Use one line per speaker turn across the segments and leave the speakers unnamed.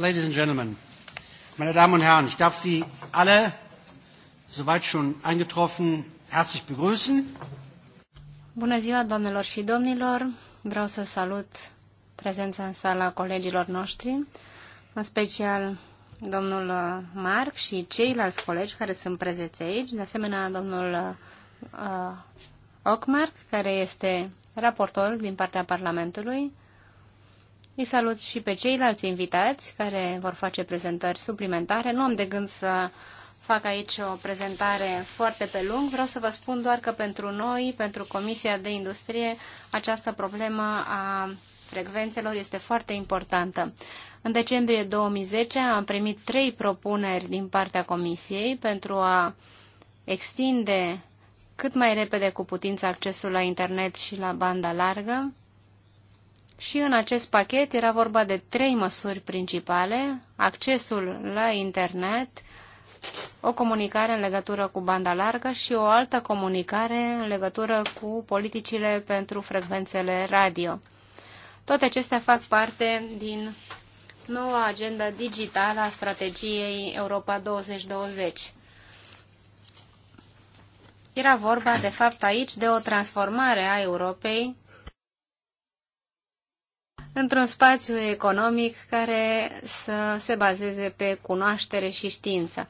ladies and gentlemen, meine Damen und Herren, ich darf Sie alle, soweit schon eingetroffen, herzlich begrüßen.
Bună ziua, doamnelor și domnilor! Vreau să salut prezența în sala colegilor noștri, în special domnul uh, Marc și ceilalți colegi care sunt prezenți aici, de asemenea domnul uh, Ockmark, care este raportor din partea Parlamentului, îi salut și pe ceilalți invitați care vor face prezentări suplimentare. Nu am de gând să fac aici o prezentare foarte pe lung. Vreau să vă spun doar că pentru noi, pentru Comisia de Industrie, această problemă a frecvențelor este foarte importantă. În decembrie 2010 am primit trei propuneri din partea Comisiei pentru a extinde cât mai repede cu putință accesul la internet și la banda largă și în acest pachet era vorba de trei măsuri principale, accesul la internet, o comunicare în legătură cu banda largă și o altă comunicare în legătură cu politicile pentru frecvențele radio. Toate acestea fac parte din noua agenda digitală a strategiei Europa 2020. Era vorba, de fapt, aici de o transformare a Europei într-un spațiu economic care să se bazeze pe cunoaștere și știință.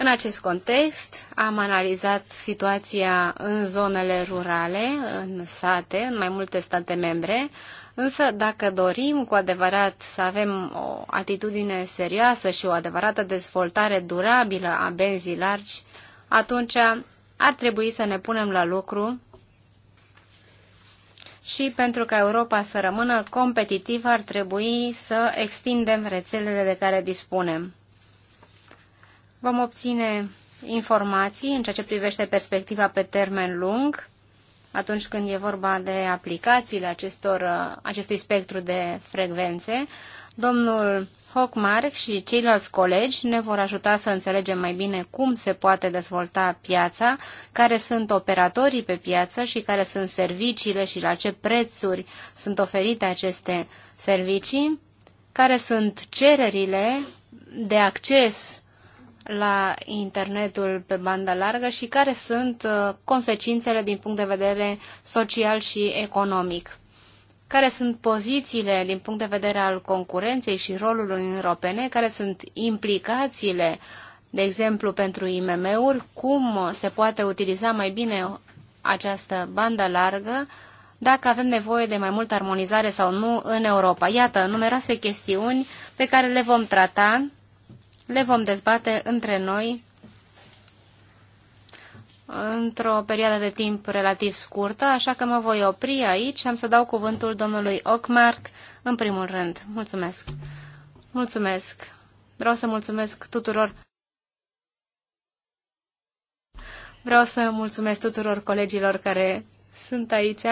În acest context, am analizat situația în zonele rurale, în sate, în mai multe state membre, însă dacă dorim cu adevărat să avem o atitudine serioasă și o adevărată dezvoltare durabilă a benzii largi, atunci ar trebui să ne punem la lucru și pentru ca Europa să rămână competitivă ar trebui să extindem rețelele de care dispunem. Vom obține informații în ceea ce privește perspectiva pe termen lung atunci când e vorba de aplicațiile acestor, uh, acestui spectru de frecvențe, domnul Hockmark și ceilalți colegi ne vor ajuta să înțelegem mai bine cum se poate dezvolta piața, care sunt operatorii pe piață și care sunt serviciile și la ce prețuri sunt oferite aceste servicii, care sunt cererile de acces la internetul pe bandă largă și care sunt uh, consecințele din punct de vedere social și economic. Care sunt pozițiile din punct de vedere al concurenței și rolul Uniunii Europene, care sunt implicațiile, de exemplu, pentru IMM-uri, cum se poate utiliza mai bine această bandă largă, dacă avem nevoie de mai multă armonizare sau nu în Europa. Iată, numeroase chestiuni pe care le vom trata le vom dezbate între noi într-o perioadă de timp relativ scurtă, așa că mă voi opri aici și am să dau cuvântul domnului Ockmark în primul rând. Mulțumesc! Mulțumesc! Vreau să mulțumesc tuturor Vreau să mulțumesc tuturor colegilor care sunt aici.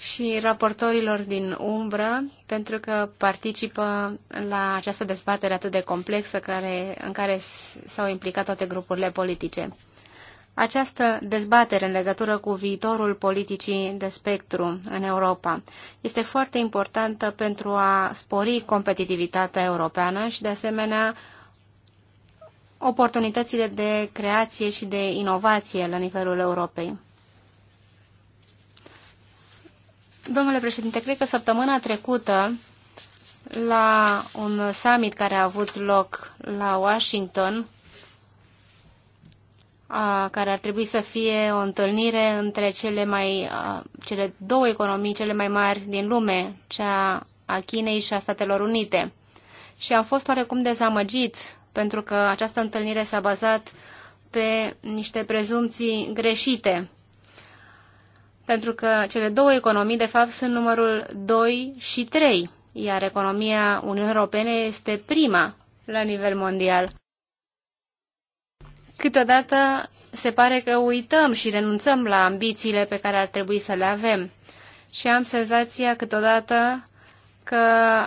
și raportorilor din umbră, pentru că participă la această dezbatere atât de complexă care, în care s-au implicat toate grupurile politice. Această dezbatere în legătură cu viitorul politicii de spectru în Europa este foarte importantă pentru a spori competitivitatea europeană și, de asemenea, oportunitățile de creație și de inovație la nivelul Europei. Domnule președinte, cred că săptămâna trecută, la un summit care a avut loc la Washington, a, care ar trebui să fie o întâlnire între cele, mai, a, cele două economii cele mai mari din lume, cea a Chinei și a Statelor Unite. Și am fost oarecum dezamăgit pentru că această întâlnire s-a bazat pe niște prezumții greșite pentru că cele două economii, de fapt, sunt numărul 2 și 3, iar economia Uniunii Europene este prima la nivel mondial. Câteodată se pare că uităm și renunțăm la ambițiile pe care ar trebui să le avem. Și am senzația câteodată că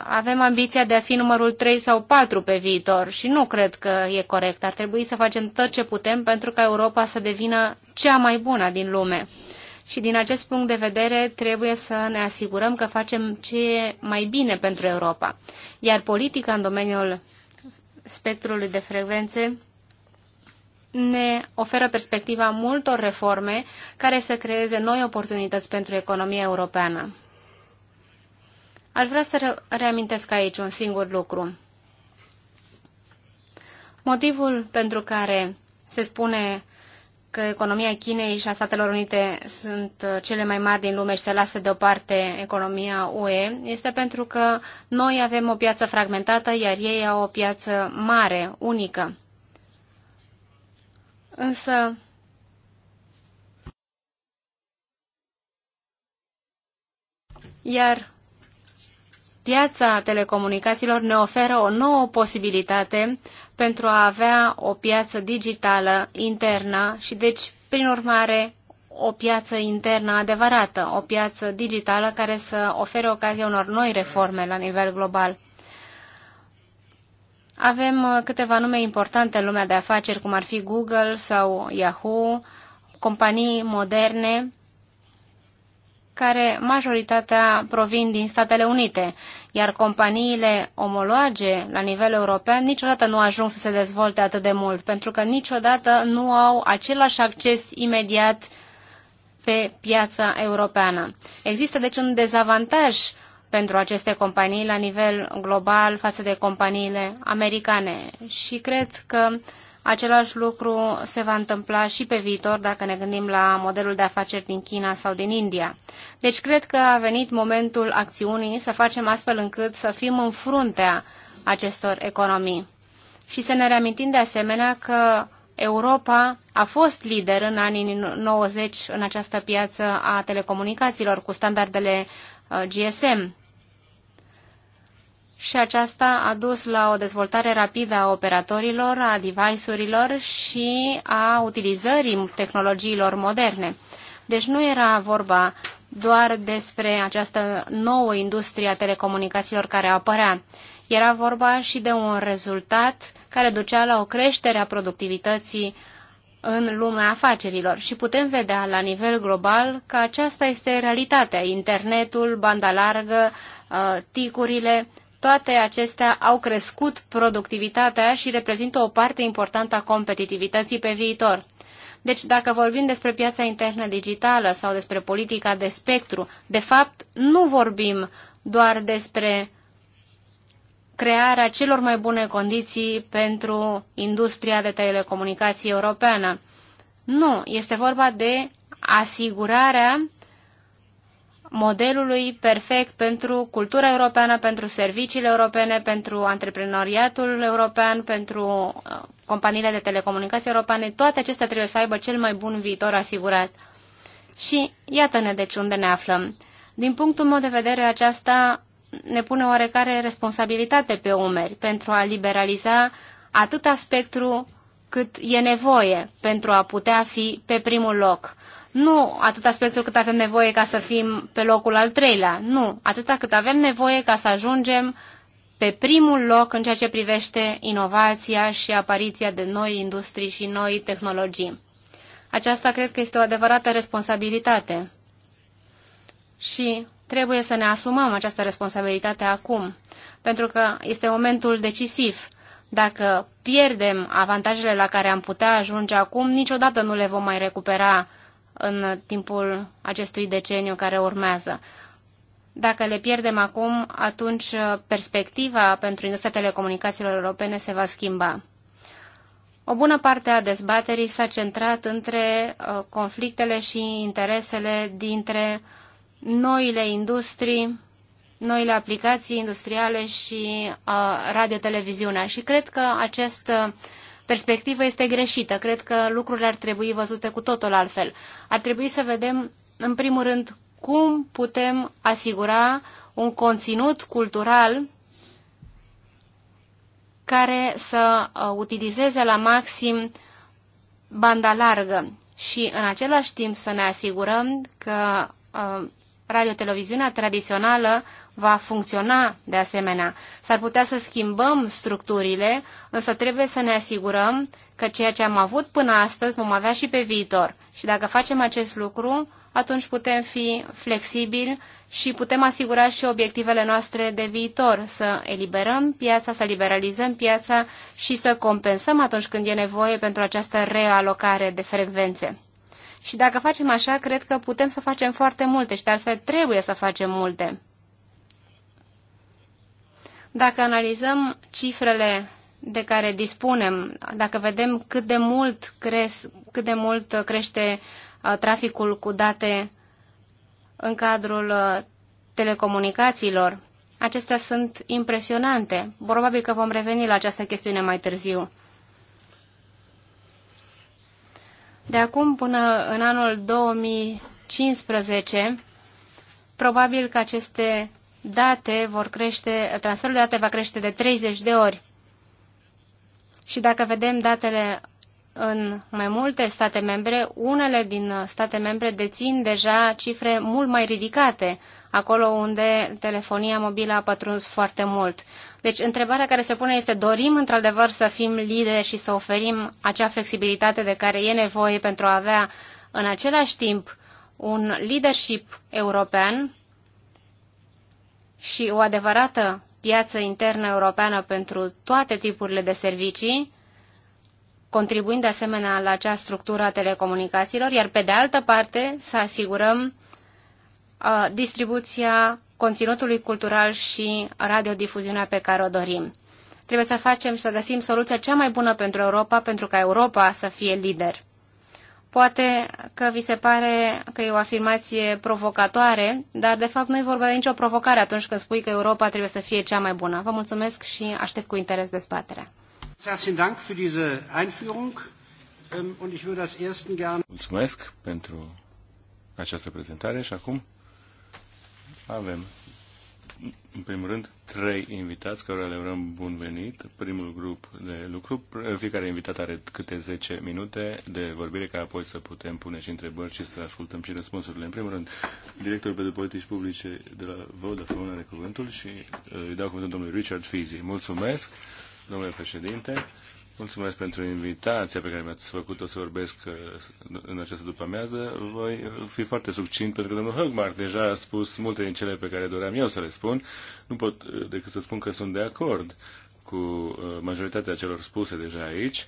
avem ambiția de a fi numărul 3 sau 4 pe viitor și nu cred că e corect. Ar trebui să facem tot ce putem pentru ca Europa să devină cea mai bună din lume și din acest punct de vedere trebuie să ne asigurăm că facem ce e mai bine pentru Europa. Iar politica în domeniul spectrului de frecvențe ne oferă perspectiva multor reforme care să creeze noi oportunități pentru economia europeană. Aș vrea să reamintesc aici un singur lucru. Motivul pentru care se spune că economia Chinei și a Statelor Unite sunt uh, cele mai mari din lume și se lasă deoparte economia UE, este pentru că noi avem o piață fragmentată, iar ei au o piață mare, unică. Însă, iar Piața telecomunicațiilor ne oferă o nouă posibilitate pentru a avea o piață digitală internă și deci, prin urmare, o piață internă adevărată, o piață digitală care să ofere ocazia unor noi reforme la nivel global. Avem uh, câteva nume importante în lumea de afaceri, cum ar fi Google sau Yahoo, companii moderne care majoritatea provin din Statele Unite, iar companiile omologe la nivel european niciodată nu ajung să se dezvolte atât de mult, pentru că niciodată nu au același acces imediat pe piața europeană. Există deci un dezavantaj pentru aceste companii la nivel global față de companiile americane și cred că uh, Același lucru se va întâmpla și pe viitor dacă ne gândim la modelul de afaceri din China sau din India. Deci cred că a venit momentul acțiunii să facem astfel încât să fim în fruntea acestor economii. Și să ne reamintim de asemenea că Europa a fost lider în anii 90 în această piață a telecomunicațiilor cu standardele uh, GSM și aceasta a dus la o dezvoltare rapidă a operatorilor, a device-urilor și a utilizării tehnologiilor moderne. Deci nu era vorba doar despre această nouă industrie a telecomunicațiilor care apărea. Era vorba și de un rezultat care ducea la o creștere a productivității în lumea afacerilor și putem vedea la nivel global că aceasta este realitatea. Internetul, banda largă, uh, ticurile toate acestea au crescut productivitatea și reprezintă o parte importantă a competitivității pe viitor. Deci, dacă vorbim despre piața internă digitală sau despre politica de spectru, de fapt, nu vorbim doar despre crearea celor mai bune condiții pentru industria de telecomunicații europeană. Nu, este vorba de asigurarea modelului perfect pentru cultura europeană, pentru serviciile europene, pentru antreprenoriatul european, pentru uh, companiile de telecomunicații europene. Toate acestea trebuie să aibă cel mai bun viitor asigurat. Și iată-ne deci unde ne aflăm. Din punctul meu de vedere, aceasta ne pune oarecare responsabilitate pe umeri pentru a liberaliza atât spectru cât e nevoie pentru a putea fi pe primul loc nu atât aspectul cât avem nevoie ca să fim pe locul al treilea, nu, atâta cât avem nevoie ca să ajungem pe primul loc în ceea ce privește inovația și apariția de noi industrii și noi tehnologii. Aceasta cred că este o adevărată responsabilitate. Și trebuie să ne asumăm această responsabilitate acum, pentru că este momentul decisiv. Dacă pierdem avantajele la care am putea ajunge acum, niciodată nu le vom mai recupera în timpul acestui deceniu care urmează. Dacă le pierdem acum, atunci uh, perspectiva pentru industria telecomunicațiilor europene se va schimba. O bună parte a dezbaterii s-a centrat între uh, conflictele și interesele dintre noile industrii, noile aplicații industriale și uh, radio-televiziunea. Și cred că acest perspectivă este greșită. Cred că lucrurile ar trebui văzute cu totul altfel. Ar trebui să vedem, în primul rând, cum putem asigura un conținut cultural care să uh, utilizeze la maxim banda largă și în același timp să ne asigurăm că uh, radioteleviziunea tradițională va funcționa de asemenea. S-ar putea să schimbăm structurile, însă trebuie să ne asigurăm că ceea ce am avut până astăzi vom avea și pe viitor. Și dacă facem acest lucru, atunci putem fi flexibili și putem asigura și obiectivele noastre de viitor, să eliberăm piața, să liberalizăm piața și să compensăm atunci când e nevoie pentru această realocare de frecvențe. Și dacă facem așa, cred că putem să facem foarte multe și de altfel trebuie să facem multe. Dacă analizăm cifrele de care dispunem, dacă vedem cât de mult, cres, cât de mult crește uh, traficul cu date în cadrul uh, telecomunicațiilor, acestea sunt impresionante. Probabil că vom reveni la această chestiune mai târziu. De acum până în anul 2015, probabil că aceste date vor crește, transferul de date va crește de 30 de ori. Și dacă vedem datele în mai multe state membre, unele din state membre dețin deja cifre mult mai ridicate, acolo unde telefonia mobilă a pătruns foarte mult. Deci, întrebarea care se pune este, dorim într-adevăr să fim lideri și să oferim acea flexibilitate de care e nevoie pentru a avea în același timp un leadership european și o adevărată piață internă europeană pentru toate tipurile de servicii, contribuind de asemenea la acea structură a telecomunicațiilor, iar pe de altă parte să asigurăm uh, distribuția conținutului cultural și radiodifuziunea pe care o dorim. Trebuie să facem și să găsim soluția cea mai bună pentru Europa, pentru ca Europa să fie lider. Poate că vi se pare că e o afirmație provocatoare, dar de fapt nu e vorba de nicio provocare atunci când spui că Europa trebuie să fie cea mai bună. Vă mulțumesc și aștept cu interes dezbaterea.
Ähm, mulțumesc pentru
această prezentare și acum avem, în primul rând, trei invitați care le urăm bun venit. Primul grup de lucru, fiecare invitat are câte 10 minute de vorbire, ca apoi să putem pune și întrebări și să ascultăm și răspunsurile. În primul rând, directorul pentru politici publice de la Vodafone are cuvântul și uh, îi dau cuvântul domnului Richard Fizi. Mulțumesc, domnule președinte. Mulțumesc pentru invitația pe care mi-ați făcut-o să vorbesc uh, în această după-amiază. Voi fi foarte succint pentru că domnul Hăgmar deja a spus multe din cele pe care doream eu să le spun. Nu pot uh, decât să spun că sunt de acord cu uh, majoritatea celor spuse deja aici.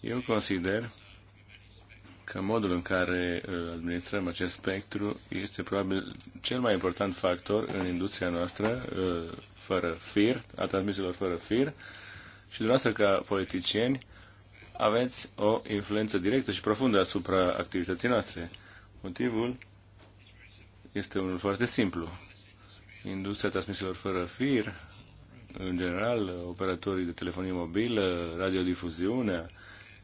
Eu consider că modul în care administrăm acest spectru este probabil cel mai important factor în industria noastră fără fir, a transmisiilor fără fir, și dumneavoastră ca politicieni aveți o influență directă și profundă asupra activității noastre. Motivul este unul foarte simplu. Industria transmisiilor fără fir, în general, operatorii de telefonie mobilă, radiodifuziunea,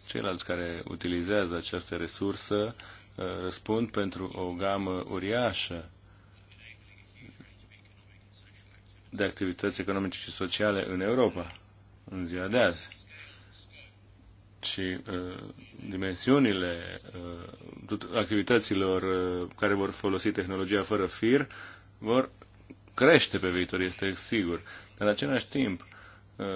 ceilalți care utilizează această resursă, uh, răspund pentru o gamă uriașă de activități economice și sociale în Europa în ziua de azi. Și uh, dimensiunile uh, activităților uh, care vor folosi tehnologia fără fir vor crește pe viitor, este sigur. Dar în același timp, uh,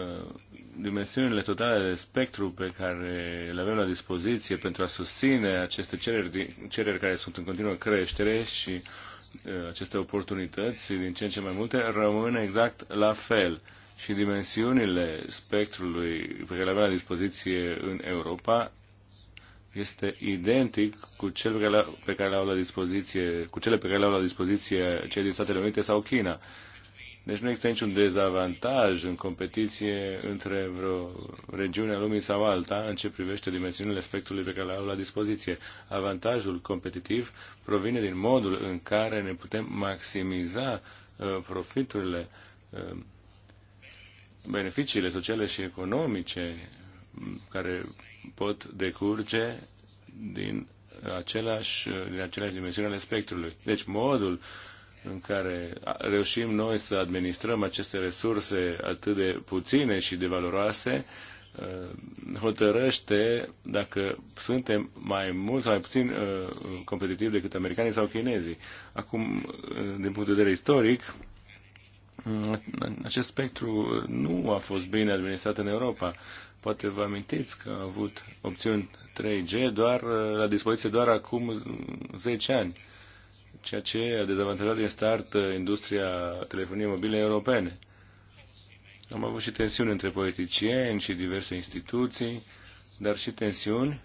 dimensiunile totale de spectru pe care le avem la dispoziție pentru a susține aceste cereri, cereri care sunt în continuă creștere și uh, aceste oportunități din ce în ce mai multe rămân exact la fel și dimensiunile spectrului pe care le avem la dispoziție în Europa este identic cu cel pe care, le, pe care au la dispoziție, cu cele pe care le-au la dispoziție cei din Statele Unite sau China. Deci nu există niciun dezavantaj în competiție între vreo regiune a lumii sau alta în ce privește dimensiunile spectrului pe care le au la dispoziție. Avantajul competitiv provine din modul în care ne putem maximiza uh, profiturile uh, beneficiile sociale și economice care pot decurge din aceleași, din aceleași dimensiuni ale spectrului. Deci modul în care reușim noi să administrăm aceste resurse atât de puține și de valoroase, uh, hotărăște dacă suntem mai mult sau mai puțin uh, competitivi decât americanii sau chinezii. Acum, uh, din punct de vedere istoric, acest spectru nu a fost bine administrat în Europa. Poate vă amintiți că a avut opțiuni 3G doar la dispoziție doar acum 10 ani, ceea ce a dezavantajat din start industria telefoniei mobile europene. Am avut și tensiuni între politicieni și diverse instituții, dar și tensiuni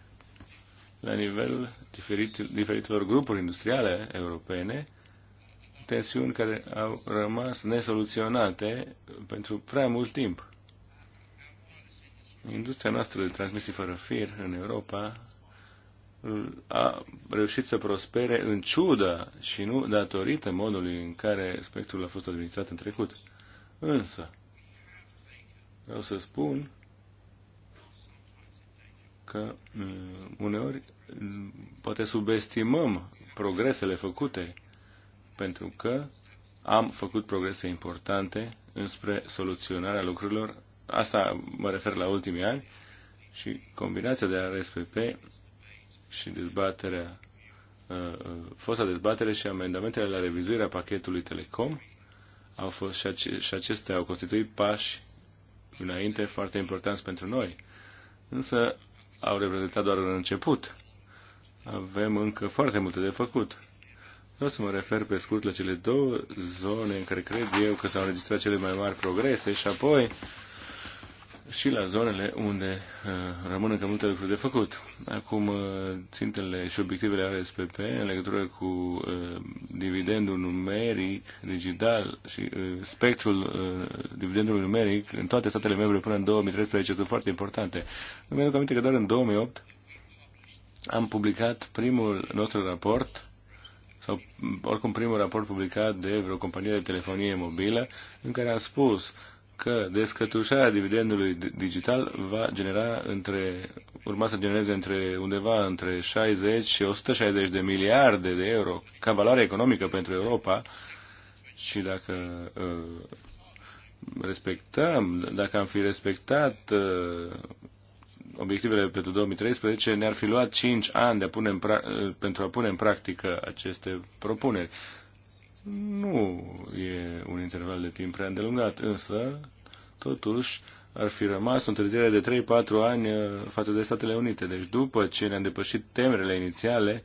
la nivel diferit, diferitelor grupuri industriale europene, tensiuni care au rămas nesoluționate pentru prea mult timp. Industria noastră de transmisii fără fir în Europa a reușit să prospere în ciuda și nu datorită modului în care spectrul a fost administrat în trecut. Însă, vreau să spun că mm, uneori poate subestimăm progresele făcute pentru că am făcut progrese importante înspre soluționarea lucrurilor. Asta mă refer la ultimii ani și combinația de RSPP și dezbaterea, uh, uh, fosta dezbatere și amendamentele la revizuirea pachetului Telecom au fost și, ace- și acestea au constituit pași înainte foarte importanți pentru noi, însă au reprezentat doar un început. Avem încă foarte multe de făcut o să mă refer pe scurt la cele două zone în care cred eu că s-au înregistrat cele mai mari progrese și apoi și la zonele unde uh, rămân încă multe lucruri de făcut. Acum, uh, țintele și obiectivele RSPP în legătură cu uh, dividendul numeric, digital și uh, spectrul uh, dividendului numeric în toate statele membre până în 2013 sunt foarte importante. Îmi aduc aminte că doar în 2008 am publicat primul nostru raport sau oricum primul raport publicat de vreo companie de telefonie mobilă în care a spus că descătușarea dividendului digital va genera între, urma să genereze între undeva între 60 și 160 de miliarde de euro ca valoare economică pentru Europa și dacă uh, respectăm, dacă am fi respectat uh, obiectivele pentru 2013, ne-ar fi luat 5 ani de a pune în eh, pentru a pune în practică aceste propuneri. Nu e un interval de timp prea îndelungat, însă, totuși, ar fi rămas o întârziere de 3-4 ani eh, față de Statele Unite. Deci, după ce ne-am depășit temerele inițiale,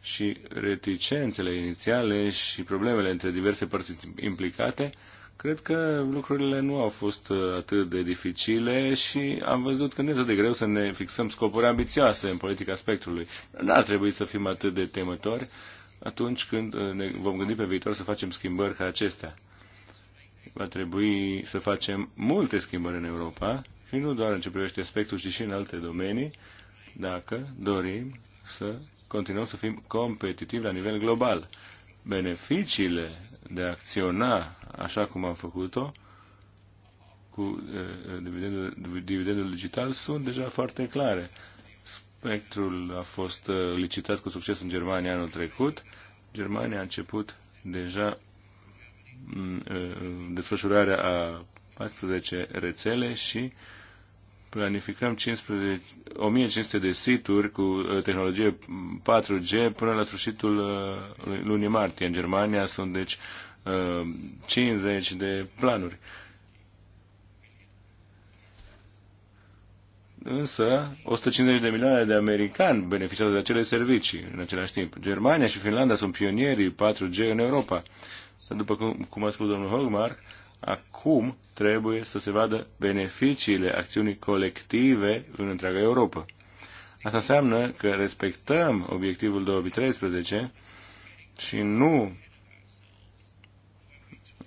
și reticențele inițiale și problemele între diverse părți implicate, Cred că lucrurile nu au fost uh, atât de dificile și am văzut că nu e atât de greu să ne fixăm scopuri ambițioase în politica spectrului. Nu ar trebui să fim atât de temători atunci când uh, ne vom gândi pe viitor să facem schimbări ca acestea. Va trebui să facem multe schimbări în Europa și nu doar în ce privește spectrul, ci și în alte domenii, dacă dorim să continuăm să fim competitivi la nivel global. Beneficiile de a acționa așa cum am făcut-o cu dividendul, dividendul digital sunt deja foarte clare. Spectrul a fost licitat cu succes în Germania anul trecut. Germania a început deja desfășurarea a 14 rețele și uh, planificăm 15, 1500 de situri cu uh, tehnologie 4G până la sfârșitul uh, lunii martie. În Germania sunt deci 50 uh, de planuri. Însă, 150 de milioane de americani beneficiază de acele servicii în același timp. Germania și Finlanda sunt pionierii 4G în Europa. După cum, cum a spus domnul Hogmark, Acum trebuie să se vadă beneficiile acțiunii colective în întreaga Europa. Asta înseamnă că respectăm obiectivul 2013 și nu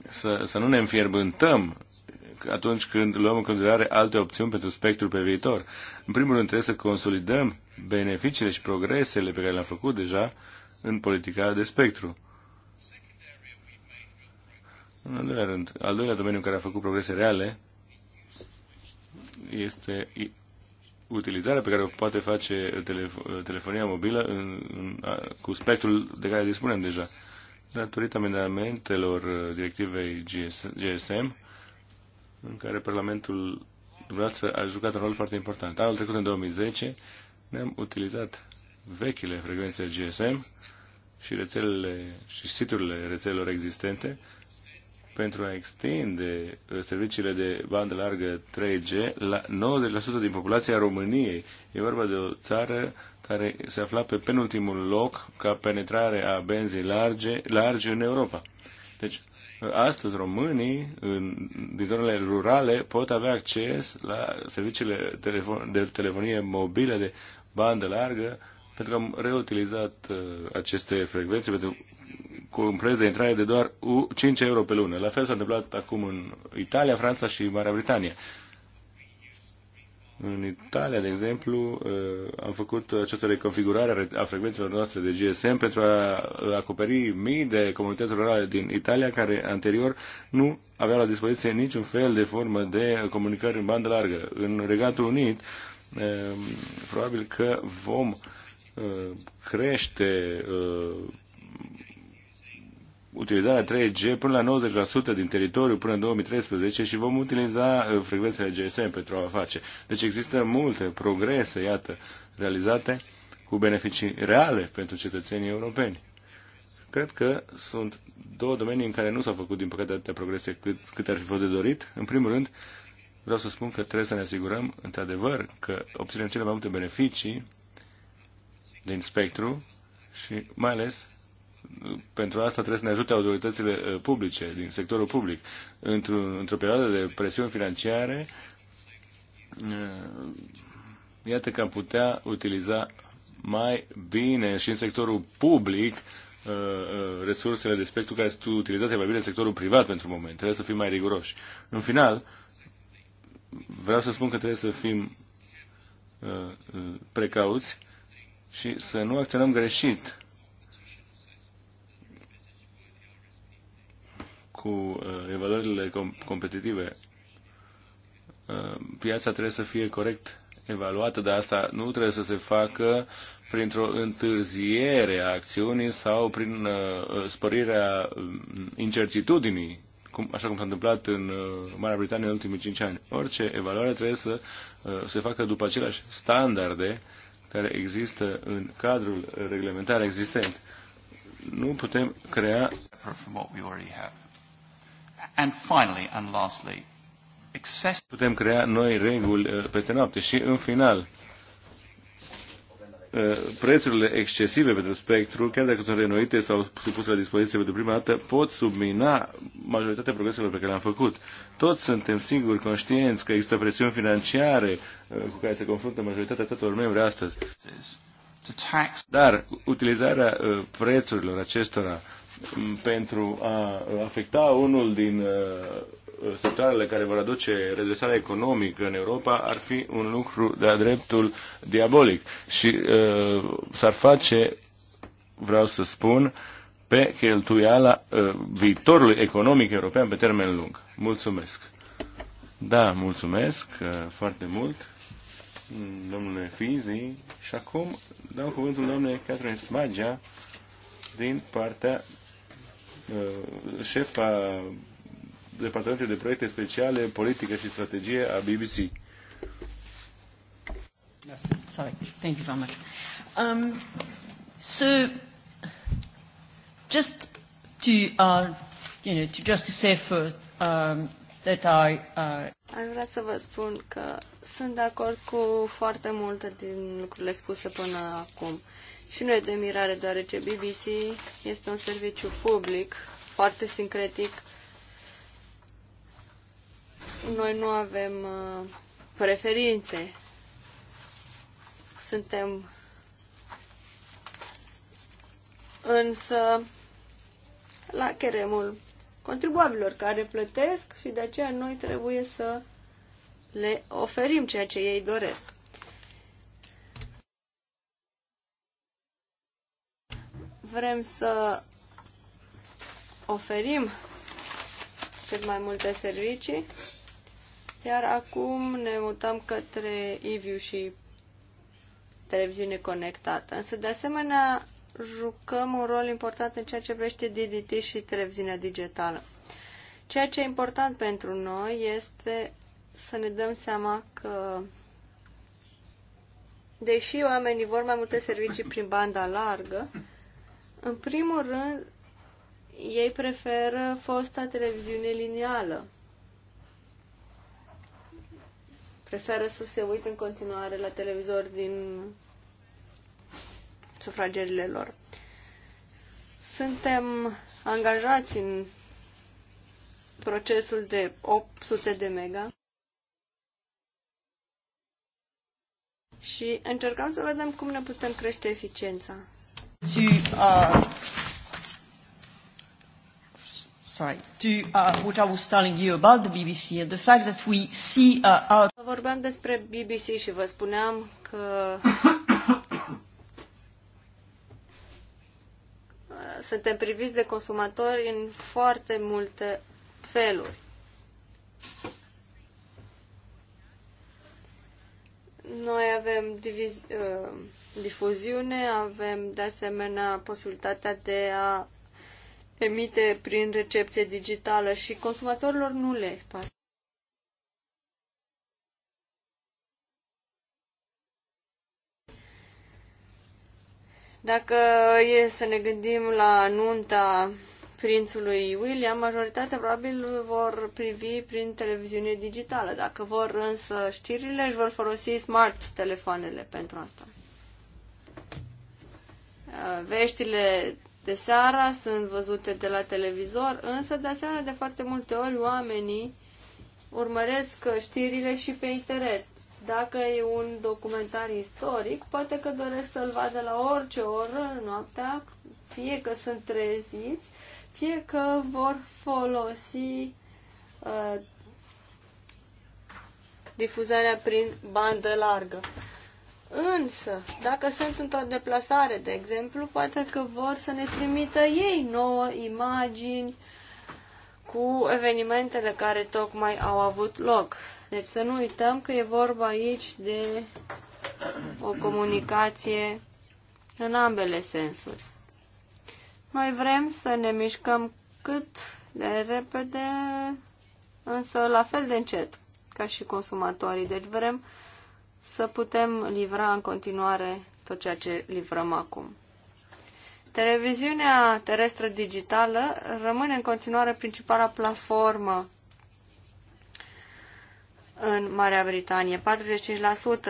să, să nu ne înfierbântăm atunci când luăm în considerare alte opțiuni pentru spectrul pe viitor. În primul rând trebuie să consolidăm beneficiile și progresele pe care le-am făcut deja în politica de spectru. În al doilea rând, al doilea domeniu care a făcut progrese reale este utilizarea pe care o poate face telefo- telefonia mobilă în, în, a, cu spectrul de care dispunem deja. Datorită amendamentelor uh, directivei GS, GSM, în care Parlamentul dumneavoastră a jucat un rol foarte important. Anul trecut, în 2010, ne-am utilizat vechile frecvențe GSM și rețelele și siturile rețelelor existente pentru a extinde uh, serviciile de bandă largă 3G la 90% din populația României. E vorba de o țară care se afla pe penultimul loc ca penetrare a benzii large, largi în Europa. Deci, uh, astăzi românii în, din zonele rurale pot avea acces la serviciile telefon, de telefonie mobilă de bandă largă pentru că am reutilizat uh, aceste frecvențe pentru cu un preț de intrare de doar 5 euro pe lună. La fel s-a întâmplat acum în Italia, Franța și Marea Britanie. În Italia, de exemplu, uh, am făcut această reconfigurare a frecvențelor noastre de GSM pentru a uh, acoperi mii de comunități rurale din Italia care anterior nu aveau la dispoziție niciun fel de formă de comunicare în bandă largă. În Regatul Unit, uh, probabil că vom crește utilizarea 3G până la 90% din teritoriu până în 2013 și vom utiliza uh, frecvențele GSM pentru a face. Deci există multe progrese, iată, realizate cu beneficii reale pentru cetățenii europeni. Cred că sunt două domenii în care nu s-au făcut, din păcate, atâtea progrese cât, cât ar fi fost de dorit. În primul rând, vreau să spun că trebuie să ne asigurăm, într-adevăr, că obținem cele mai multe beneficii din spectru și mai ales pentru asta trebuie să ne ajute autoritățile uh, publice, din sectorul public. Într-o, într perioadă de presiuni financiare, uh, iată că am putea utiliza mai bine și în sectorul public uh, resursele de spectru care sunt utilizate mai bine în sectorul privat pentru moment. Trebuie să fim mai riguroși. În final, vreau să spun că trebuie să fim precauți și să nu acționăm greșit cu uh, evaluările competitive. Uh, piața trebuie să fie corect evaluată, dar asta nu trebuie să se facă printr-o întârziere a acțiunii sau prin uh, spărirea um, incertitudinii cum, așa cum s-a întâmplat în uh, Marea Britanie în ultimii 5 ani. Orice evaluare trebuie să uh, se facă după aceleași standarde care există în cadrul reglementar existent. Nu putem crea
And finally and lastly,
excess... Putem crea noi reguli uh, peste noapte și în final uh, prețurile excesive pentru spectru, chiar dacă sunt renoite sau supuse la dispoziție pentru prima dată, pot submina majoritatea progreselor pe care le-am făcut. Toți suntem singuri conștienți că există presiuni financiare uh, cu care se confruntă majoritatea tuturor membri astăzi. Dar utilizarea uh, prețurilor acestora pentru a uh, afecta unul din uh, sectoarele care vor aduce redresarea economică în Europa ar fi un lucru de-a dreptul diabolic și uh, s-ar face, vreau să spun, pe cheltuiala uh, viitorului economic european pe termen lung. Mulțumesc! Da, mulțumesc uh, foarte mult! domnule Fizi și acum dau cuvântul domnului Catherine Smagia din partea uh, șefa Departamentului de Proiecte Speciale, Politică și Strategie a BBC.
Sorry. Thank you very much. Um, so, just to, uh, you know, to just to say first um, that I... Uh, Aș vrea să vă spun că sunt de acord cu foarte multe din lucrurile spuse până acum. Și nu e de mirare, deoarece BBC este un serviciu public, foarte sincretic. Noi nu avem uh, preferințe. Suntem însă la cheremul contribuabilor care plătesc și de aceea noi trebuie să le oferim ceea ce ei doresc. Vrem să oferim cât mai multe servicii, iar acum ne mutăm către e și televiziune conectată. Însă, de asemenea, jucăm un rol important în ceea ce vrește DDT și televiziunea digitală. Ceea ce e important pentru noi este să ne dăm seama că deși oamenii vor mai multe servicii prin banda largă, în primul rând ei preferă fosta televiziune lineală. Preferă să se uite în continuare la televizor din sufragerile lor. Suntem angajați în procesul de 800 de mega și încercăm să vedem cum ne putem crește eficiența. Tu, uh, sorry, to uh, what I was telling you about the BBC and the fact that we see uh, our... Vorbeam despre BBC și vă spuneam că suntem priviți de consumatori în foarte multe feluri. Noi avem uh, difuziune, avem de asemenea posibilitatea de a emite prin recepție digitală și consumatorilor nu le pasă. Dacă e să ne gândim la nunta prințului William, majoritatea probabil vor privi prin televiziune digitală. Dacă vor însă știrile, își vor folosi smart telefoanele pentru asta. Uh, veștile de seara sunt văzute de la televizor, însă de asemenea de foarte multe ori oamenii urmăresc știrile și pe internet. Dacă e un documentar istoric, poate că doresc să-l vadă la orice oră noaptea, fie că sunt treziți, fie că vor folosi uh, difuzarea prin bandă largă. Însă, dacă sunt într-o deplasare, de exemplu, poate că vor să ne trimită ei nouă imagini cu evenimentele care tocmai au avut loc. Deci să nu uităm că e vorba aici de o comunicație în ambele sensuri. Noi vrem să ne mișcăm cât de repede, însă la fel de încet ca și consumatorii. Deci vrem să putem livra în continuare tot ceea ce livrăm acum. Televiziunea terestră digitală rămâne în continuare principala platformă în Marea Britanie.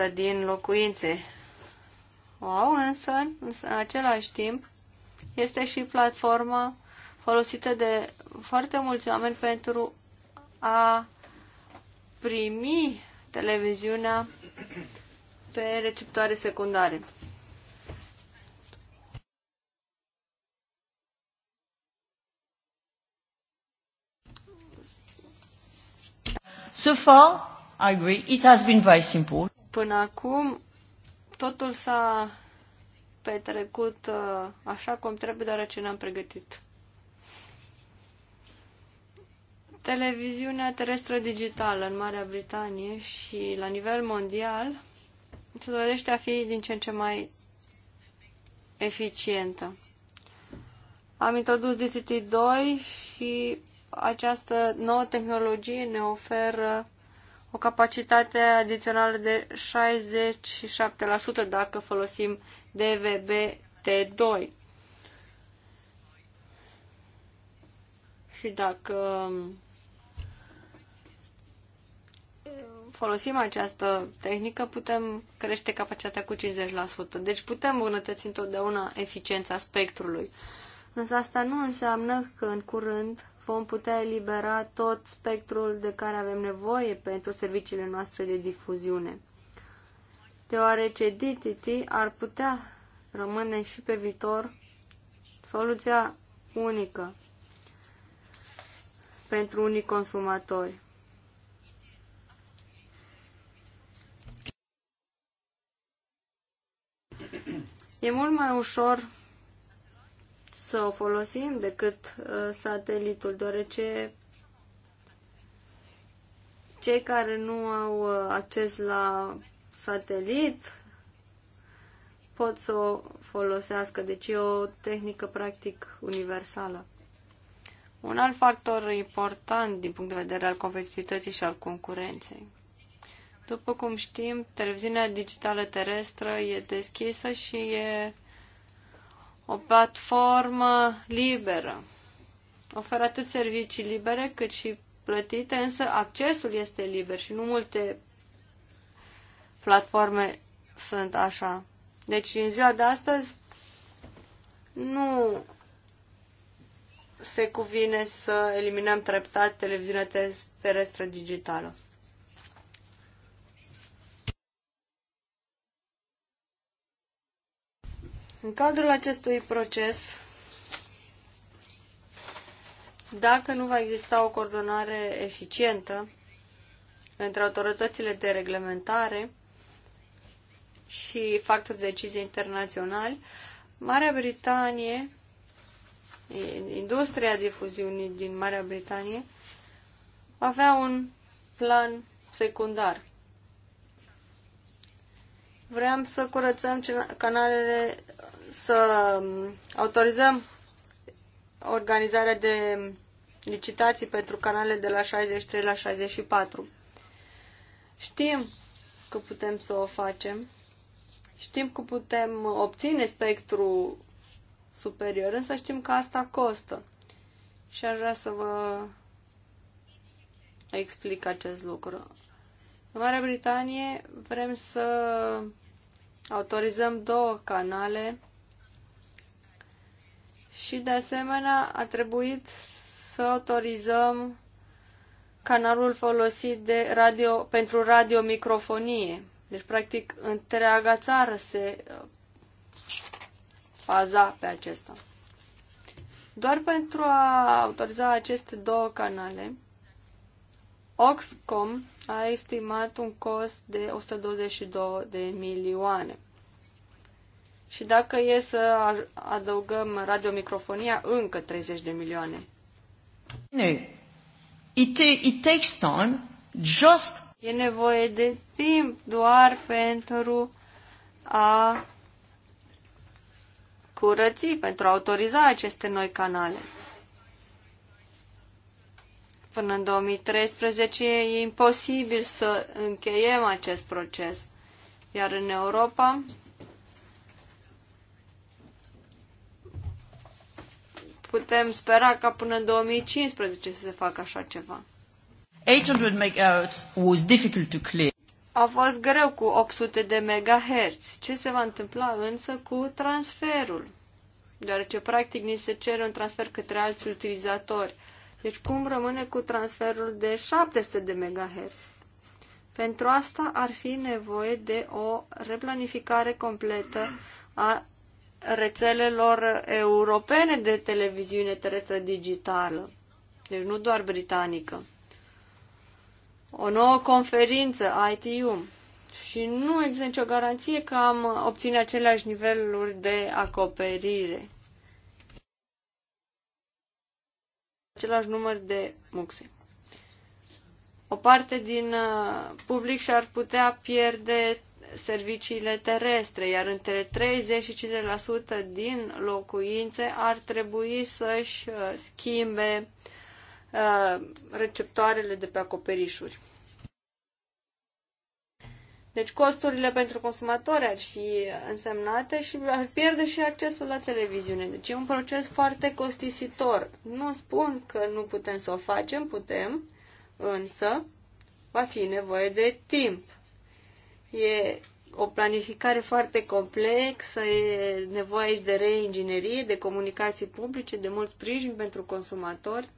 45% din locuințe o au, însă, însă, în același timp, este și platforma folosită de foarte mulți oameni pentru a primi televiziunea pe receptoare secundare. So far, agree. It has been very simple. Până acum, totul s-a petrecut uh, așa cum trebuie, deoarece ne-am pregătit. Televiziunea terestră digitală în Marea Britanie și la nivel mondial se dovedește a fi din ce în ce mai eficientă. Am introdus DTT2 și această nouă tehnologie ne oferă o capacitate adițională de 67% dacă folosim DVB T2. Și dacă folosim această tehnică, putem crește capacitatea cu 50%. Deci putem îmbunătăți întotdeauna eficiența spectrului. Însă asta nu înseamnă că în curând vom putea elibera tot spectrul de care avem nevoie pentru serviciile noastre de difuziune. Deoarece DTT ar putea rămâne și pe viitor soluția unică pentru unii consumatori. E mult mai ușor să o folosim decât uh, satelitul, deoarece cei care nu au uh, acces la satelit pot să o folosească. Deci e o tehnică practic universală. Un alt factor important din punct de vedere al competitivității și al concurenței. După cum știm, televiziunea digitală terestră e deschisă și e o platformă liberă. Oferă atât servicii libere cât și plătite, însă accesul este liber și nu multe platforme sunt așa. Deci în ziua de astăzi nu se cuvine să eliminăm treptat televiziunea terestră digitală. În cadrul acestui proces, dacă nu va exista o coordonare eficientă între autoritățile de reglementare și factori de decizie internaționali, Marea Britanie, industria difuziunii din Marea Britanie, va avea un plan secundar. Vreau să curățăm canalele să autorizăm organizarea de licitații pentru canalele de la 63 la 64. Știm că putem să o facem. Știm că putem obține spectru superior, însă știm că asta costă. Și aș vrea să vă explic acest lucru. În Marea Britanie vrem să autorizăm două canale și de asemenea a trebuit să autorizăm canalul folosit de radio, pentru radiomicrofonie. Deci, practic, întreaga țară se baza uh, pe acesta. Doar pentru a autoriza aceste două canale, Oxcom a estimat un cost de 122 de milioane și dacă e să adăugăm radiomicrofonia, încă 30 de milioane. No. It, it takes time just... E nevoie de timp doar pentru a curăți, pentru a autoriza aceste noi canale. Până în 2013 e imposibil să încheiem acest proces. Iar în Europa, putem spera ca până în 2015 să se facă așa ceva. 800 was difficult to clear. A fost greu cu 800 de MHz. Ce se va întâmpla însă cu transferul? Deoarece practic ni se cere un transfer către alți utilizatori. Deci cum rămâne cu transferul de 700 de MHz? Pentru asta ar fi nevoie de o replanificare completă a rețelelor europene de televiziune terestră digitală, deci nu doar britanică. O nouă conferință, ITU, și nu există nicio garanție că am obține aceleași niveluri de acoperire. Același număr de muxe. O parte din uh, public și-ar putea pierde serviciile terestre, iar între 30 și 50% din locuințe ar trebui să-și uh, schimbe uh, receptoarele de pe acoperișuri. Deci costurile pentru consumatori ar fi însemnate și ar pierde și accesul la televiziune. Deci e un proces foarte costisitor. Nu spun că nu putem să o facem, putem, însă va fi nevoie de timp. E o planificare foarte complexă, e nevoie aici de reinginerie, de comunicații publice, de mult sprijin pentru consumatori.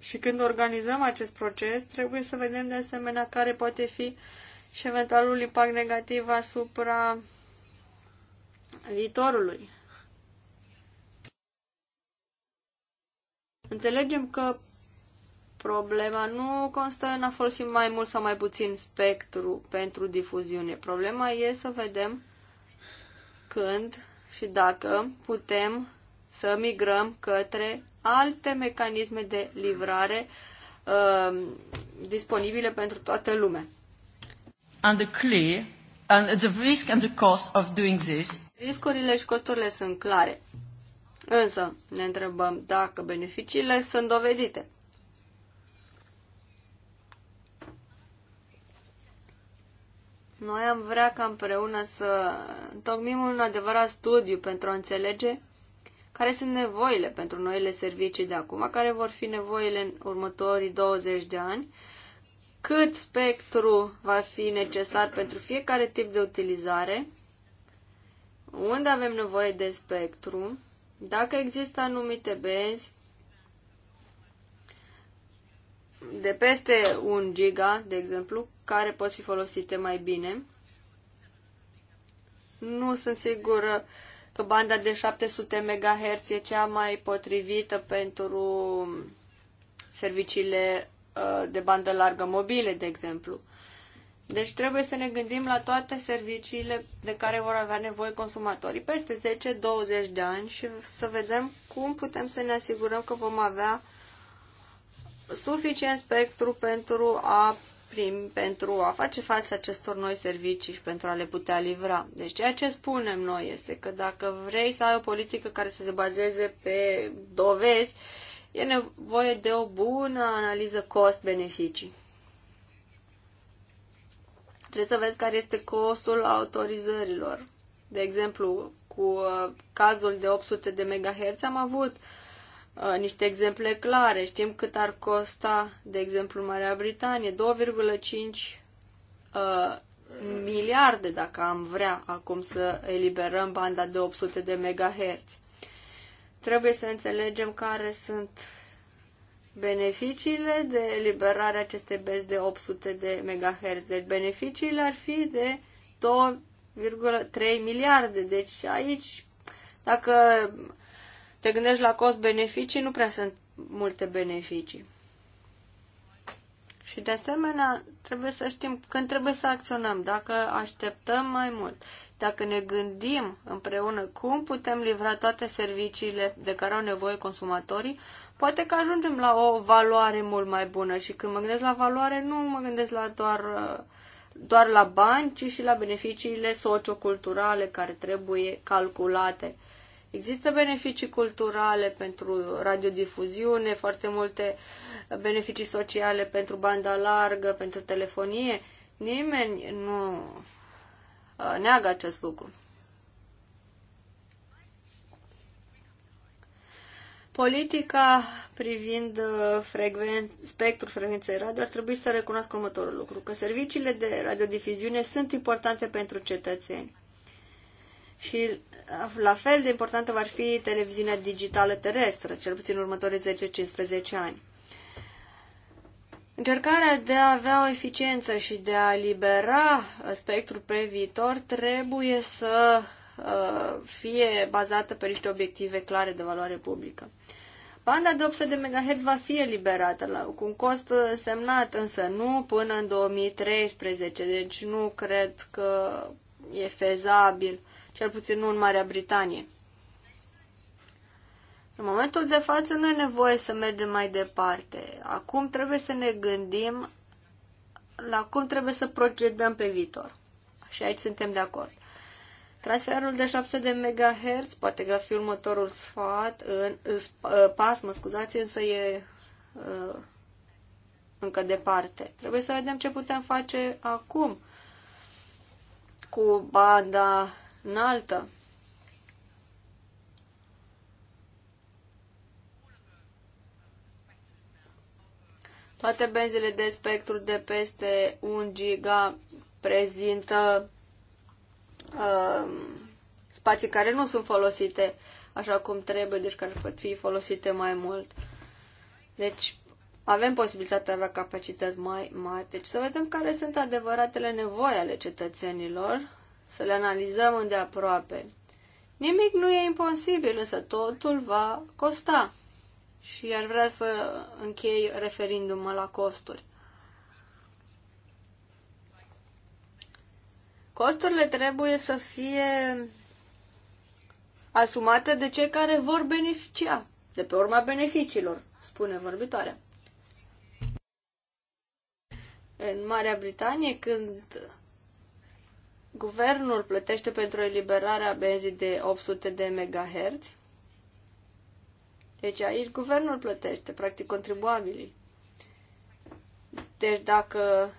Și când organizăm acest proces, trebuie să vedem de asemenea care poate fi și eventualul impact negativ asupra viitorului. Înțelegem că Problema nu constă în a folosi mai mult sau mai puțin spectru pentru difuziune. Problema e să vedem când și dacă putem să migrăm către alte mecanisme de livrare uh, disponibile pentru toată lumea. And the clear and the risk and the cost of doing this. Riscurile și costurile sunt clare. Însă ne întrebăm dacă beneficiile sunt dovedite. Noi am vrea ca împreună să întocmim un adevărat studiu pentru a înțelege care sunt nevoile pentru noile servicii de acum, care vor fi nevoile în următorii 20 de ani, cât spectru va fi necesar pentru fiecare tip de utilizare, unde avem nevoie de spectru, dacă există anumite benzi de peste un giga, de exemplu, care pot fi folosite mai bine. Nu sunt sigură că banda de 700 MHz e cea mai potrivită pentru serviciile uh, de bandă largă mobile, de exemplu. Deci trebuie să ne gândim la toate serviciile de care vor avea nevoie consumatorii peste 10-20 de ani și să vedem cum putem să ne asigurăm că vom avea suficient spectru pentru a prim, pentru a face față acestor noi servicii și pentru a le putea livra. Deci ceea ce spunem noi este că dacă vrei să ai o politică care să se bazeze pe dovezi, e nevoie de o bună analiză cost-beneficii. Trebuie să vezi care este costul autorizărilor. De exemplu, cu uh, cazul de 800 de MHz am avut uh, Uh, niște exemple clare. Știm cât ar costa, de exemplu, Marea Britanie, 2,5 uh, miliarde dacă am vrea acum să eliberăm banda de 800 de megahertz. Trebuie să înțelegem care sunt beneficiile de eliberarea acestei benzi de 800 de megahertz. Deci beneficiile ar fi de 2,3 miliarde. Deci aici, dacă te gândești la cost-beneficii, nu prea sunt multe beneficii. Și de asemenea, trebuie să știm când trebuie să acționăm, dacă așteptăm mai mult, dacă ne gândim împreună cum putem livra toate serviciile de care au nevoie consumatorii, poate că ajungem la o valoare mult mai bună. Și când mă gândesc la valoare, nu mă gândesc la doar, doar la bani, ci și la beneficiile socioculturale care trebuie calculate Există beneficii culturale pentru radiodifuziune, foarte multe beneficii sociale pentru banda largă, pentru telefonie. Nimeni nu uh, neagă acest lucru. Politica privind uh, frecven... spectrul frecvenței radio ar trebui să recunoască următorul lucru, că serviciile de radiodifuziune sunt importante pentru cetățeni. Și la fel de importantă va fi televiziunea digitală terestră, cel puțin în următorii 10-15 ani. Încercarea de a avea o eficiență și de a libera spectrul pe viitor trebuie să uh, fie bazată pe niște obiective clare de valoare publică. Banda de 800 de MHz va fi eliberată la, cu un cost însemnat, însă nu până în 2013, deci nu cred că e fezabil uh, cel puțin nu în Marea Britanie. În momentul de față nu e nevoie să mergem mai departe. Acum trebuie să ne gândim la cum trebuie să procedăm pe viitor. Și aici suntem de acord. Transferul de 700 de MHz poate că fi următorul sfat, în, uh, pas, mă scuzați, însă e uh, încă departe. Trebuie să vedem ce putem face acum cu banda înaltă. Toate benzile de spectru de peste 1 giga prezintă uh, spații care nu sunt folosite așa cum trebuie, deci care pot fi folosite mai mult. Deci avem posibilitatea de a avea capacități mai mari. Deci să vedem care sunt adevăratele nevoi ale cetățenilor să le analizăm îndeaproape. Nimic nu e imposibil, însă totul va costa. Și ar vrea să închei referindu-mă la costuri. Costurile trebuie să fie asumate de cei care vor beneficia, de pe urma beneficiilor, spune vorbitoarea. În Marea Britanie, când Guvernul plătește pentru eliberarea benzii de 800 de MHz. Deci aici guvernul plătește, practic contribuabilii. Deci dacă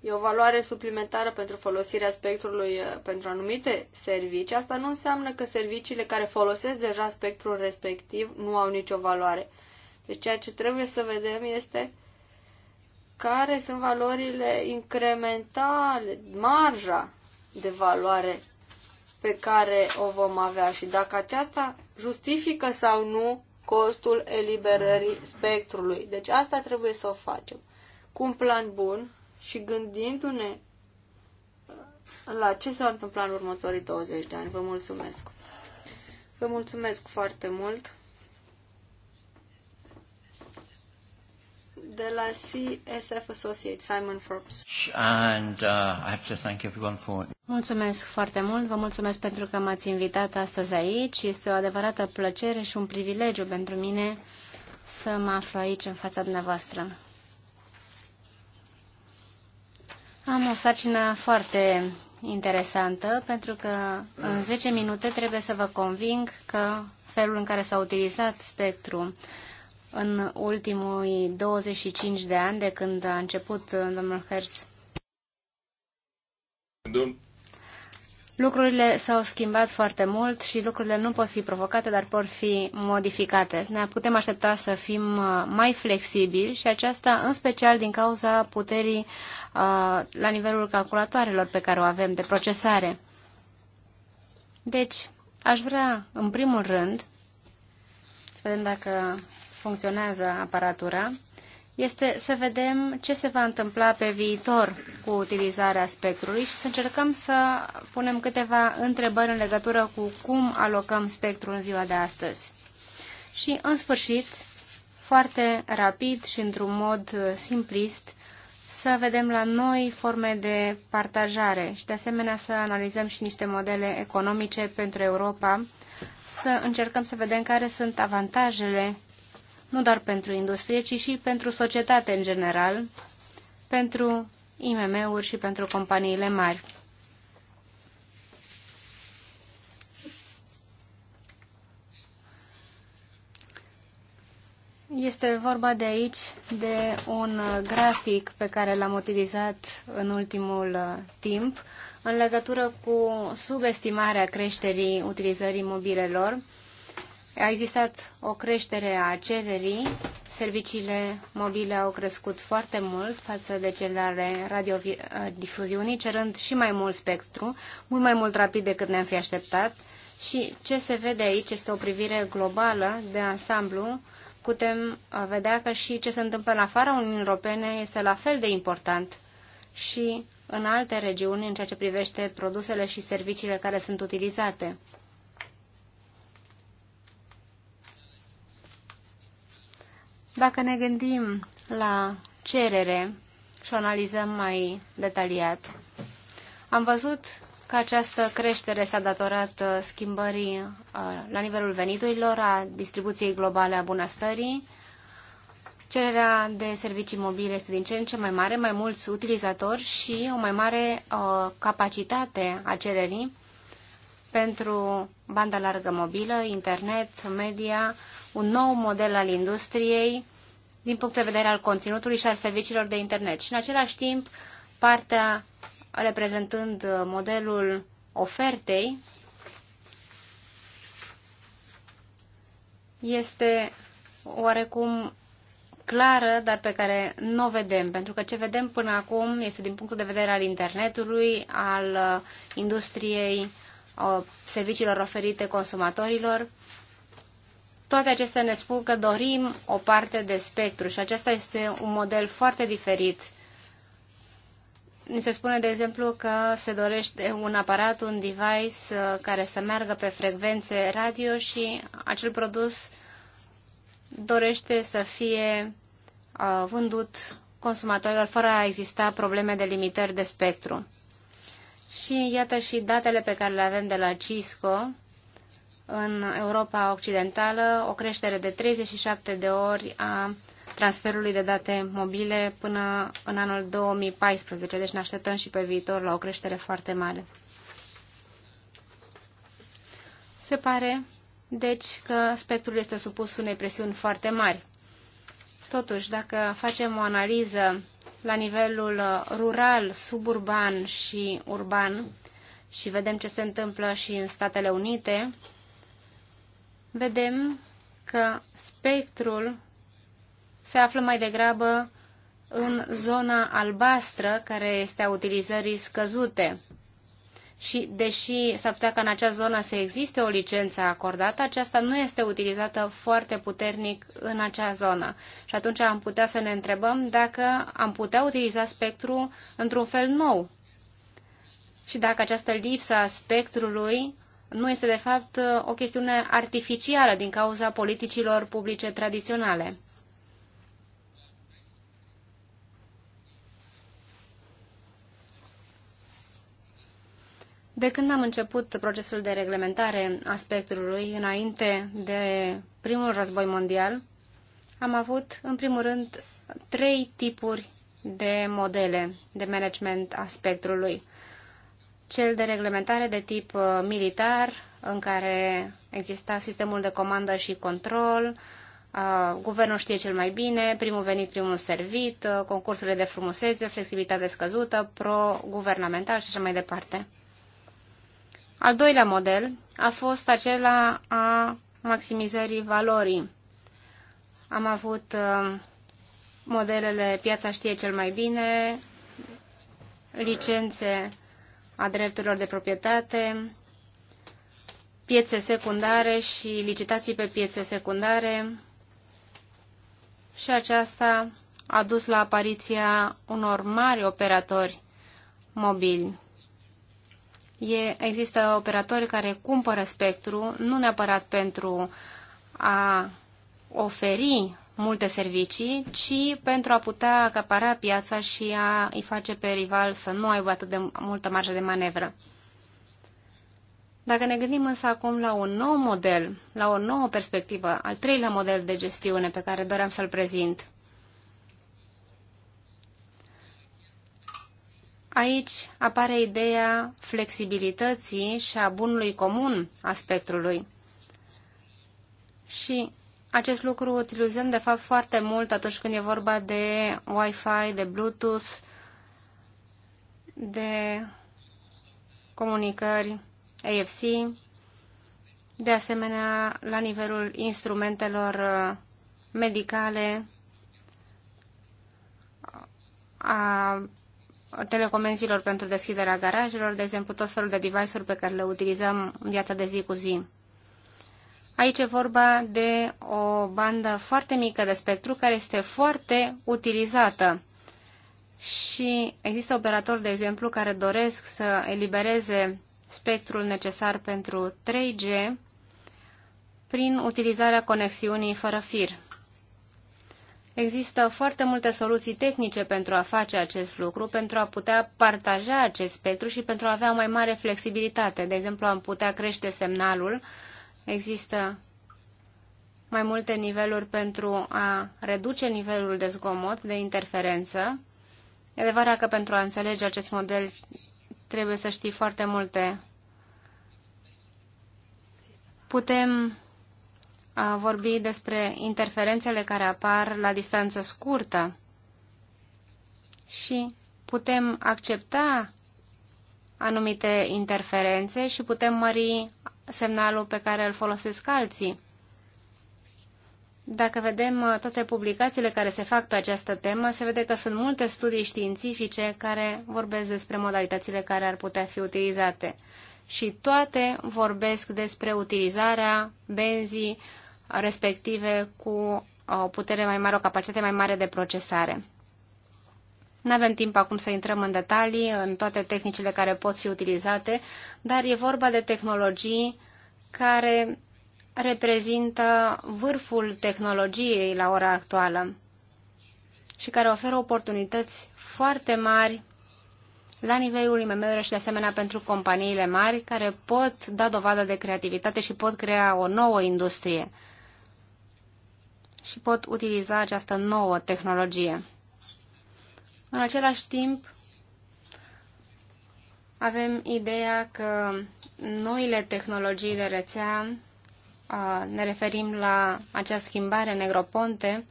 e o valoare suplimentară pentru folosirea spectrului eh, pentru anumite servicii, asta nu înseamnă că serviciile care folosesc deja spectrul respectiv nu au nicio valoare. Deci ceea ce trebuie să vedem este care sunt valorile incrementale, marja de valoare pe care o vom avea și dacă aceasta justifică sau nu costul eliberării spectrului. Deci asta trebuie să o facem. Cu un plan bun și gândindu-ne uh, la ce se va întâmpla în următorii 20 de ani. Vă mulțumesc! Vă mulțumesc foarte mult! de la CSF Associates, Simon Forbes.
And uh, I have to thank everyone for... Mulțumesc foarte mult, vă mulțumesc pentru că m-ați invitat astăzi aici. Este o adevărată plăcere și un privilegiu pentru mine să mă aflu aici în fața dumneavoastră. Am o sarcină foarte interesantă pentru că în 10 minute trebuie să vă conving că felul în care s-a utilizat spectrul în ultimii 25 de ani de când a început uh, domnul Hertz. Dom Lucrurile s-au schimbat foarte mult și lucrurile nu pot fi provocate, dar pot fi modificate. Ne putem aștepta să fim uh, mai flexibili și aceasta în special din cauza puterii uh, la nivelul calculatoarelor pe care o avem de procesare. Deci, aș vrea, în primul rând, să vedem dacă funcționează aparatura este să vedem ce se va întâmpla pe viitor cu utilizarea spectrului și să încercăm să punem câteva întrebări în legătură cu cum alocăm spectrul în ziua de astăzi. Și, în sfârșit, foarte rapid și într-un mod simplist, să vedem la noi forme de partajare și, de asemenea, să analizăm și niște modele economice pentru Europa, să încercăm să vedem care sunt avantajele nu doar pentru industrie, ci și pentru societate în general, pentru IMM-uri și pentru companiile mari. Este vorba de aici de un grafic pe care l-am utilizat în ultimul uh, timp în legătură cu subestimarea creșterii utilizării mobilelor a existat o creștere a cererii, serviciile mobile au crescut foarte mult față de cele ale radiodifuziunii, cerând și mai mult spectru, mult mai mult rapid decât ne-am fi așteptat. Și ce se vede aici este o privire globală de ansamblu. Putem vedea că și ce se întâmplă în afara Uniunii Europene este la fel de important și în alte regiuni în ceea ce privește produsele și serviciile care sunt utilizate. Dacă ne gândim la cerere și o analizăm mai detaliat, am văzut că această creștere s-a datorat uh, schimbării uh, la nivelul veniturilor, a distribuției globale a bunăstării. Cererea de servicii mobile este din ce în ce mai mare, mai mulți utilizatori și o mai mare uh, capacitate a cererii pentru Banda largă mobilă, internet, media, un nou model al industriei din punct de vedere al conținutului și al serviciilor de internet. Și în același timp, partea reprezentând modelul ofertei este oarecum clară, dar pe care nu o vedem, pentru că ce vedem până acum este din punctul de vedere al internetului, al uh, industriei serviciilor oferite consumatorilor. Toate acestea ne spun că dorim o parte de spectru și acesta este un model foarte diferit. Ni se spune, de exemplu, că se dorește un aparat, un device care să meargă pe frecvențe radio și acel produs dorește să fie vândut consumatorilor fără a exista probleme de limitări de spectru. Și iată și datele pe care le avem de la Cisco. În Europa Occidentală, o creștere de 37 de ori a transferului de date mobile până în anul 2014. Deci ne așteptăm și pe viitor la o creștere foarte mare. Se pare, deci, că spectrul este supus unei presiuni foarte mari. Totuși, dacă facem o analiză la nivelul uh, rural, suburban și urban și vedem ce se întâmplă și în Statele Unite, vedem că spectrul se află mai degrabă în zona albastră, care este a utilizării scăzute și deși s-ar putea ca în acea zonă să existe o licență acordată, aceasta nu este utilizată foarte puternic în acea zonă. Și atunci am putea să ne întrebăm dacă am putea utiliza spectru într-un fel nou. Și dacă această lipsă a spectrului nu este de fapt o chestiune artificială din cauza politicilor publice tradiționale. De când am început procesul de reglementare a spectrului, înainte de primul război mondial, am avut, în primul rând, trei tipuri de modele de management a spectrului. Cel de reglementare de tip uh, militar, în care exista sistemul de comandă și control, uh, guvernul știe cel mai bine, primul venit, primul servit, uh, concursurile de frumusețe, flexibilitate scăzută, pro-guvernamental și așa mai departe. Al doilea model a fost acela a maximizării valorii. Am avut uh, modelele Piața știe cel mai bine, licențe a drepturilor de proprietate, piețe secundare și licitații pe piețe secundare și aceasta a dus la apariția unor mari operatori mobili. E, există operatori care cumpără spectru, nu neapărat pentru a oferi multe servicii, ci pentru a putea acapara piața și a îi face pe rival să nu aibă atât de multă marjă de manevră. Dacă ne gândim însă acum la un nou model, la o nouă perspectivă, al treilea model de gestiune pe care doream să-l prezint, Aici apare ideea flexibilității și a bunului comun a spectrului. Și acest lucru utilizăm de fapt foarte mult atunci când e vorba de Wi-Fi, de Bluetooth, de comunicări AFC, de asemenea la nivelul instrumentelor uh, medicale, a telecomenzilor pentru deschiderea garajelor, de exemplu tot felul de device-uri pe care le utilizăm în viața de zi cu zi. Aici e vorba de o bandă foarte mică de spectru care este foarte utilizată. Și există operatori, de exemplu, care doresc să elibereze spectrul necesar pentru 3G prin utilizarea conexiunii fără fir. Există foarte multe soluții tehnice pentru a face acest lucru, pentru a putea partaja acest spectru și pentru a avea mai mare flexibilitate. De exemplu, am putea crește semnalul. Există mai multe niveluri pentru a reduce nivelul de zgomot, de interferență. E adevărat că pentru a înțelege acest model trebuie să știi foarte multe. Putem a vorbi despre interferențele care apar la distanță scurtă și putem accepta anumite interferențe și putem mări semnalul pe care îl folosesc alții. Dacă vedem uh, toate publicațiile care se fac pe această temă, se vede că sunt multe studii științifice care vorbesc despre modalitățile care ar putea fi utilizate. Și toate vorbesc despre utilizarea benzii respective cu uh, o putere mai mare, o capacitate mai mare de procesare. Nu avem timp acum să intrăm în detalii, în toate tehnicile care pot fi utilizate, dar e vorba de tehnologii care reprezintă vârful tehnologiei la ora actuală și care oferă oportunități foarte mari la nivelul IMM-urilor și de asemenea pentru companiile mari care pot da dovadă de creativitate și pot crea o nouă industrie și pot utiliza această nouă tehnologie. În același timp, avem ideea că noile tehnologii de rețea, ne referim la acea schimbare în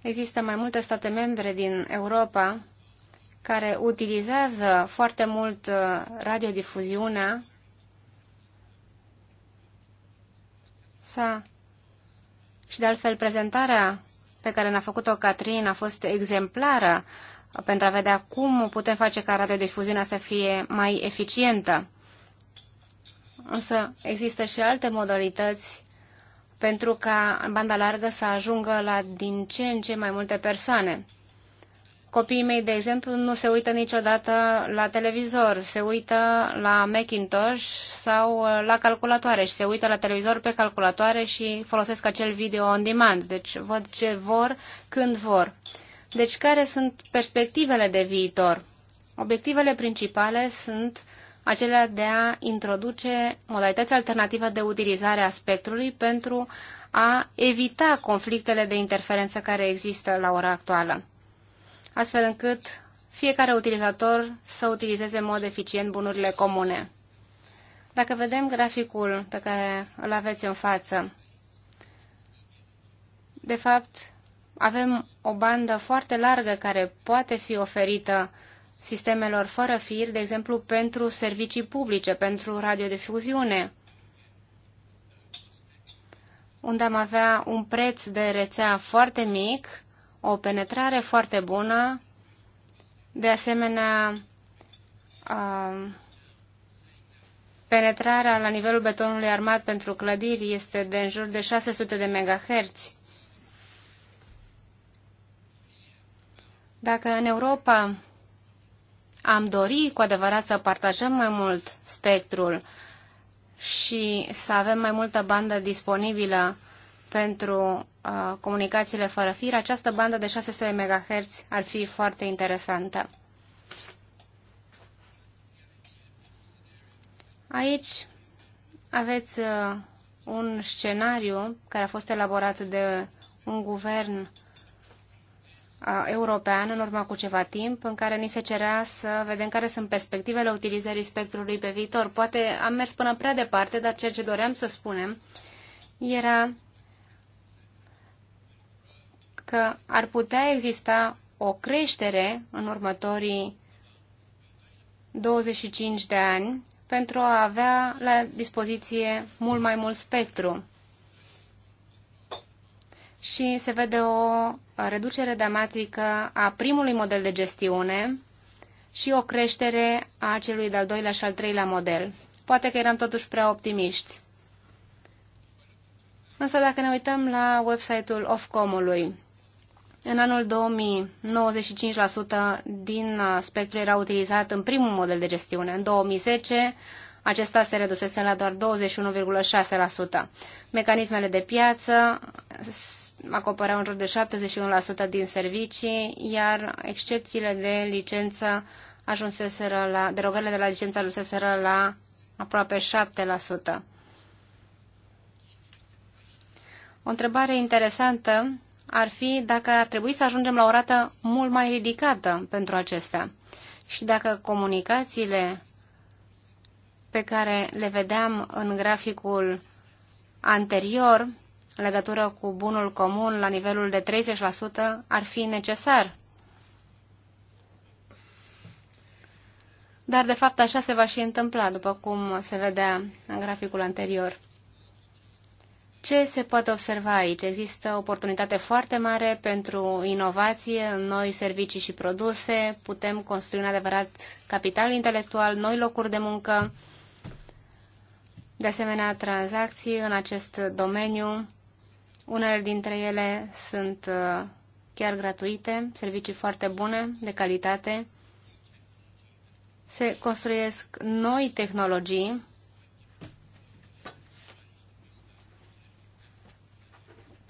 există mai multe state membre din Europa care utilizează foarte mult radiodifuziunea. S-a și de altfel, prezentarea pe care ne-a făcut-o Catrin a fost exemplară pentru a vedea cum putem face ca radiodifuziunea să fie mai eficientă. Însă există și alte modalități pentru ca banda largă să ajungă la din ce în ce mai multe persoane. Copiii mei, de exemplu, nu se uită niciodată la televizor, se uită la Macintosh sau la calculatoare și se uită la televizor pe calculatoare și folosesc acel video on demand, deci văd ce vor când vor. Deci care sunt perspectivele de viitor? Obiectivele principale sunt acelea de a introduce modalități alternative de utilizare a spectrului pentru a evita conflictele de interferență care există la ora actuală astfel încât fiecare utilizator să utilizeze în mod eficient bunurile comune. Dacă vedem graficul pe care îl aveți în față, de fapt, avem o bandă foarte largă care poate fi oferită sistemelor fără fir, de exemplu, pentru servicii publice, pentru radiodifuziune, unde am avea un preț de rețea foarte mic, o penetrare foarte bună, de asemenea uh, penetrarea la nivelul betonului armat pentru clădiri este de în jur de 600 de MHz. Dacă în Europa am dori cu adevărat să partajăm mai mult spectrul și să avem mai multă bandă disponibilă pentru comunicațiile fără fir, această bandă de 600 MHz ar fi foarte interesantă. Aici aveți un scenariu care a fost elaborat de un guvern european în urma cu ceva timp, în care ni se cerea să vedem care sunt perspectivele utilizării spectrului pe viitor. Poate am mers până prea departe, dar ceea ce doream să spunem era că ar putea exista o creștere în următorii 25 de ani pentru a avea la dispoziție mult mai mult spectru. Și se vede o reducere dramatică a primului model de gestiune și o creștere a celui de-al doilea și al treilea model. Poate că eram totuși prea optimiști. Însă dacă ne uităm la website-ul Ofcomului, în anul 2000, 95% din uh, spectru era utilizat în primul model de gestiune. În 2010, acesta se redusese la doar 21,6%. Mecanismele de piață acopereau în jur de 71% din servicii, iar excepțiile de licență ajunseseră la, derogările de la licență ajunseseră la aproape 7%. O întrebare interesantă ar fi dacă ar trebui să ajungem la o rată mult mai ridicată pentru acestea. Și dacă comunicațiile pe care le vedeam în graficul anterior, în legătură cu bunul comun la nivelul de 30%, ar fi necesar. Dar, de fapt, așa se va și întâmpla, după cum se vedea în graficul anterior. Ce se poate observa aici? Există oportunitate foarte mare pentru inovație în noi servicii și produse, putem construi un adevărat capital intelectual, noi locuri de muncă, de asemenea tranzacții în acest domeniu. Unele dintre ele sunt uh, chiar gratuite, servicii foarte bune, de calitate. Se construiesc noi tehnologii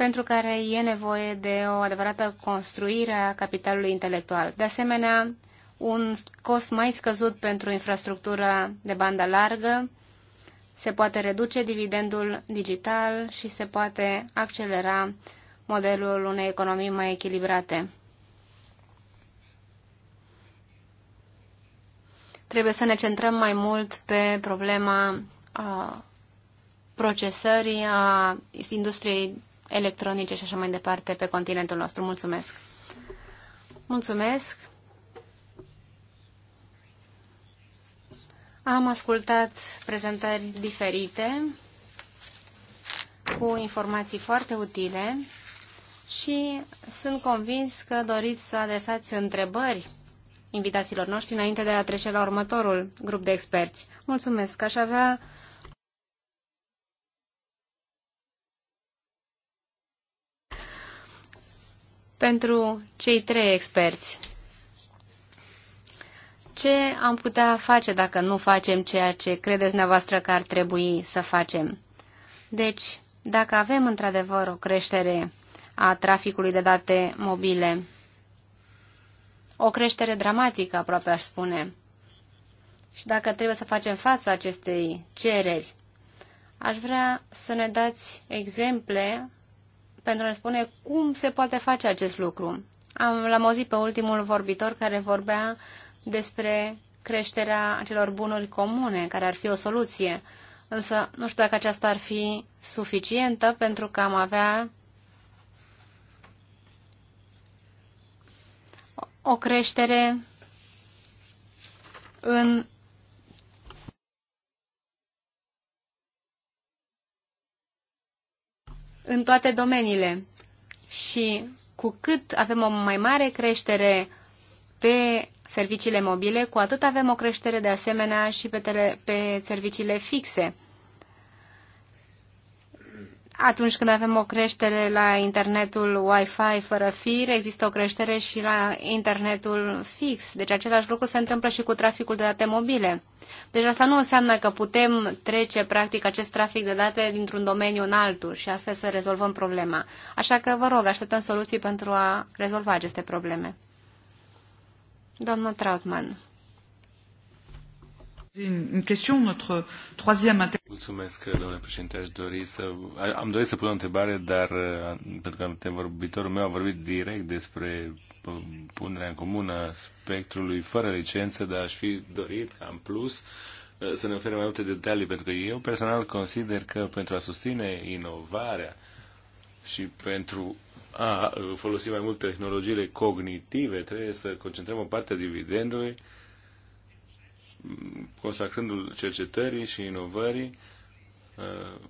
pentru care e nevoie de o adevărată construire a capitalului intelectual. De asemenea, un cost mai scăzut pentru infrastructura de bandă largă, se poate reduce dividendul digital și se poate accelera modelul unei economii mai echilibrate. Trebuie să ne centrăm mai mult pe problema a procesării a industriei electronice și așa mai departe pe continentul nostru. Mulțumesc! Mulțumesc! Am ascultat prezentări diferite cu informații foarte utile și sunt convins că doriți să adresați întrebări invitațiilor noștri înainte de a trece la următorul grup de experți. Mulțumesc! Aș avea pentru cei trei experți. Ce am putea face dacă nu facem ceea ce credeți dumneavoastră că ar trebui să facem? Deci, dacă avem într-adevăr o creștere a traficului de date mobile, o creștere dramatică, aproape aș spune, și dacă trebuie să facem față acestei cereri, aș vrea să ne dați exemple pentru a spune cum se poate face acest lucru. Am l-am auzit pe ultimul vorbitor care vorbea despre creșterea acelor bunuri comune, care ar fi o soluție. Însă nu știu dacă aceasta ar fi suficientă pentru că am avea o creștere în în toate domeniile. Și cu cât avem o mai mare creștere pe serviciile mobile, cu atât avem o creștere de asemenea și pe, tele, pe serviciile fixe atunci când avem o creștere la internetul Wi-Fi fără fir, există o creștere și la internetul fix. Deci același lucru se întâmplă și cu traficul de date mobile. Deci asta nu înseamnă că putem trece practic acest trafic de date dintr-un domeniu în altul și astfel să rezolvăm problema. Așa că vă rog, așteptăm soluții pentru a rezolva aceste probleme. Doamna Trautmann. Mulțumesc,
domnule președinte. Aș dori să... Am dorit să pun o întrebare, dar pentru că vorbitorul meu a vorbit direct despre punerea în comună a spectrului fără licență, dar aș fi dorit ca în plus să ne ofere mai multe detalii, pentru că eu personal consider că pentru a susține inovarea și pentru a folosi mai mult tehnologiile cognitive, trebuie să concentrăm o parte a dividendului consacrându-l cercetării și inovării uh,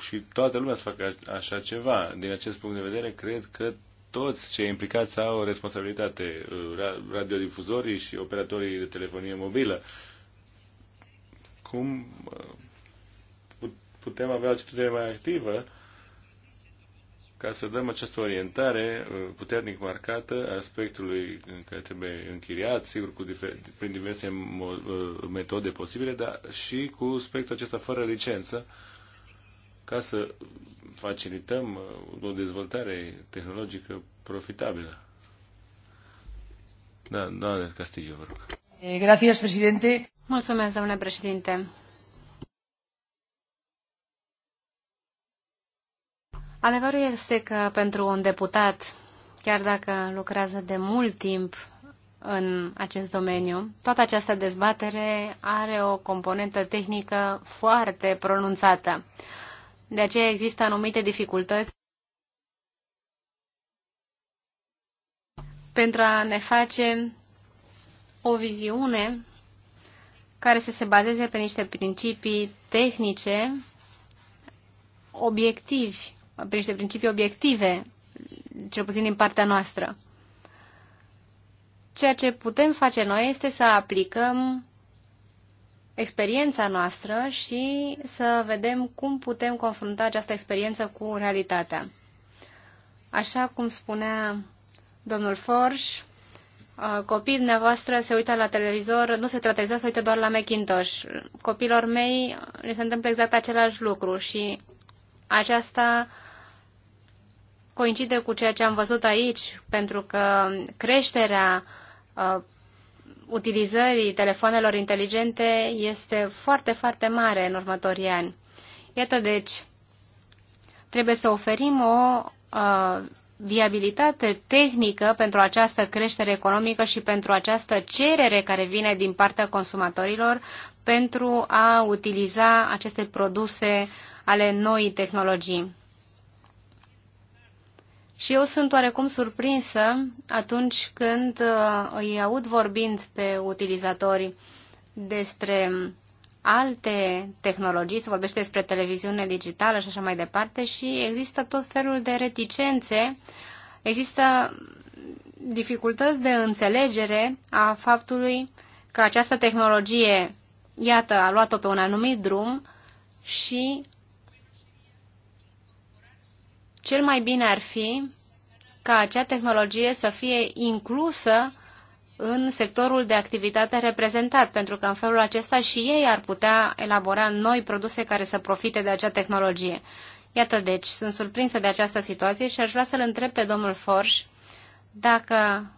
și toată lumea să facă așa ceva. Din acest punct de vedere, cred că toți cei implicați au o responsabilitate, uh, radiodifuzorii și operatorii de telefonie mobilă. Cum uh, putem avea o atitudine mai activă ca să dăm această orientare uh, puternic marcată a spectrului în care trebuie închiriat, sigur, cu difer- prin diverse uh, metode posibile, dar și cu spectrul acesta fără licență, ca să facilităm uh, o dezvoltare tehnologică profitabilă. Da, doamne Castillo, vă rog.
Eh, gracias, președinte.
Mulțumesc, domnule președinte. Adevărul este că pentru un deputat, chiar dacă lucrează de mult timp în acest domeniu, toată această dezbatere are o componentă tehnică foarte pronunțată. De aceea există anumite dificultăți pentru a ne face o viziune care să se bazeze pe niște principii tehnice obiectivi pe niște principii obiective, cel puțin din partea noastră. Ceea ce putem face noi este să aplicăm experiența noastră și să vedem cum putem confrunta această experiență cu realitatea. Așa cum spunea domnul Forș, uh, copiii dumneavoastră se uită la televizor, nu se uită la televizor, se uită doar la Macintosh. Copilor mei le se întâmplă exact același lucru și aceasta coincide cu ceea ce am văzut aici, pentru că creșterea uh, utilizării telefonelor inteligente este foarte, foarte mare în următorii ani. Iată, deci, trebuie să oferim o uh, viabilitate tehnică pentru această creștere economică și pentru această cerere care vine din partea consumatorilor pentru a utiliza aceste produse ale noii tehnologii. Și eu sunt oarecum surprinsă atunci când uh, îi aud vorbind pe utilizatori despre alte tehnologii, se vorbește despre televiziune digitală și așa mai departe și există tot felul de reticențe, există dificultăți de înțelegere a faptului că această tehnologie, iată, a luat-o pe un anumit drum și cel mai bine ar fi ca acea tehnologie să fie inclusă în sectorul de activitate reprezentat, pentru că în felul acesta și ei ar putea elabora noi produse care să profite de acea tehnologie. Iată deci, sunt surprinsă de această situație și aș vrea să-l întreb pe domnul Forș dacă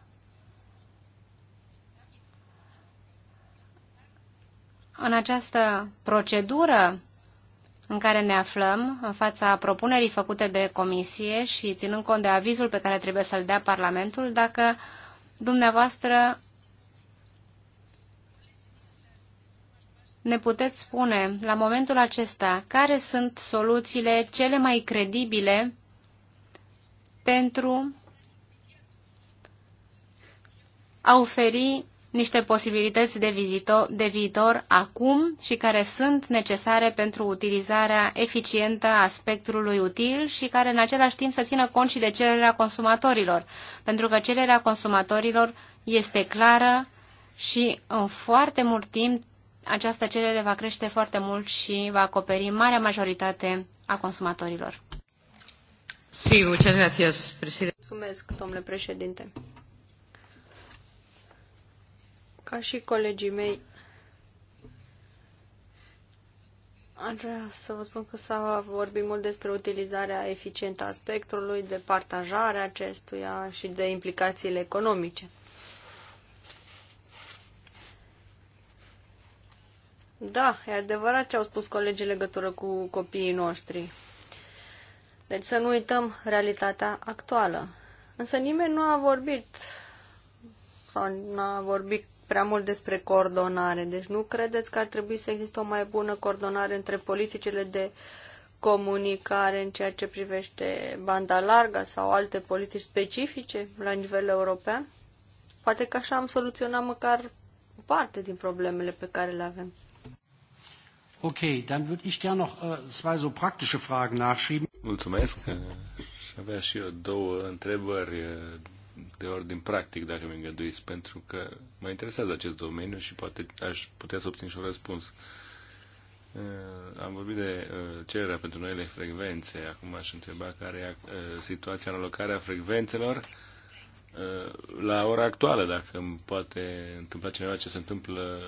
în această procedură în care ne aflăm în fața propunerii făcute de comisie și ținând cont de avizul pe care trebuie să-l dea Parlamentul, dacă dumneavoastră ne puteți spune la momentul acesta care sunt soluțiile cele mai credibile pentru a oferi niște posibilități de, vizito, de viitor acum și care sunt necesare pentru utilizarea eficientă a spectrului util și care în același timp să țină cont și de cererea consumatorilor, pentru că cererea consumatorilor este clară și în foarte mult timp această cerere va crește foarte mult și va acoperi marea majoritate a consumatorilor.
Sí, muchas gracias, presidente. Mulțumesc, domnule președinte. Ca și colegii mei, Aș vrea să vă spun că s-a vorbit mult despre utilizarea eficientă a spectrului, de partajarea acestuia și de implicațiile economice. Da, e adevărat ce au spus colegii legătură cu copiii noștri. Deci să nu uităm realitatea actuală. Însă nimeni nu a vorbit sau n-a vorbit prea mult despre coordonare. Deci nu credeți că ar trebui să existe o mai bună coordonare între politicile de comunicare în ceea ce privește banda largă sau alte politici specifice la nivel european? Poate că așa am soluționat măcar o parte din problemele pe care le avem. Ok, dann würde ich gerne noch uh, zwei so praktische Fragen nachschieben. Mulțumesc.
Aș avea și eu două întrebări de ordin practic, dacă mi îngăduiți, pentru că mă interesează acest domeniu și poate aș putea să obțin și un răspuns. Uh, am vorbit de uh, cererea pentru noile frecvențe. Acum aș întreba care e uh, situația în alocarea frecvențelor la ora actuală, dacă îmi poate întâmpla cineva ce se întâmplă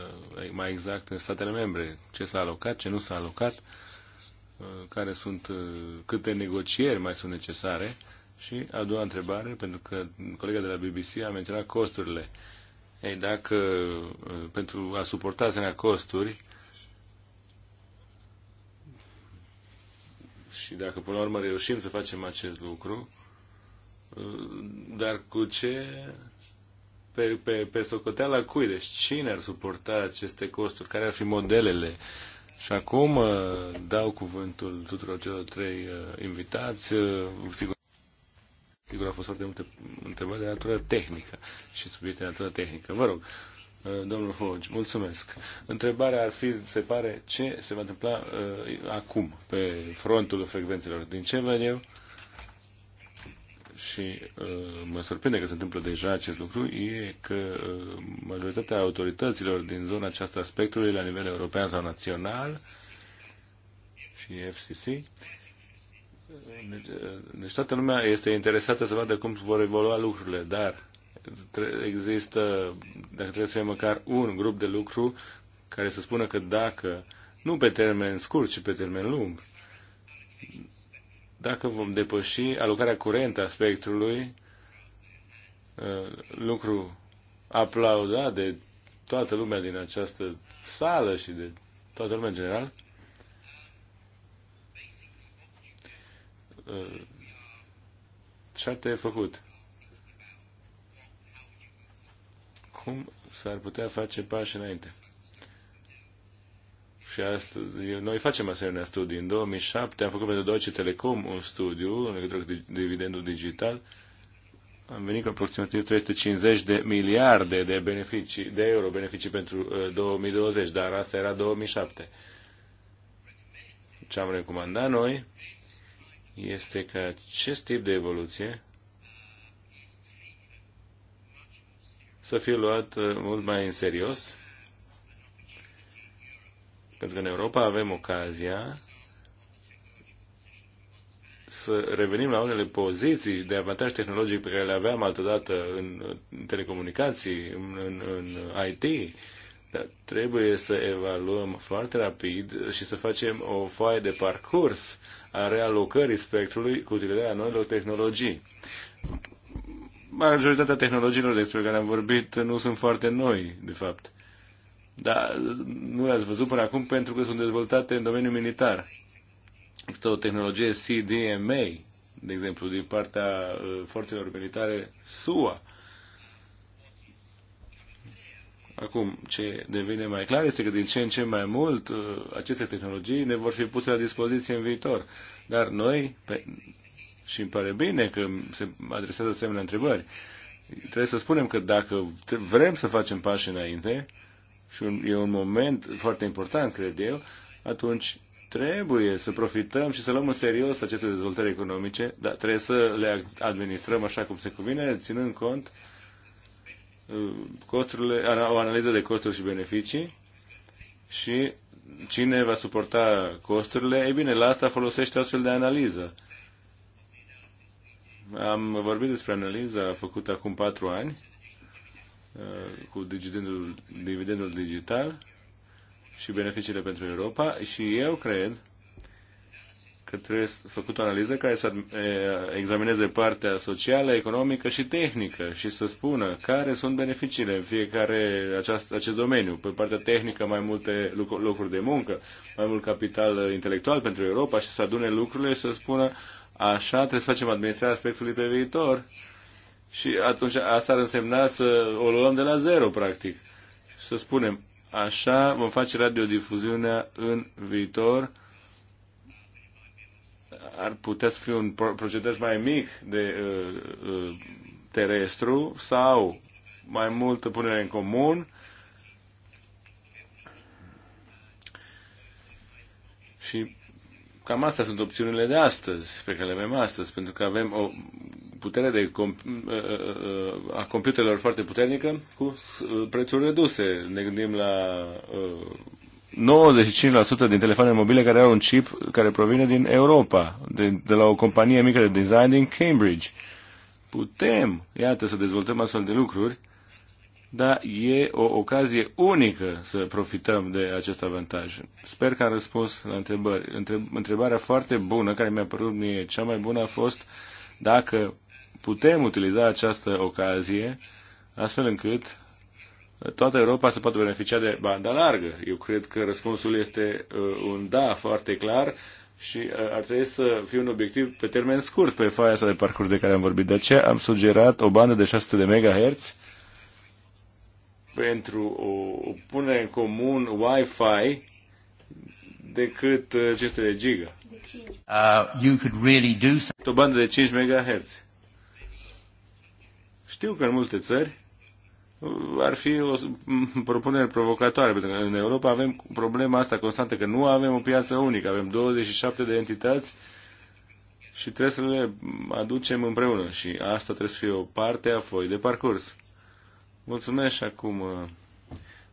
mai exact în statele membre, ce s-a alocat, ce nu s-a alocat, care sunt, câte negocieri mai sunt necesare și a doua întrebare, pentru că colega de la BBC a menționat costurile. Ei, dacă uh, pentru a suporta asemenea costuri și dacă până la urmă reușim să facem acest lucru, uh, dar cu ce pe, pe, pe socoteala cui? Deci cine ar suporta aceste costuri? Care ar fi modelele? Și acum uh, dau cuvântul tuturor celor trei invitați. Sigur, Sigur, au fost foarte multe întrebări de natură tehnică și subiecte de natură tehnică. Vă rog, uh, domnul Hoge, mulțumesc. Întrebarea ar fi, se pare, ce se va întâmpla uh, acum pe frontul frecvențelor. Din ce văd eu, și uh, mă surprinde că se întâmplă deja acest lucru, e că uh, majoritatea autorităților din zona aceasta spectrului, la nivel european sau național, și FCC, deci, deci toată lumea este interesată să vadă cum vor evolua lucrurile, dar există, dacă trebuie să fie măcar un grup de lucru care să spună că dacă, nu pe termen scurt, ci pe termen lung, dacă vom depăși alocarea curentă a spectrului, uh, lucru aplaudat de toată lumea din această sală și de toată lumea în general, ce ar trebui făcut? Cum s-ar putea face pași înainte? Și astăzi, noi facem asemenea studii. În 2007 am făcut pentru Deutsche Telecom un studiu în legătură cu dividendul digital. Am venit cu aproximativ 350 de miliarde de, beneficii, de euro beneficii pentru 2020, uh, dar asta era 2007. Ce am recomandat noi este că acest tip de evoluție să fie luat uh, mult mai în serios, pentru că în Europa avem ocazia să revenim la unele poziții de avantaj tehnologic pe care le aveam altădată în telecomunicații, în, în, în IT, dar trebuie să evaluăm foarte rapid și să facem o foaie de parcurs a realocării spectrului cu utilizarea noilor tehnologii. Majoritatea tehnologiilor despre care am vorbit nu sunt foarte noi, de fapt. Dar nu le-ați văzut până acum pentru că sunt dezvoltate în domeniul militar. Există o tehnologie CDMA, de exemplu, din partea uh, forțelor militare SUA, Acum, ce devine mai clar este că din ce în ce mai mult uh, aceste tehnologii ne vor fi puse la dispoziție în viitor. Dar noi, pe, și îmi pare bine că se adresează asemenea întrebări, trebuie să spunem că dacă vrem să facem pași înainte, și un, e un moment foarte important, cred eu, atunci trebuie să profităm și să luăm în serios aceste dezvoltări economice, dar trebuie să le administrăm așa cum se cuvine, ținând cont costurile, o analiză de costuri și beneficii și cine va suporta costurile, e bine, la asta folosește astfel de analiză. Am vorbit despre analiza făcută acum patru ani uh, cu dividendul, dividendul digital și beneficiile pentru Europa și eu cred că trebuie făcut o analiză care să examineze partea socială, economică și tehnică și să spună care sunt beneficiile în fiecare aceast, acest domeniu. Pe partea tehnică mai multe locuri de muncă, mai mult capital intelectual pentru Europa și să adune lucrurile și să spună așa trebuie să facem administrarea aspectului pe viitor. Și atunci asta ar însemna să o luăm de la zero, practic. Să spunem, așa vom face radiodifuziunea în viitor ar putea să fie un procedaj mai mic de uh, uh, terestru sau mai multă punere în comun și cam astea sunt opțiunile de astăzi, pe care le avem astăzi, pentru că avem o putere de comp- uh, a computerelor foarte puternică cu prețuri reduse. Ne gândim la uh, 95% din telefoanele mobile care au un chip care provine din Europa, de, de la o companie mică de design din Cambridge. Putem, iată, să dezvoltăm astfel de lucruri, dar e o ocazie unică să profităm de acest avantaj. Sper că am răspuns la întrebări. întrebarea foarte bună, care mi-a părut mie cea mai bună, a fost dacă putem utiliza această ocazie astfel încât toată Europa se poate beneficia de banda largă. Eu cred că răspunsul este uh, un da foarte clar și uh, ar trebui să fie un obiectiv pe termen scurt pe faia asta de parcurs de care am vorbit. De aceea am sugerat o bandă de 600 de MHz pentru o, o punere în comun Wi-Fi decât 500 uh, de giga. Uh, you could really do O bandă de 5 MHz. Știu că în multe țări ar fi o propunere provocatoare, pentru că în Europa avem problema asta constantă, că nu avem o piață unică, avem 27 de entități și trebuie să le aducem împreună și asta trebuie să fie o parte a foi de parcurs. Mulțumesc și acum, uh,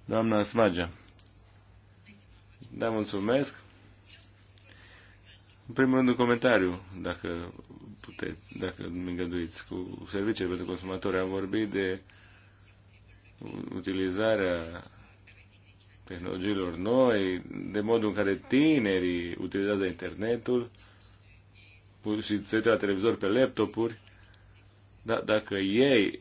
doamna Smagea. Da, mulțumesc. În primul rând, un comentariu, dacă puteți, dacă îmi îngăduiți, cu serviciile pentru consumatori. Am vorbit de utilizarea tehnologiilor noi, de modul în care tinerii utilizează internetul și se uită la televizor pe laptopuri, da, dacă ei,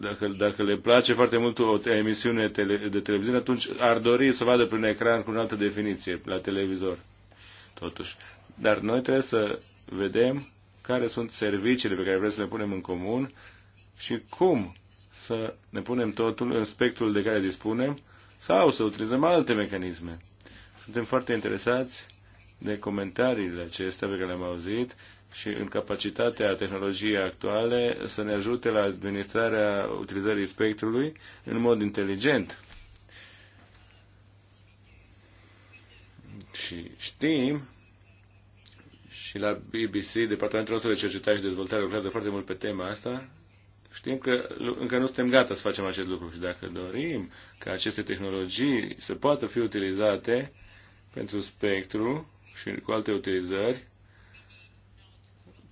dacă, dacă le place foarte mult o emisiune tele, de televiziune, atunci ar dori să vadă prin ecran cu o altă definiție la televizor. Totuși. Dar noi trebuie să vedem care sunt serviciile pe care vrem să le punem în comun și cum să ne punem totul în spectrul de care dispunem sau să utilizăm alte mecanisme. Suntem foarte interesați de comentariile acestea pe care le-am auzit și în capacitatea tehnologiei actuale să ne ajute la administrarea utilizării spectrului în mod inteligent. Și știm și la BBC, Departamentul nostru de Cercetare și Dezvoltare lucrează foarte mult pe tema asta, Știm că încă nu suntem gata să facem acest lucru și dacă dorim ca aceste tehnologii să poată fi utilizate pentru spectru și cu alte utilizări,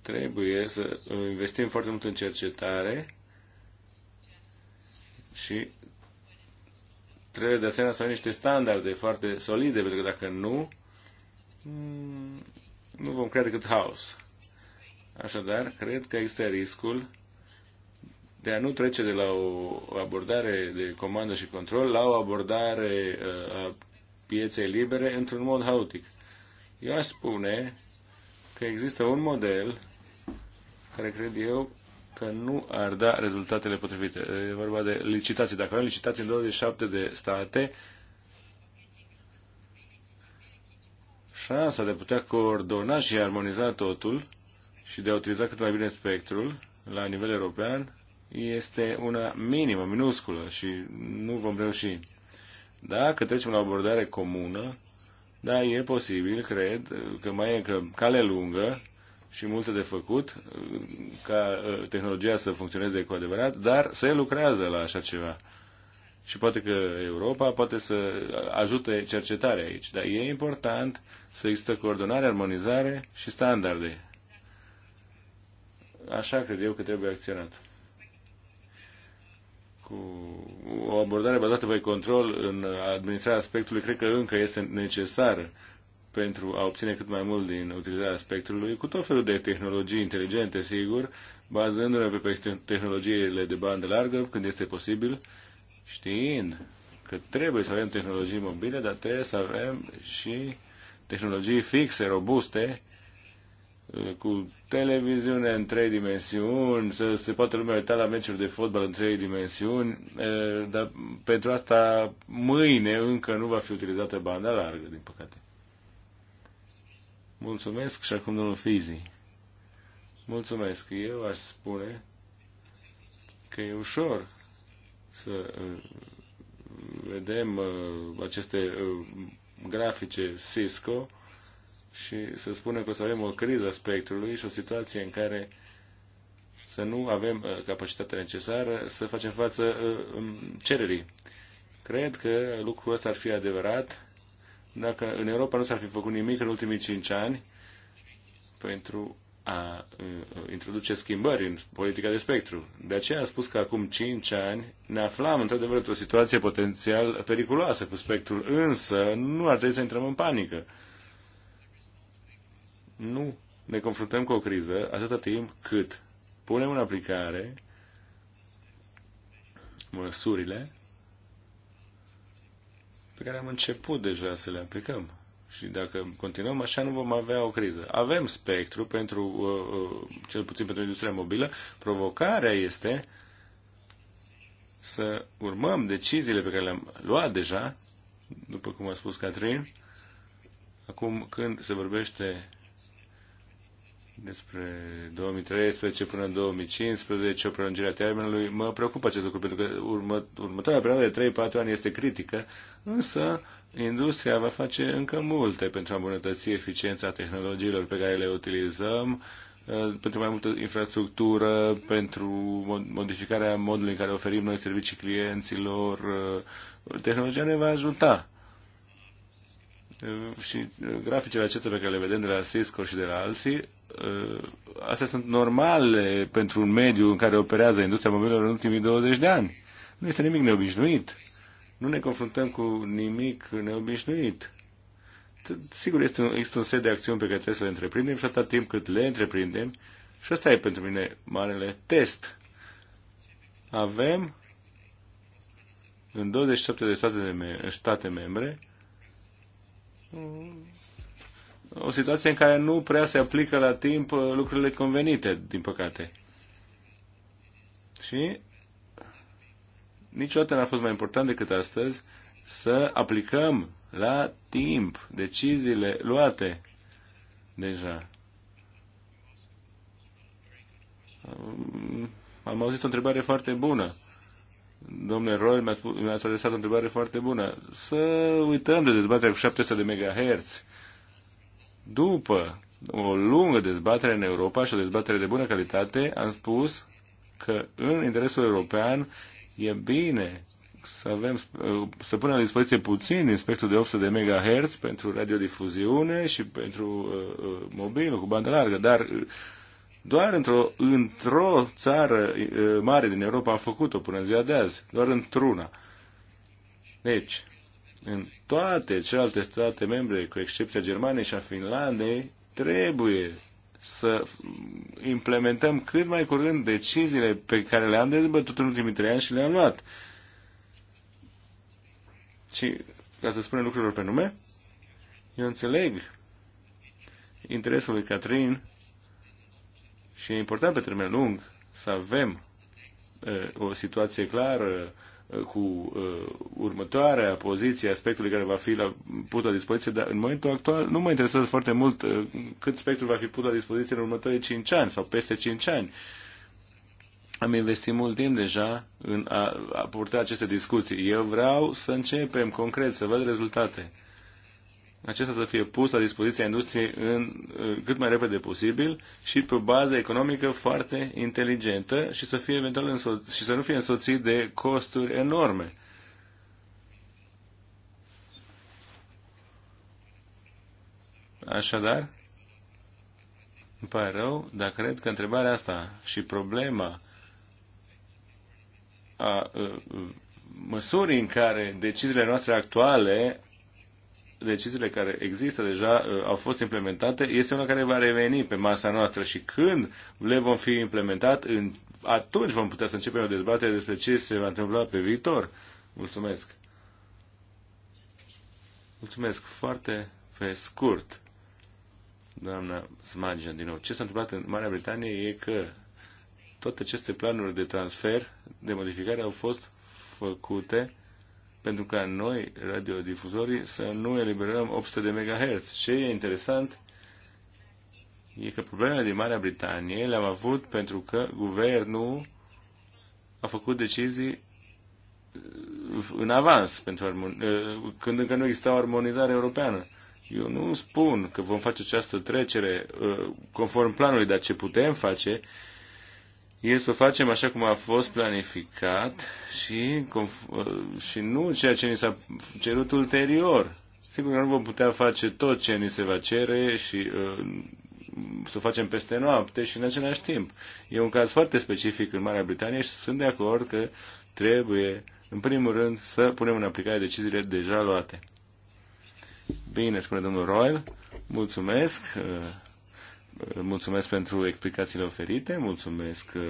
trebuie să investim foarte mult în cercetare și trebuie de asemenea să avem niște standarde foarte solide, pentru că dacă nu, mm, nu vom crea decât haos. Așadar, cred că există riscul de a nu trece de la o abordare de comandă și control la o abordare uh, a pieței libere într-un mod haotic. Eu aș spune că există un model care cred eu că nu ar da rezultatele potrivite. E vorba de licitații. Dacă avem licitații în 27 de state, șansa de a putea coordona și armoniza totul și de a utiliza cât mai bine spectrul la nivel european este una minimă, minusculă și nu vom reuși. Dacă trecem la o abordare comună, da, e posibil, cred, că mai e că cale lungă și multe de făcut ca ă, tehnologia să funcționeze cu adevărat, dar se lucrează la așa ceva. Și poate că Europa poate să ajute cercetarea aici. Dar e important să există coordonare, armonizare și standarde. Așa cred eu că trebuie acționat cu o abordare bazată pe control în administrarea spectrului cred că încă este necesară pentru a obține cât mai mult din utilizarea spectrului, cu tot felul de tehnologii inteligente, sigur, bazându-ne pe tehnologiile de bandă largă, când este posibil, știind că trebuie să avem tehnologii mobile, dar trebuie să avem și tehnologii fixe, robuste, Eh, cu televiziune în trei dimensiuni, să se poată lumea uita la meciuri de fotbal în trei dimensiuni, eh, dar pentru asta mâine încă nu va fi utilizată banda largă, din păcate. Mulțumesc și acum domnul Fizi. Mulțumesc. Eu aș spune că e ușor să eh, vedem aceste grafice Cisco și să spunem că o să avem o criză a spectrului și o situație în care să nu avem uh, capacitatea necesară să facem față uh, um, cererii. Cred că lucrul ăsta ar fi adevărat dacă în Europa nu s-ar fi făcut nimic în ultimii cinci ani pentru a uh, introduce schimbări în politica de spectru. De aceea am spus că acum cinci ani ne aflam într-adevăr într-o situație potențial periculoasă cu spectrul, însă nu ar trebui să intrăm în panică nu ne confruntăm cu o criză atâta timp cât punem în aplicare măsurile pe care am început deja să le aplicăm. Și dacă continuăm așa, nu vom avea o criză. Avem spectru pentru, uh, uh, cel puțin pentru industria mobilă. Provocarea este să urmăm deciziile pe care le-am luat deja, după cum a spus Catrin, acum când se vorbește despre 2013 până în 2015, o prelungire a termenului. Mă preocupă acest lucru, pentru că urmă, următoarea perioadă de 3-4 ani este critică, însă industria va face încă multe pentru a îmbunătăți eficiența tehnologiilor pe care le utilizăm, uh, pentru mai multă infrastructură, pentru modificarea modului în care oferim noi servicii clienților. Uh, tehnologia ne va ajuta uh, și graficele acestea pe care le vedem de la Cisco și de la alții astea sunt normale pentru un mediu în care operează industria mobilelor în ultimii 20 de ani. Nu este nimic neobișnuit. Nu ne confruntăm cu nimic neobișnuit. Sigur, este un, există un set de acțiuni pe care trebuie să le întreprindem și atâta timp cât le întreprindem. Și asta e pentru mine marele test. Avem în 27 de state, de me- state membre o situație în care nu prea se aplică la timp uh, lucrurile convenite, din păcate. Și niciodată n-a fost mai important decât astăzi să aplicăm la timp deciziile luate deja. Um, am auzit o întrebare foarte bună. Domnule Roy, mi-ați adresat o întrebare foarte bună. Să uităm de dezbaterea cu 700 de MHz după o lungă dezbatere în Europa și o dezbatere de bună calitate, am spus că în interesul european e bine să, avem, să punem la dispoziție puțin din spectrul de 800 de MHz pentru radiodifuziune și pentru uh, uh mobilul cu bandă largă, dar uh, doar într-o, într-o țară uh, mare din Europa am făcut-o până în ziua de azi, doar într-una. Deci, în toate celelalte state membre, cu excepția Germaniei și a Finlandei, trebuie să implementăm cât mai curând deciziile pe care le-am dezbătut în ultimii trei ani și le-am luat. Și, ca să spunem lucrurilor pe nume, eu înțeleg interesul lui Catrin și e important pe termen lung să avem uh, o situație clară cu uh, următoarea poziție spectrului care va fi la, put la dispoziție, dar în momentul actual nu mă interesează foarte mult uh, cât spectru va fi put la dispoziție în următorii 5 ani sau peste 5 ani. Am investit mult timp deja în a, a purta aceste discuții. Eu vreau să începem concret, să văd rezultate acesta să fie pus la dispoziția industriei în, uh, cât mai repede posibil și pe o bază economică foarte inteligentă și să, fie eventual înso- și să nu fie însoțit de costuri enorme. Așadar, îmi pare rău, dar cred că întrebarea asta și problema a, a, uh, a uh, măsurii în care deciziile noastre actuale deciziile care există deja uh, au fost implementate, este una care va reveni pe masa noastră și când le vom fi implementat, în, atunci vom putea să începem o dezbatere despre ce se va întâmpla pe viitor. Mulțumesc! Mulțumesc foarte pe scurt, doamna Smagen, din nou. Ce s-a întâmplat în Marea Britanie e că toate aceste planuri de transfer, de modificare, au fost făcute pentru ca noi, radiodifuzorii, să nu eliberăm 800 de MHz. Ce e interesant e că problemele din Marea Britanie le-am avut pentru că guvernul a făcut decizii uh, în avans, pentru uh, când încă nu exista o armonizare europeană. Eu nu spun că vom face această trecere uh, conform planului, dar ce putem face el să o facem așa cum a fost planificat și, și nu ceea ce ni s-a cerut ulterior. Sigur că nu vom putea face tot ce ni se va cere și uh, să o facem peste noapte și în același timp. E un caz foarte specific în Marea Britanie și sunt de acord că trebuie, în primul rând, să punem în aplicare deciziile deja luate. Bine, spune domnul Royal. Mulțumesc. Uh, mulțumesc pentru explicațiile oferite, mulțumesc uh,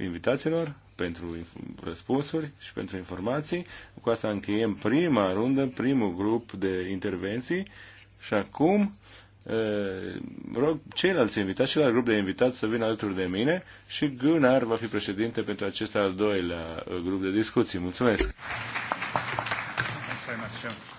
invitațiilor pentru răspunsuri și pentru informații. Cu asta încheiem prima rundă, primul grup de intervenții și acum uh, rog ceilalți invitați, ceilalți grup de invitați să vină alături de mine și Gunnar va fi președinte pentru acest al doilea uh, grup de discuții. Mulțumesc! Thanks very much, John.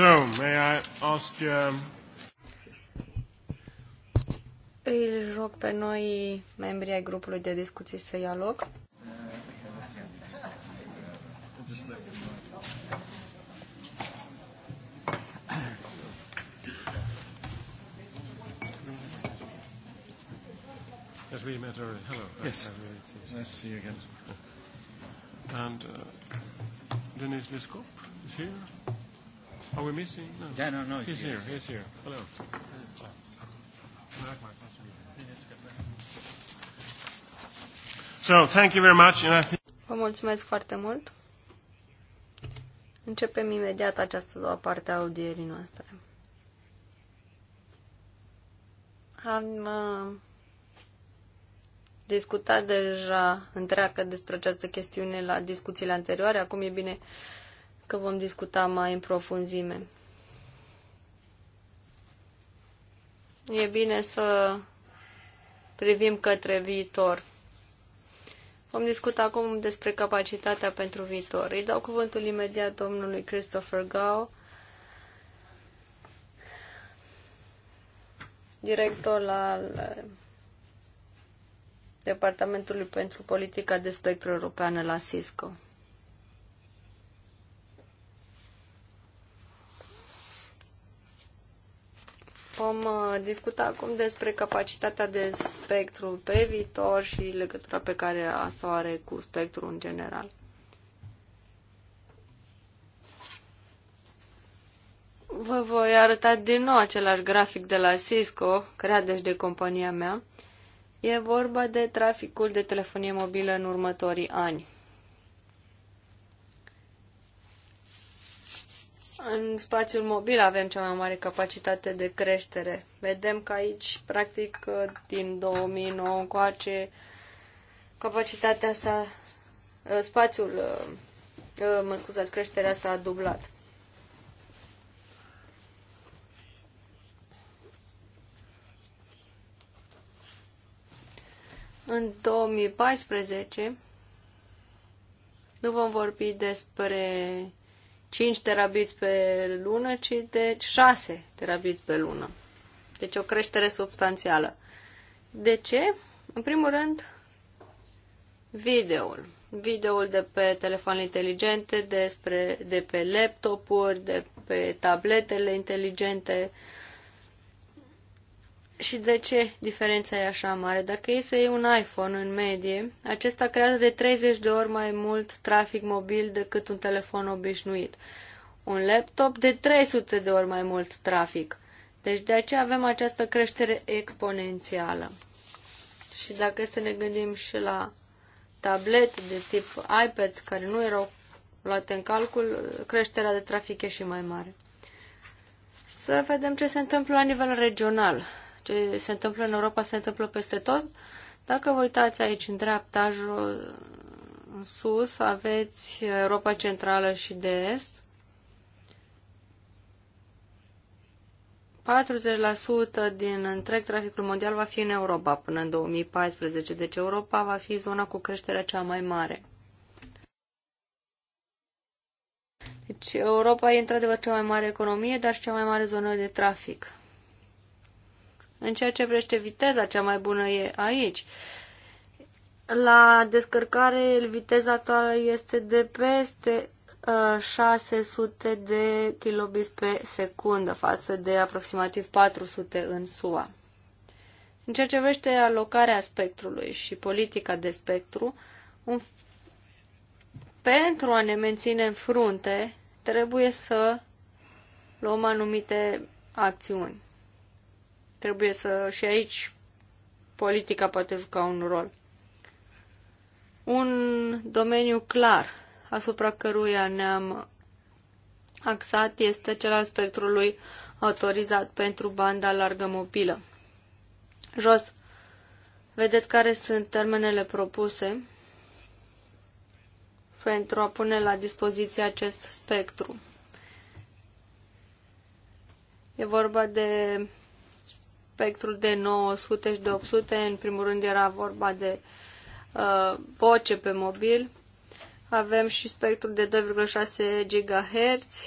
So, may I ask, um... Îl rog pe noi, membrii ai grupului de discuții, să ia loc.
As we met already. Hello. Yes. Nice to see you again. And uh, Denise Liskop is here. Are we missing? No.
Yeah, no, no. He's, he's here. here. He's here. Hello. So, thank you very much. And I think... Vă mulțumesc foarte mult. Începem imediat această doua parte a audierii noastre. Am uh, discutat deja întreagă despre această chestiune la discuțiile anterioare. Acum e bine uh, că vom discuta mai în profunzime. E bine să privim către viitor. Vom discuta acum despre capacitatea pentru viitor. Îi dau cuvântul imediat domnului Christopher Gau, director al eh, Departamentului pentru Politica de Spectru Europeană la Cisco. Vom uh, discuta acum despre capacitatea de spectru pe viitor și legătura pe care asta o are cu spectrul în general. Vă voi arăta din nou același grafic de la Cisco, creat deci de compania mea. E vorba de traficul de telefonie mobilă în următorii ani. În spațiul mobil avem cea mai mare capacitate de creștere. Vedem că aici, practic, din 2009 încoace, capacitatea sa, ă, spațiul, ă, ă, mă scuzați, creșterea s-a dublat. În 2014 nu vom vorbi despre 5 terabiți pe lună, ci de 6 terabiți pe lună. Deci o creștere substanțială. De ce? În primul rând, videoul. Videoul de pe telefoane inteligente, despre, de pe laptopuri, de pe tabletele inteligente, uh, și de ce diferența e așa mare? Dacă e să iei un iPhone în medie, acesta creează de 30 de ori mai mult trafic mobil decât un telefon obișnuit. Un laptop de 300 de ori mai mult trafic. Deci de aceea avem această creștere exponențială. Și dacă să ne gândim și la tablete de tip iPad care nu erau luate în calcul, creșterea de trafic e și mai mare. Să vedem ce se întâmplă la nivel regional ce se întâmplă în Europa se întâmplă peste tot. Dacă vă uitați aici în dreapta, în sus, aveți Europa Centrală și de Est. 40% din întreg traficul mondial va fi în Europa până în 2014, deci Europa va fi zona cu creșterea cea mai mare. Deci Europa e într-adevăr cea mai mare economie, dar și cea mai mare zonă de trafic. În ceea ce vrește viteza, cea mai bună e aici. La descărcare, viteza actuală este de peste 600 uh, de kilobits pe secundă față de aproximativ 400 în SUA. În ceea ce vrește alocarea spectrului și politica de spectru, un... pentru a ne menține în frunte, trebuie să luăm anumite acțiuni. Trebuie să și aici politica poate juca un rol. Un domeniu clar asupra căruia ne-am axat este cel al spectrului autorizat pentru banda largă mobilă. Jos, vedeți care sunt termenele propuse pentru a pune la dispoziție acest spectru. E vorba de spectrul de 900 și de 800. În primul rând era vorba de uh, voce pe mobil. Avem și spectrul de 2,6 GHz.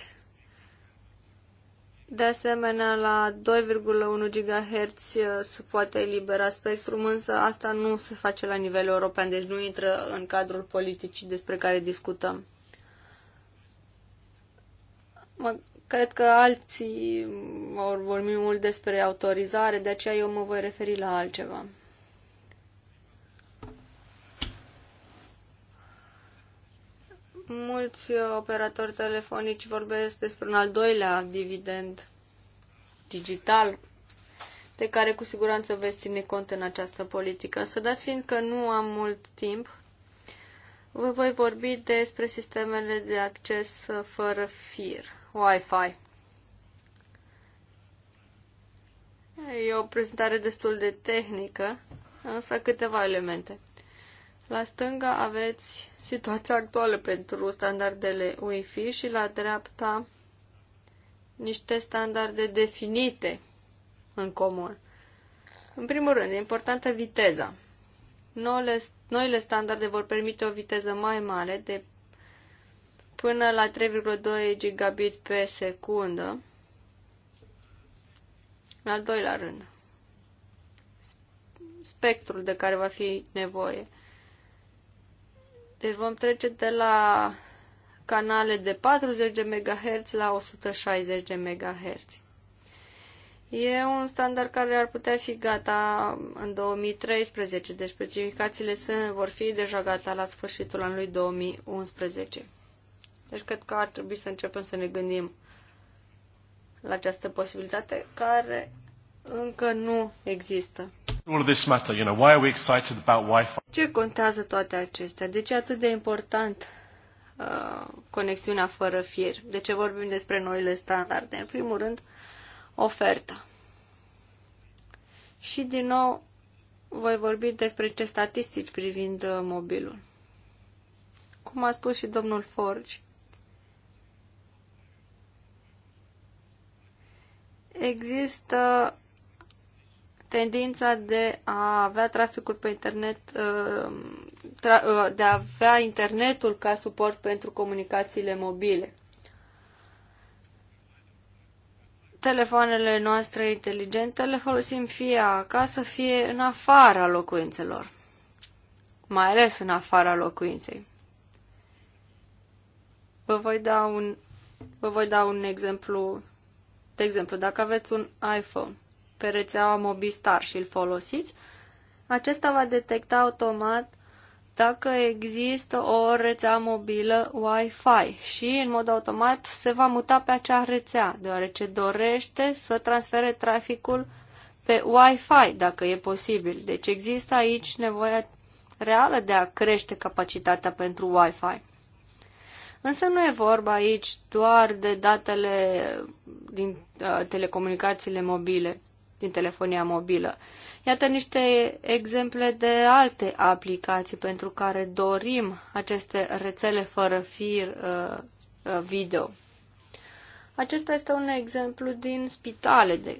De asemenea, la 2,1 GHz uh, se poate elibera spectrum, însă asta nu se face la nivel european, deci nu intră în cadrul politicii despre care discutăm. Cred că alții vor vorbi mult despre autorizare, de aceea eu mă voi referi la altceva. Mulți operatori telefonici vorbesc despre un al doilea dividend digital, de care cu siguranță veți ține cont în această politică. Să dați fiind că nu am mult timp, vă voi vorbi despre sistemele de acces fără fir. Wi-Fi. E o prezentare destul de tehnică, însă câteva elemente. La stânga aveți situația actuală pentru standardele Wi-Fi și la dreapta niște standarde definite în comun. În primul rând, e importantă viteza. Noile, noile standarde vor permite o viteză mai mare de până la 3,2 gigabit pe secundă. În al doilea rând, spectrul de care va fi nevoie. Deci vom trece de la canale de 40 de MHz la 160 de MHz. E un standard care ar putea fi gata în 2013, deci specificațiile sunt, vor fi deja gata la sfârșitul anului 2011. Deci cred că ar trebui să începem să ne gândim la această posibilitate care încă nu există. Ce contează toate acestea? De ce e atât de important uh, conexiunea fără fir? De ce vorbim despre noile standarde? În primul rând, oferta. Și din nou voi vorbi despre ce statistici privind uh, mobilul. Cum a spus și domnul Forge, există tendința de a avea traficul pe internet, uh, uh, de a avea internetul ca suport pentru comunicațiile mobile. Telefoanele noastre inteligente le folosim fie acasă, fie în afara locuințelor, mai ales în afara locuinței. Vă voi da un, vă voi da un exemplu de exemplu, dacă aveți un iPhone pe rețeaua Mobistar și îl folosiți, acesta va detecta automat dacă există o rețea mobilă Wi-Fi și în mod automat se va muta pe acea rețea, deoarece dorește să transfere traficul pe Wi-Fi, dacă e posibil. Deci există aici nevoia reală de a crește capacitatea pentru Wi-Fi. Însă nu e vorba aici doar de datele din uh, telecomunicațiile mobile, din telefonia mobilă. Iată niște exemple de alte aplicații pentru care dorim aceste rețele fără fir uh, uh, video. Acesta este un exemplu din spitale de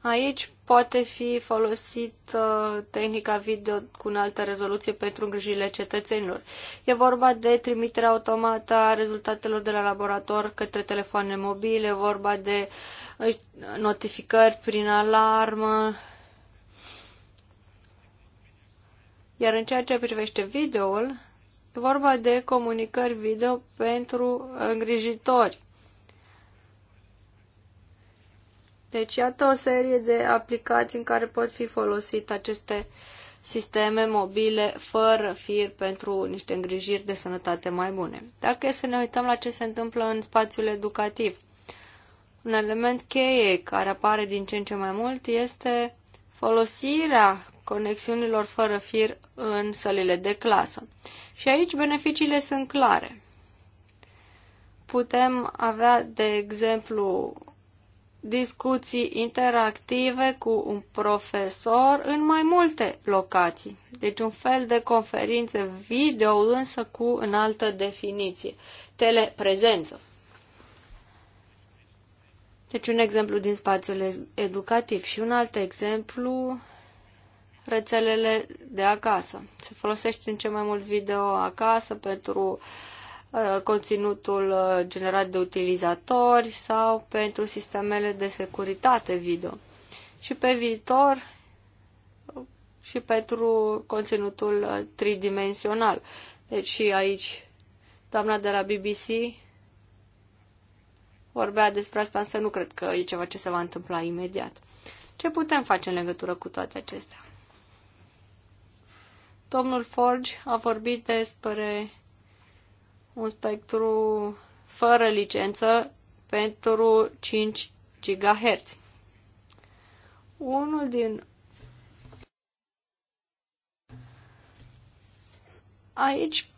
Aici poate fi folosită uh, tehnica video cu înaltă rezoluție pentru îngrijirile cetățenilor. E vorba de trimiterea automată a rezultatelor de la laborator către telefoane mobile, e vorba de uh, notificări prin alarmă. Iar în ceea ce privește videoul, e vorba de comunicări video pentru îngrijitori Deci, iată o serie de aplicații în care pot fi folosite aceste sisteme mobile fără fir pentru niște îngrijiri de sănătate mai bune. Dacă e să ne uităm la ce se întâmplă în spațiul educativ, un element cheie care apare din ce în ce mai mult este folosirea conexiunilor fără fir în sălile de clasă. Și aici beneficiile sunt clare. Putem avea, de exemplu, discuții interactive cu un profesor în mai multe locații. Deci un fel de conferințe video, însă cu înaltă definiție. Teleprezență. Deci un exemplu din spațiul educativ și un alt exemplu rețelele de acasă. Se folosește în ce mai mult video acasă pentru uh, Uh, conținutul uh, generat de utilizatori sau pentru sistemele de securitate video. Și pe viitor uh, și pentru conținutul tridimensional. Deci și aici doamna de la BBC vorbea despre asta, însă nu cred că e ceva ce se va întâmpla imediat. Ce putem face în legătură cu toate acestea? Domnul Forge a vorbit despre un spectru fără licență pentru 5 GHz. Unul din Aici,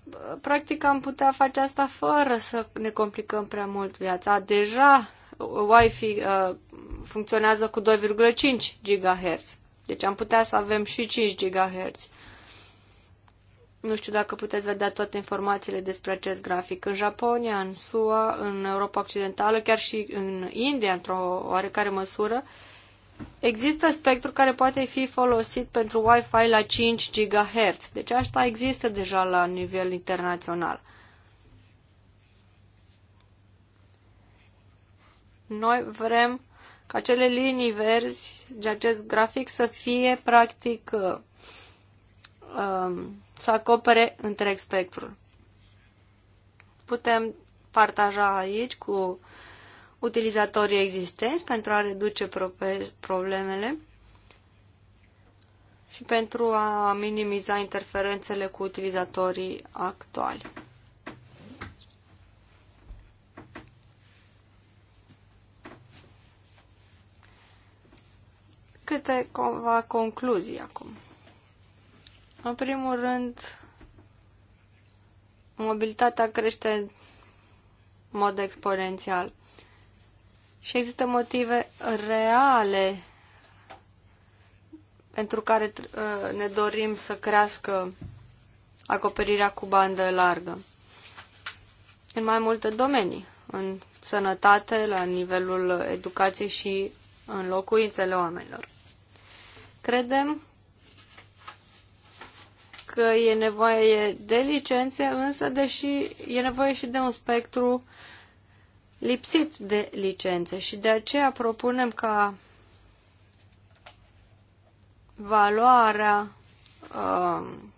practic, am putea face asta fără să ne complicăm prea mult viața. Deja Wi-Fi uh, funcționează cu 2,5 GHz. Deci am putea să avem și 5 GHz. Nu știu dacă puteți vedea toate informațiile despre acest grafic. În Japonia, în SUA, în Europa Occidentală, chiar și în India, într-o oarecare măsură, există spectru care poate fi folosit pentru Wi-Fi la 5 GHz. Deci asta există deja la nivel internațional. Noi vrem ca cele linii verzi de acest grafic să fie practic uh, um, să acopere întreg spectrul. Putem partaja aici cu utilizatorii existenți pentru a reduce problemele și pentru a minimiza interferențele cu utilizatorii actuali. Câteva concluzii acum. În primul rând, mobilitatea crește în mod exponențial. Și există motive reale pentru care ă, ne dorim să crească acoperirea cu bandă largă în mai multe domenii, în sănătate, la nivelul educației și în locuințele oamenilor. Credem că e nevoie de licențe, însă deși e nevoie și de un spectru lipsit de licențe și de aceea propunem ca valoarea um,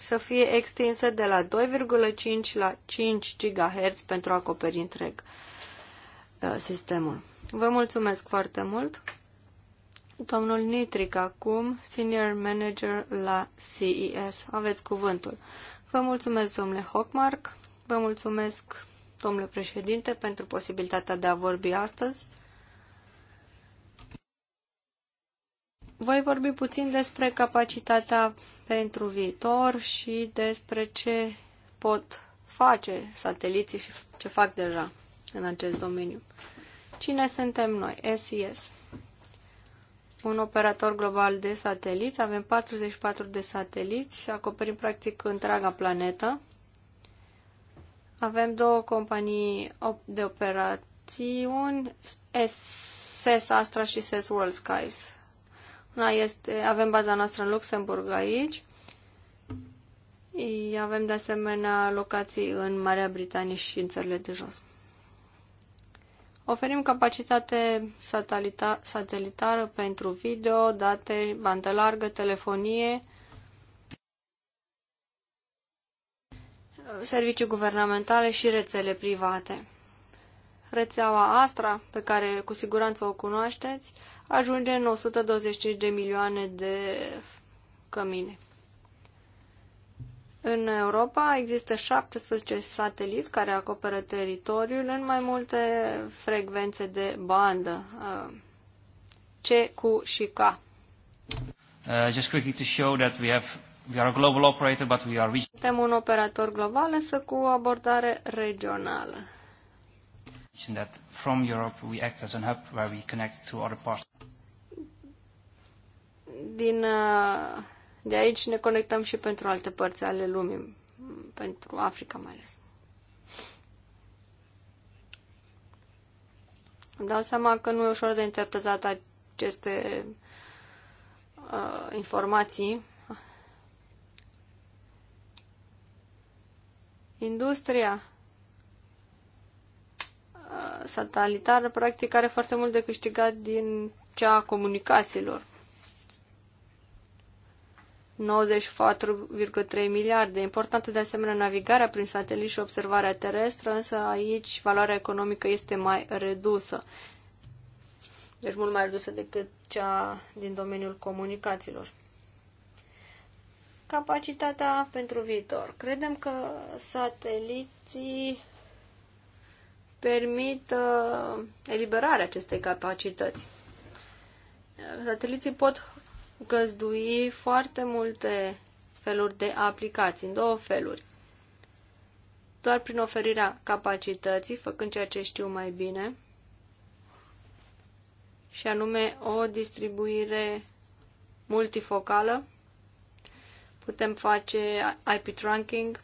să fie extinsă de la 2,5 la 5 GHz pentru a acoperi întreg uh, sistemul. Vă mulțumesc foarte mult! Domnul Nitric acum, Senior Manager la CES. Aveți cuvântul. Vă mulțumesc, domnule Hockmark. Vă mulțumesc, domnule președinte, pentru posibilitatea de a vorbi astăzi. Voi vorbi puțin despre capacitatea pentru viitor și despre ce pot face sateliții și ce fac deja în acest domeniu. Cine suntem noi? SES un operator global de sateliți. Avem 44 de sateliți, acoperim practic întreaga planetă. Avem două companii de operațiuni, SES Astra și SES World Skies. Una este, avem baza noastră în Luxemburg aici. Avem de asemenea locații în Marea Britanie și în țările de jos. Oferim capacitate satelita- satelitară pentru video, date, bandă largă, telefonie, servicii guvernamentale și rețele private. Rețeaua Astra, pe care cu siguranță o cunoașteți, ajunge în 125 de milioane de cămine. În Europa există 17 sateliți care acoperă teritoriul în mai multe frecvențe de bandă, uh, C, Q și K. Uh, just quickly to show that we have we are a global operator, but we are regional. Suntem un operator global, însă cu o abordare regională. That from Europe we act as an hub where we connect to other parts. Din uh, de aici ne conectăm și pentru alte părți ale lumii, pentru Africa mai ales. Îmi dau seama că nu e ușor de interpretat aceste uh, informații. Industria uh, satelitară, practic, are foarte mult de câștigat din cea a comunicațiilor. 94,3 miliarde. Importantă de asemenea navigarea prin satelit și observarea terestră, însă aici valoarea economică este mai redusă. Deci mult mai redusă decât cea din domeniul comunicațiilor. Capacitatea pentru viitor. Credem că sateliții permit uh, eliberarea acestei capacități. Sateliții pot găzdui foarte multe feluri de aplicații, în două feluri. Doar prin oferirea capacității, făcând ceea ce știu mai bine, și anume o distribuire multifocală. Putem face IP trunking,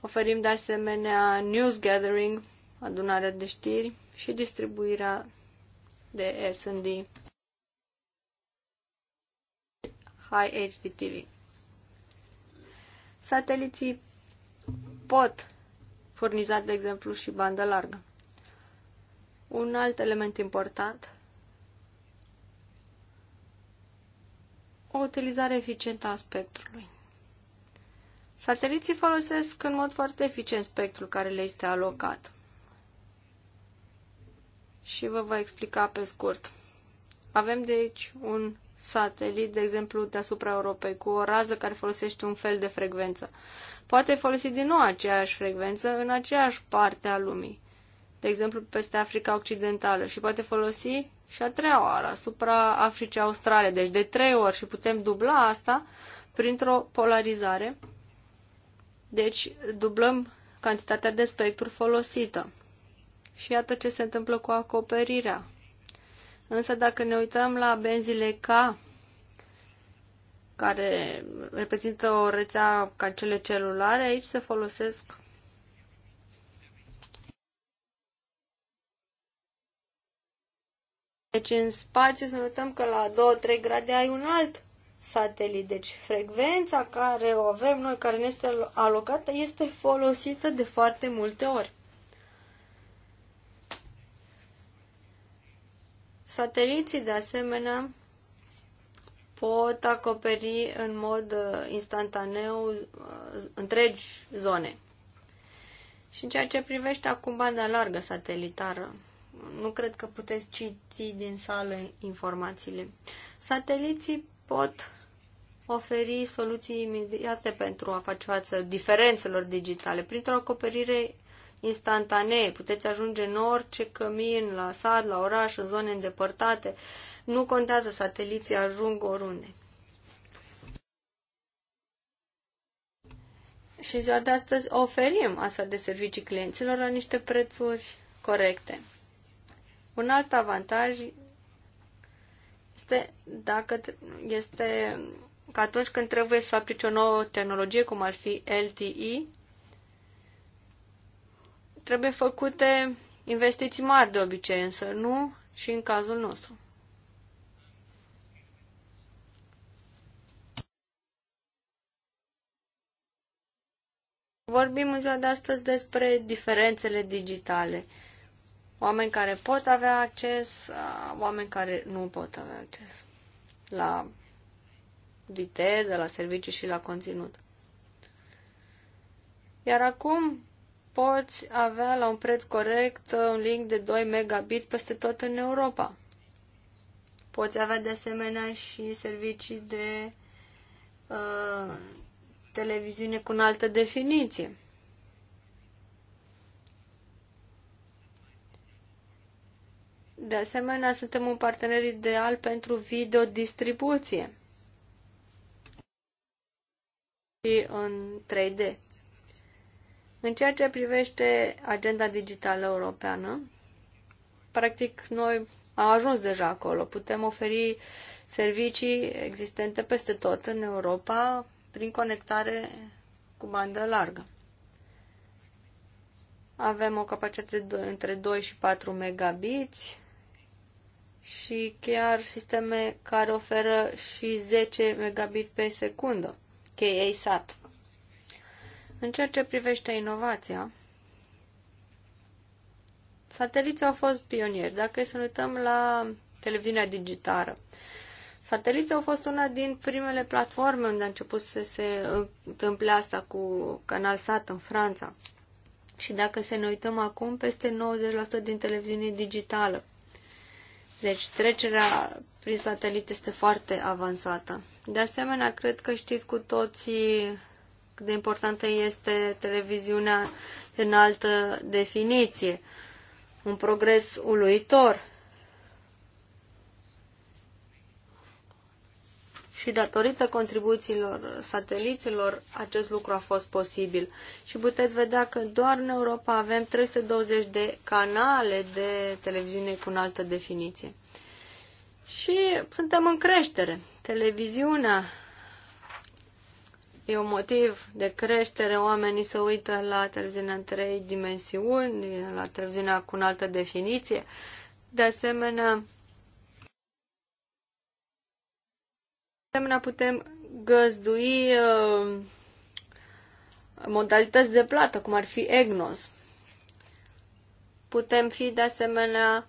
oferim de asemenea news gathering, adunarea de știri și distribuirea de S&D High HDTV. Sateliții pot furniza, de exemplu, și bandă largă. Un alt element important, o utilizare eficientă a spectrului. Sateliții folosesc în mod foarte eficient spectrul care le este alocat. Și vă voi explica pe scurt. Avem de aici un satelit, de exemplu, deasupra Europei, cu o rază care folosește un fel de frecvență. Poate folosi din nou aceeași frecvență în aceeași parte a lumii, de exemplu, peste Africa Occidentală și poate folosi și a treia oară asupra Africii Australe, deci de trei ori și putem dubla asta printr-o polarizare. Deci dublăm cantitatea de spectru folosită. Și iată ce se întâmplă cu acoperirea Însă dacă ne uităm la benzile K, care reprezintă o rețea ca cele celulare, aici se folosesc Deci în spațiu să notăm că la 2-3 grade ai un alt satelit. Deci frecvența care o avem noi, care ne este alocată, este folosită de foarte multe ori. Sateliții, de asemenea, pot acoperi în mod uh, instantaneu uh, întregi zone. Și în ceea ce privește acum banda largă satelitară, nu cred că puteți citi din sală informațiile. Sateliții pot oferi soluții imediate pentru a face față diferențelor digitale printr-o acoperire instantanee, puteți ajunge în orice cămin, la sat, la oraș, în zone îndepărtate. Nu contează, sateliții ajung oriunde. Și ziua de astăzi oferim astfel de servicii clienților la niște prețuri corecte. Un alt avantaj este, dacă, este că atunci când trebuie să aplici o nouă tehnologie, cum ar fi LTE, Trebuie făcute investiții mari de obicei, însă nu și în cazul nostru. Vorbim în ziua de astăzi despre diferențele digitale. Oameni care pot avea acces, oameni care nu pot avea acces la viteză, la serviciu și la conținut. Iar acum poți avea la un preț corect un link de 2 megabit peste tot în Europa. Poți avea de asemenea și servicii de uh, televiziune cu altă definiție. De asemenea, suntem un partener ideal pentru videodistribuție și în 3D. În ceea ce privește agenda digitală europeană, practic noi am ajuns deja acolo. Putem oferi servicii existente peste tot în Europa prin conectare cu bandă largă. Avem o capacitate de între 2 și 4 megabiți și chiar sisteme care oferă și 10 megabit pe secundă, KA-SAT. În ceea ce privește inovația, sateliții au fost pionieri. Dacă să ne uităm la televiziunea digitală, sateliții au fost una din primele platforme unde a început să se întâmple asta cu Canal Sat în Franța. Și dacă să ne uităm acum, peste 90% din televiziune digitală. Deci trecerea prin satelit este foarte avansată. De asemenea, cred că știți cu toții cât de importantă este televiziunea în altă definiție. Un progres uluitor. Și datorită contribuțiilor sateliților, acest lucru a fost posibil. Și puteți vedea că doar în Europa avem 320 de canale de televiziune cu altă definiție. Și suntem în creștere. Televiziunea E un motiv de creștere, oamenii se uită la televiziunea în trei dimensiuni, la televiziunea cu o altă definiție. De asemenea, de asemenea putem găzdui uh, modalități de plată, cum ar fi EGNOS. Putem fi, de asemenea,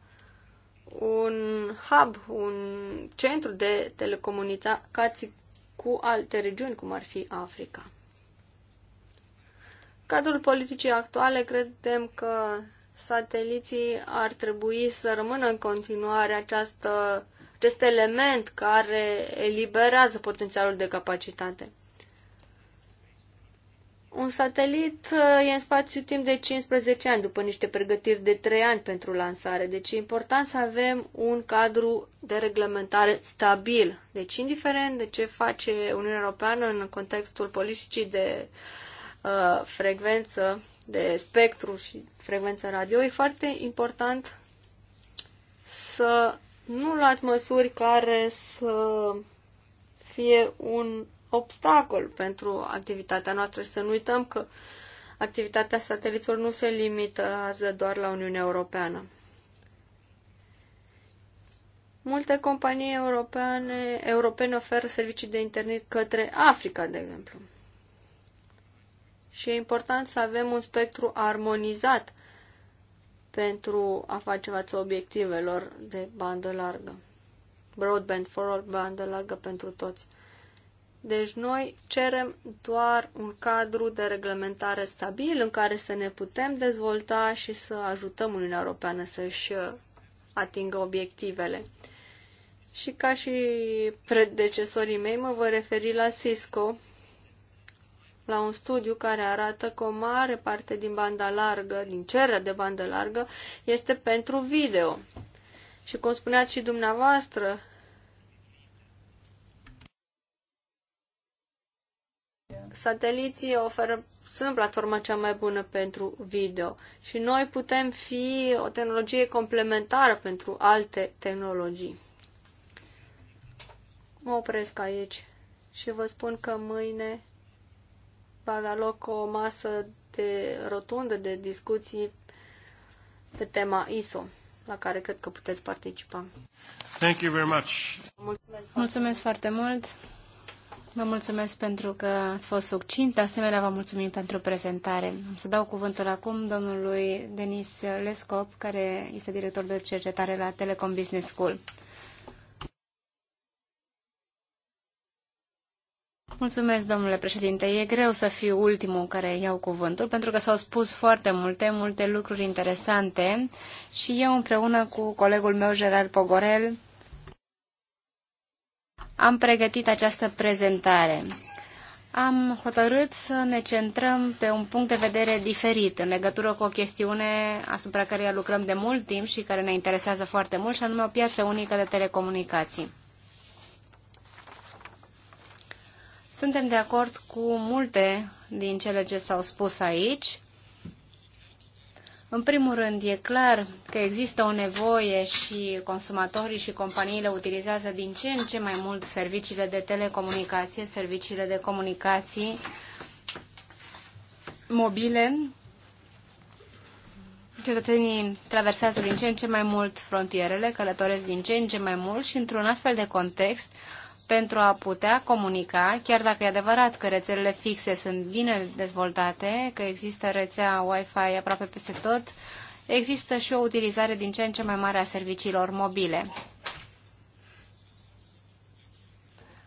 un hub, un centru de telecomunicații cu alte regiuni, cum ar fi Africa. Cadrul politicii actuale credem că sateliții ar trebui să rămână în continuare această, acest element care eliberează potențialul de capacitate. Un satelit uh, e în spațiu timp de 15 ani, după niște pregătiri de 3 ani pentru lansare. Deci e important să avem un cadru de reglementare stabil. Deci, indiferent de ce face Uniunea Europeană în contextul politicii de uh, frecvență, de spectru și frecvență radio, e foarte important să nu luați măsuri care să fie un obstacol pentru activitatea noastră și să nu uităm că activitatea sateliților nu se limitează doar la Uniunea Europeană. Multe companii europene, europene oferă servicii de internet către Africa, de exemplu. Și e important să avem un spectru armonizat pentru a face față obiectivelor de bandă largă. Broadband for all, bandă largă pentru toți. Deci noi cerem doar un cadru de reglementare stabil în care să ne putem dezvolta și să ajutăm Uniunea Europeană să-și uh, atingă obiectivele. Și ca și predecesorii mei, mă voi referi la Cisco, la un studiu care arată că o mare parte din banda largă, din cererea de bandă largă, este pentru video. Și cum spuneați și dumneavoastră, Sateliții oferă, sunt platforma cea mai bună pentru video și noi putem fi o tehnologie complementară pentru alte tehnologii. Mă opresc aici și vă spun că mâine va avea loc o masă de rotundă de discuții pe tema ISO, la care cred că puteți participa.
Thank you very much. Mulțumesc
foarte, Mulțumesc foarte mult. Vă mulțumesc pentru că ați fost succint, de asemenea vă mulțumim pentru prezentare. Am să dau cuvântul acum domnului Denis Lescop, care este director de cercetare la Telecom Business School. Mulțumesc, domnule președinte. E greu să fiu ultimul care iau cuvântul, pentru că s-au spus foarte multe, multe lucruri interesante și eu împreună cu colegul meu, Gerard Pogorel, am pregătit această prezentare. Am hotărât să ne centrăm pe un punct de vedere diferit în legătură cu o chestiune asupra căreia lucrăm de mult timp și care ne interesează foarte mult, și anume o piață unică de telecomunicații. Suntem de acord cu multe din cele ce s-au spus aici în primul rând, e clar că există o nevoie și consumatorii și companiile utilizează din ce în ce mai mult serviciile de telecomunicație, serviciile de comunicații mobile. Cetățenii traversează din ce în ce mai mult frontierele, călătoresc din ce în ce mai mult și într-un astfel de context pentru a putea comunica, chiar dacă e adevărat că rețelele fixe sunt bine dezvoltate, că există rețea Wi-Fi aproape peste tot, există și o utilizare din ce în ce mai mare a serviciilor mobile.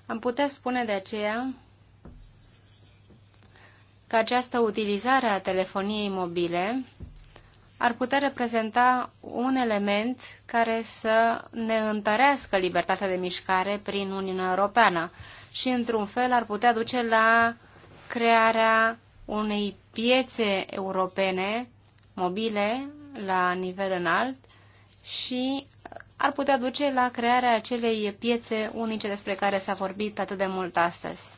Am putea spune de aceea că această utilizare a telefoniei mobile ar putea reprezenta un element care să ne întărească libertatea de mișcare prin Uniunea Europeană și, într-un fel, ar putea duce la crearea unei piețe europene mobile la nivel înalt și ar putea duce la crearea acelei piețe unice despre care s-a vorbit atât de mult astăzi.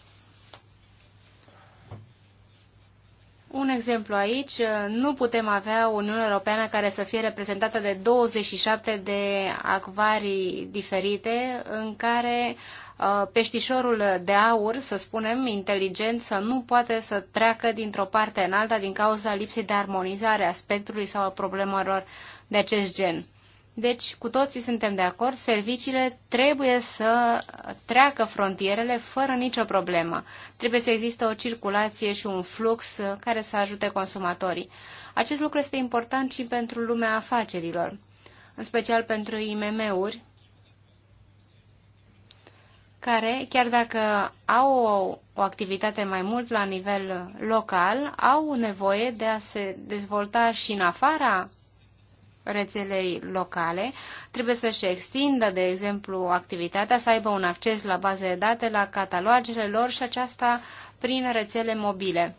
Un exemplu aici, nu putem avea o Uniune Europeană care să fie reprezentată de 27 de acvarii diferite în care uh, peștișorul de aur, să spunem, inteligent, să nu poate să treacă dintr-o parte în alta din cauza lipsei de armonizare a spectrului sau a problemelor de acest gen. Deci, cu toții suntem de acord, serviciile trebuie să treacă frontierele fără nicio problemă. Trebuie să existe o circulație și un flux care să ajute consumatorii. Acest lucru este important și pentru lumea afacerilor, în special pentru IMM-uri, care, chiar dacă au o, o activitate mai mult la nivel local, au nevoie de a se dezvolta și în afara rețelei locale, trebuie să-și extindă, de exemplu, activitatea, să aibă un acces la baze de date, la catalogele lor și aceasta prin rețele mobile.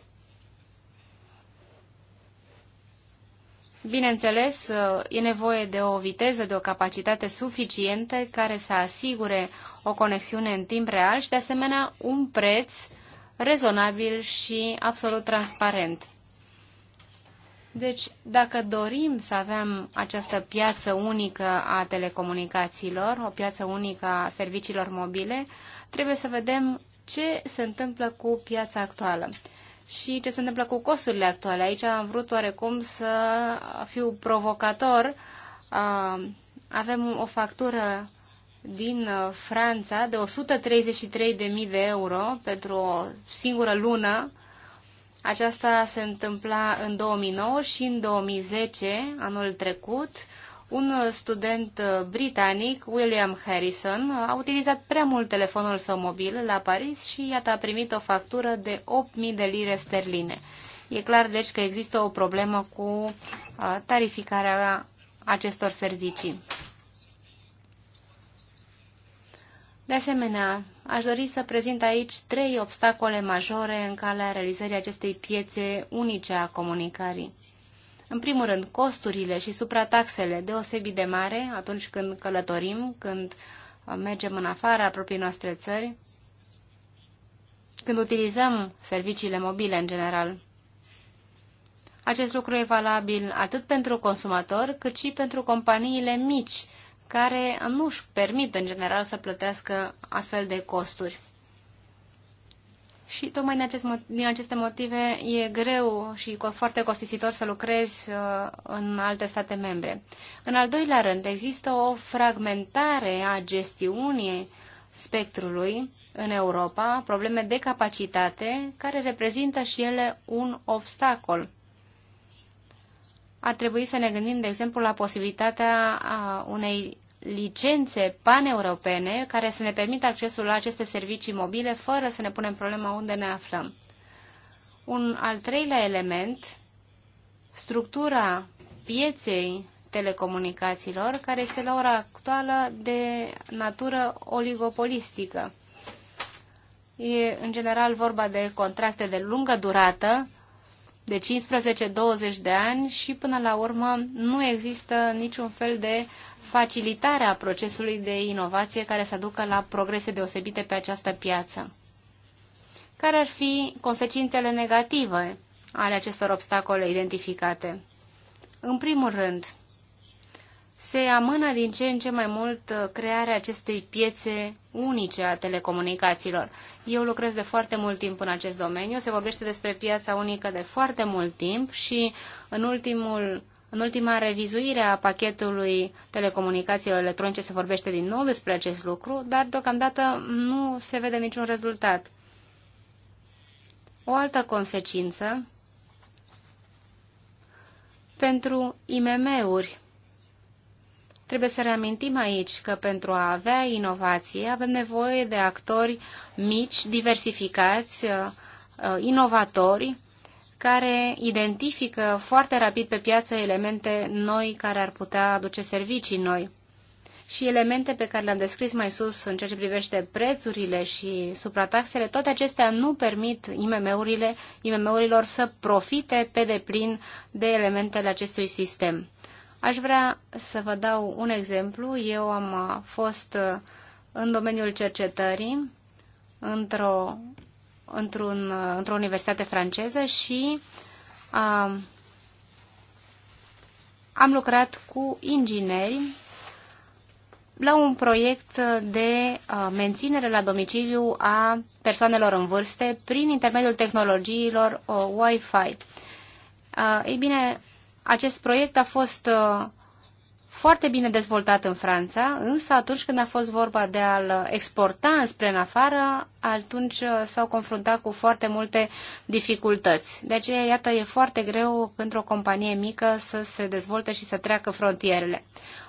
Bineînțeles, e nevoie de o viteză, de o capacitate suficientă care să asigure o conexiune în timp real și, de asemenea, un preț rezonabil și absolut transparent. Deci, dacă dorim să avem această piață unică a telecomunicațiilor, o piață unică a serviciilor mobile, trebuie să vedem ce se întâmplă cu piața actuală și ce se întâmplă cu costurile actuale. Aici am vrut oarecum să fiu provocator. Avem o factură din Franța de 133.000 de euro pentru o singură lună aceasta se întâmpla în 2009 și în 2010, anul trecut, un student uh, britanic, William Harrison, uh, a utilizat prea mult telefonul său mobil la Paris și iată a primit o factură de 8.000 de lire sterline. E clar deci că există o problemă cu uh, tarificarea acestor servicii. De asemenea, Aș dori să prezint aici trei obstacole majore în calea realizării acestei piețe unice a comunicării. În primul rând, costurile și suprataxele deosebit de mare atunci când călătorim, când uh, mergem în afara proprii noastre țări, când utilizăm serviciile mobile în general. Acest lucru e valabil atât pentru consumator, cât și pentru companiile mici, care nu își permit în general să plătească astfel de costuri. Și tocmai din, acest, din aceste motive e greu și foarte costisitor să lucrezi uh, în alte state membre. În al doilea rând, există o fragmentare a gestiunii spectrului în Europa, probleme de capacitate, care reprezintă și ele un obstacol ar trebui să ne gândim, de exemplu, la posibilitatea unei licențe paneuropene care să ne permită accesul la aceste servicii mobile fără să ne punem problema unde ne aflăm. Un al treilea element, structura pieței telecomunicațiilor, care este la ora actuală de natură oligopolistică. E în general vorba de contracte de lungă durată, de 15-20 de ani și până la urmă nu există niciun fel de facilitare a procesului de inovație care să ducă la progrese deosebite pe această piață. Care ar fi consecințele negative ale acestor obstacole identificate? În primul rând, se amână din ce în ce mai mult uh, crearea acestei piețe unice a telecomunicațiilor. Eu lucrez de foarte mult timp în acest domeniu, se vorbește despre piața unică de foarte mult timp și în, ultimul, în ultima revizuire a pachetului telecomunicațiilor electronice se vorbește din nou despre acest lucru, dar deocamdată nu se vede niciun rezultat. O altă consecință pentru IMM-uri Trebuie să reamintim aici că pentru a avea inovație avem nevoie de actori mici, diversificați, uh, uh, inovatori, care identifică foarte rapid pe piață elemente noi care ar putea aduce servicii noi și elemente pe care le-am descris mai sus în ceea ce privește prețurile și suprataxele, toate acestea nu permit imm urilor imm să profite pe deplin de elementele acestui sistem. Aș vrea să vă dau un exemplu. Eu am uh, fost uh, în domeniul cercetării într-o, într-un, uh, într-o universitate franceză și a, am lucrat cu ingineri la un proiect de menținere la domiciliu a persoanelor în vârste prin intermediul tehnologiilor Wi-Fi. Ei bine, acest proiect a fost uh, foarte bine dezvoltat în Franța, însă atunci când a fost vorba de a-l exporta înspre în afară, atunci uh, s-au confruntat cu foarte multe dificultăți. De aceea, iată, e foarte greu pentru o companie mică să se dezvolte și să treacă frontierele.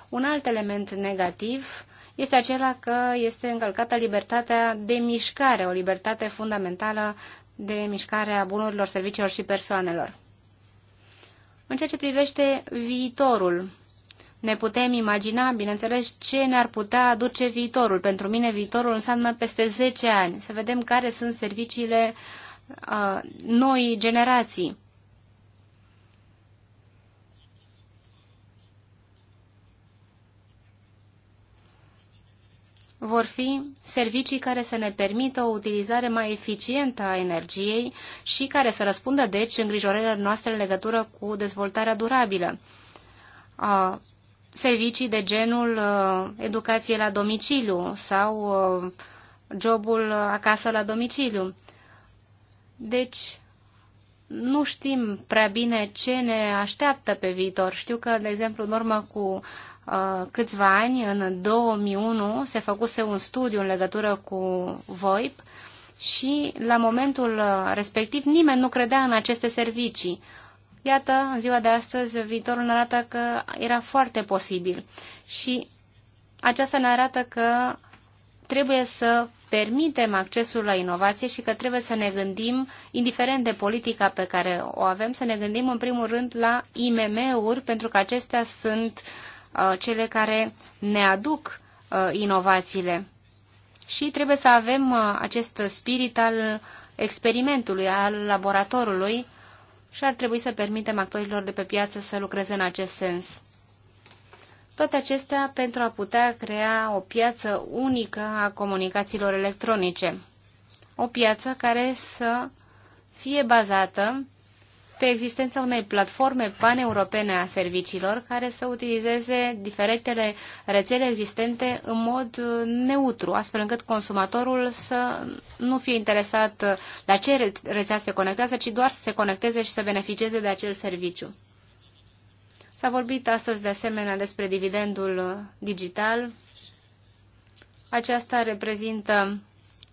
Un alt element negativ este acela că este încălcată libertatea de mișcare, o libertate fundamentală de mișcare a bunurilor, serviciilor și persoanelor. În ceea ce privește viitorul, ne putem imagina, bineînțeles, ce ne-ar putea aduce viitorul. Pentru mine viitorul înseamnă peste 10 ani, să vedem care sunt serviciile uh, noi generații. vor fi servicii care să ne permită o utilizare mai eficientă a energiei și care să răspundă, deci, îngrijorărilor noastre în legătură cu dezvoltarea durabilă. A, servicii de genul a, educație la domiciliu sau a, jobul acasă la domiciliu. Deci, nu știm prea bine ce ne așteaptă pe viitor. Știu că, de exemplu, în urmă cu Uh, câțiva ani, în 2001, se făcuse un studiu în legătură cu VoIP și la momentul uh, respectiv nimeni nu credea în aceste servicii. Iată, în ziua de astăzi, viitorul ne arată că era foarte posibil și aceasta ne arată că trebuie să permitem accesul la inovație și că trebuie să ne gândim, indiferent de politica pe care o avem, să ne gândim în primul rând la IMM-uri, pentru că acestea sunt uh, Uh, cele care ne aduc uh, inovațiile. Și trebuie să avem uh, acest spirit al experimentului, al laboratorului și ar trebui să permitem actorilor de pe piață să lucreze în acest sens. Toate acestea pentru a putea crea o piață unică a comunicațiilor electronice. O piață care să fie bazată pe existența unei platforme paneuropene a serviciilor care să utilizeze diferitele rețele existente în mod uh, neutru, astfel încât consumatorul să nu fie interesat uh, la ce rețea se conectează, ci doar să se conecteze și să beneficieze de acel serviciu. S-a vorbit astăzi de asemenea despre dividendul uh, digital. Aceasta reprezintă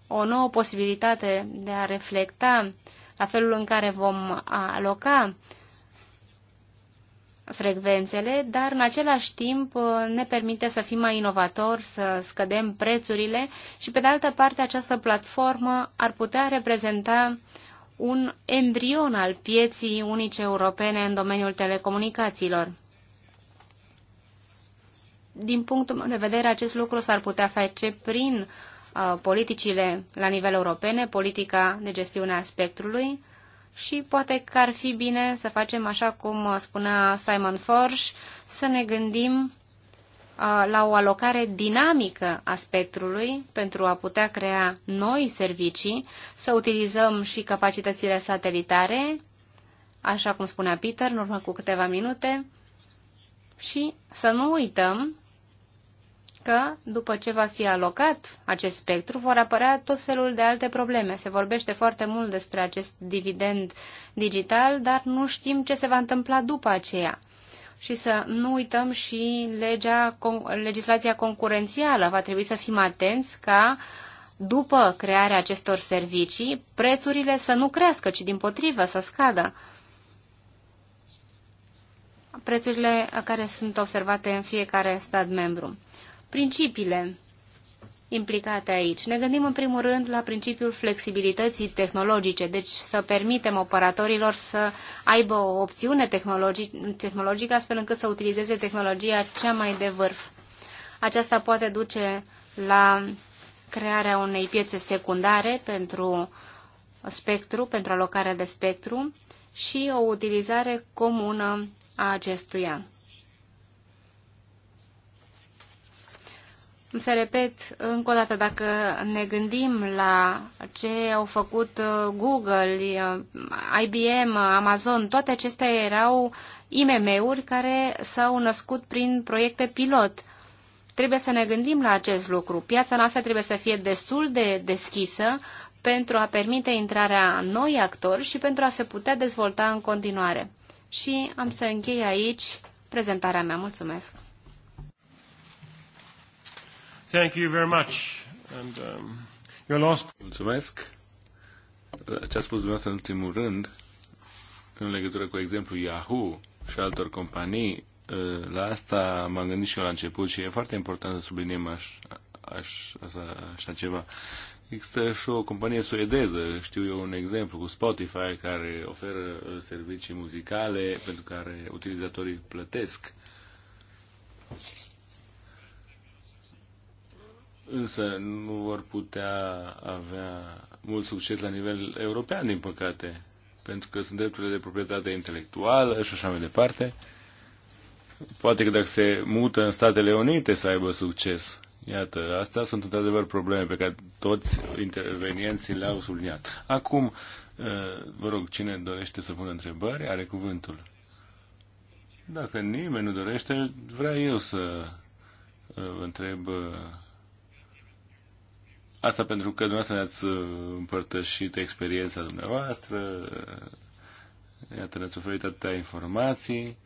o nouă posibilitate de a reflecta la felul în care vom aloca frecvențele, dar în același timp uh, ne permite să fim mai inovatori, să scădem prețurile și pe de altă parte această platformă ar putea reprezenta un embrion al pieții unice europene în domeniul telecomunicațiilor. Din punctul meu de vedere, acest lucru s-ar putea face prin uh, politicile la nivel europene, politica de gestiune a spectrului și poate că ar fi bine să facem așa cum spunea Simon Forsh, să ne gândim la o alocare dinamică a spectrului pentru a putea crea noi servicii, să utilizăm și capacitățile satelitare, așa cum spunea Peter în urmă cu câteva minute, și să nu uităm că după ce va fi alocat acest spectru, vor apărea tot felul de alte probleme. Se vorbește foarte mult despre acest dividend digital, dar nu știm ce se va întâmpla după aceea. Și să nu uităm și legea, legislația concurențială. Va trebui să fim atenți ca după crearea acestor servicii, prețurile să nu crească, ci din potrivă să scadă prețurile care sunt observate în fiecare stat membru principiile implicate aici. Ne gândim în primul rând la principiul flexibilității tehnologice, deci să permitem operatorilor să aibă o opțiune tehnologi tehnologică astfel încât să utilizeze tehnologia cea mai de vârf. Aceasta poate duce la crearea unei piețe secundare pentru spectru, pentru alocarea de spectru și o utilizare comună a acestuia. Să repet încă o dată, dacă ne gândim la ce au făcut uh, Google, uh, IBM, Amazon, toate acestea erau IMM-uri care s-au născut prin proiecte pilot. Trebuie să ne gândim la acest lucru. Piața noastră trebuie să fie destul de deschisă pentru a permite intrarea noi actori și pentru a se putea dezvolta în continuare. Și am să închei aici prezentarea mea. Mulțumesc!
Thank you very much. And, um, your last... Mulțumesc. Ce a spus dumneavoastră în ultimul rând, în legătură cu exemplu Yahoo și altor companii, uh, la asta m-am gândit și eu la început și e foarte important să subliniem aș, aș, așa, așa ceva. Există și o companie suedeză, știu eu un exemplu, cu Spotify, care oferă uh, servicii muzicale pentru care utilizatorii plătesc însă nu vor putea avea mult succes la nivel european, din păcate, pentru că sunt drepturile de proprietate intelectuală și așa mai departe. Poate că dacă se mută în Statele Unite să aibă succes. Iată, astea sunt într-adevăr probleme pe care toți intervenienții le-au subliniat. Acum, vă rog, cine dorește să pună întrebări, are cuvântul. Dacă nimeni nu dorește, vreau eu să uh, vă întreb uh, Asta pentru că dumneavoastră ne-ați uh, împărtășit experiența dumneavoastră, iată, ne-ați oferit atâtea informații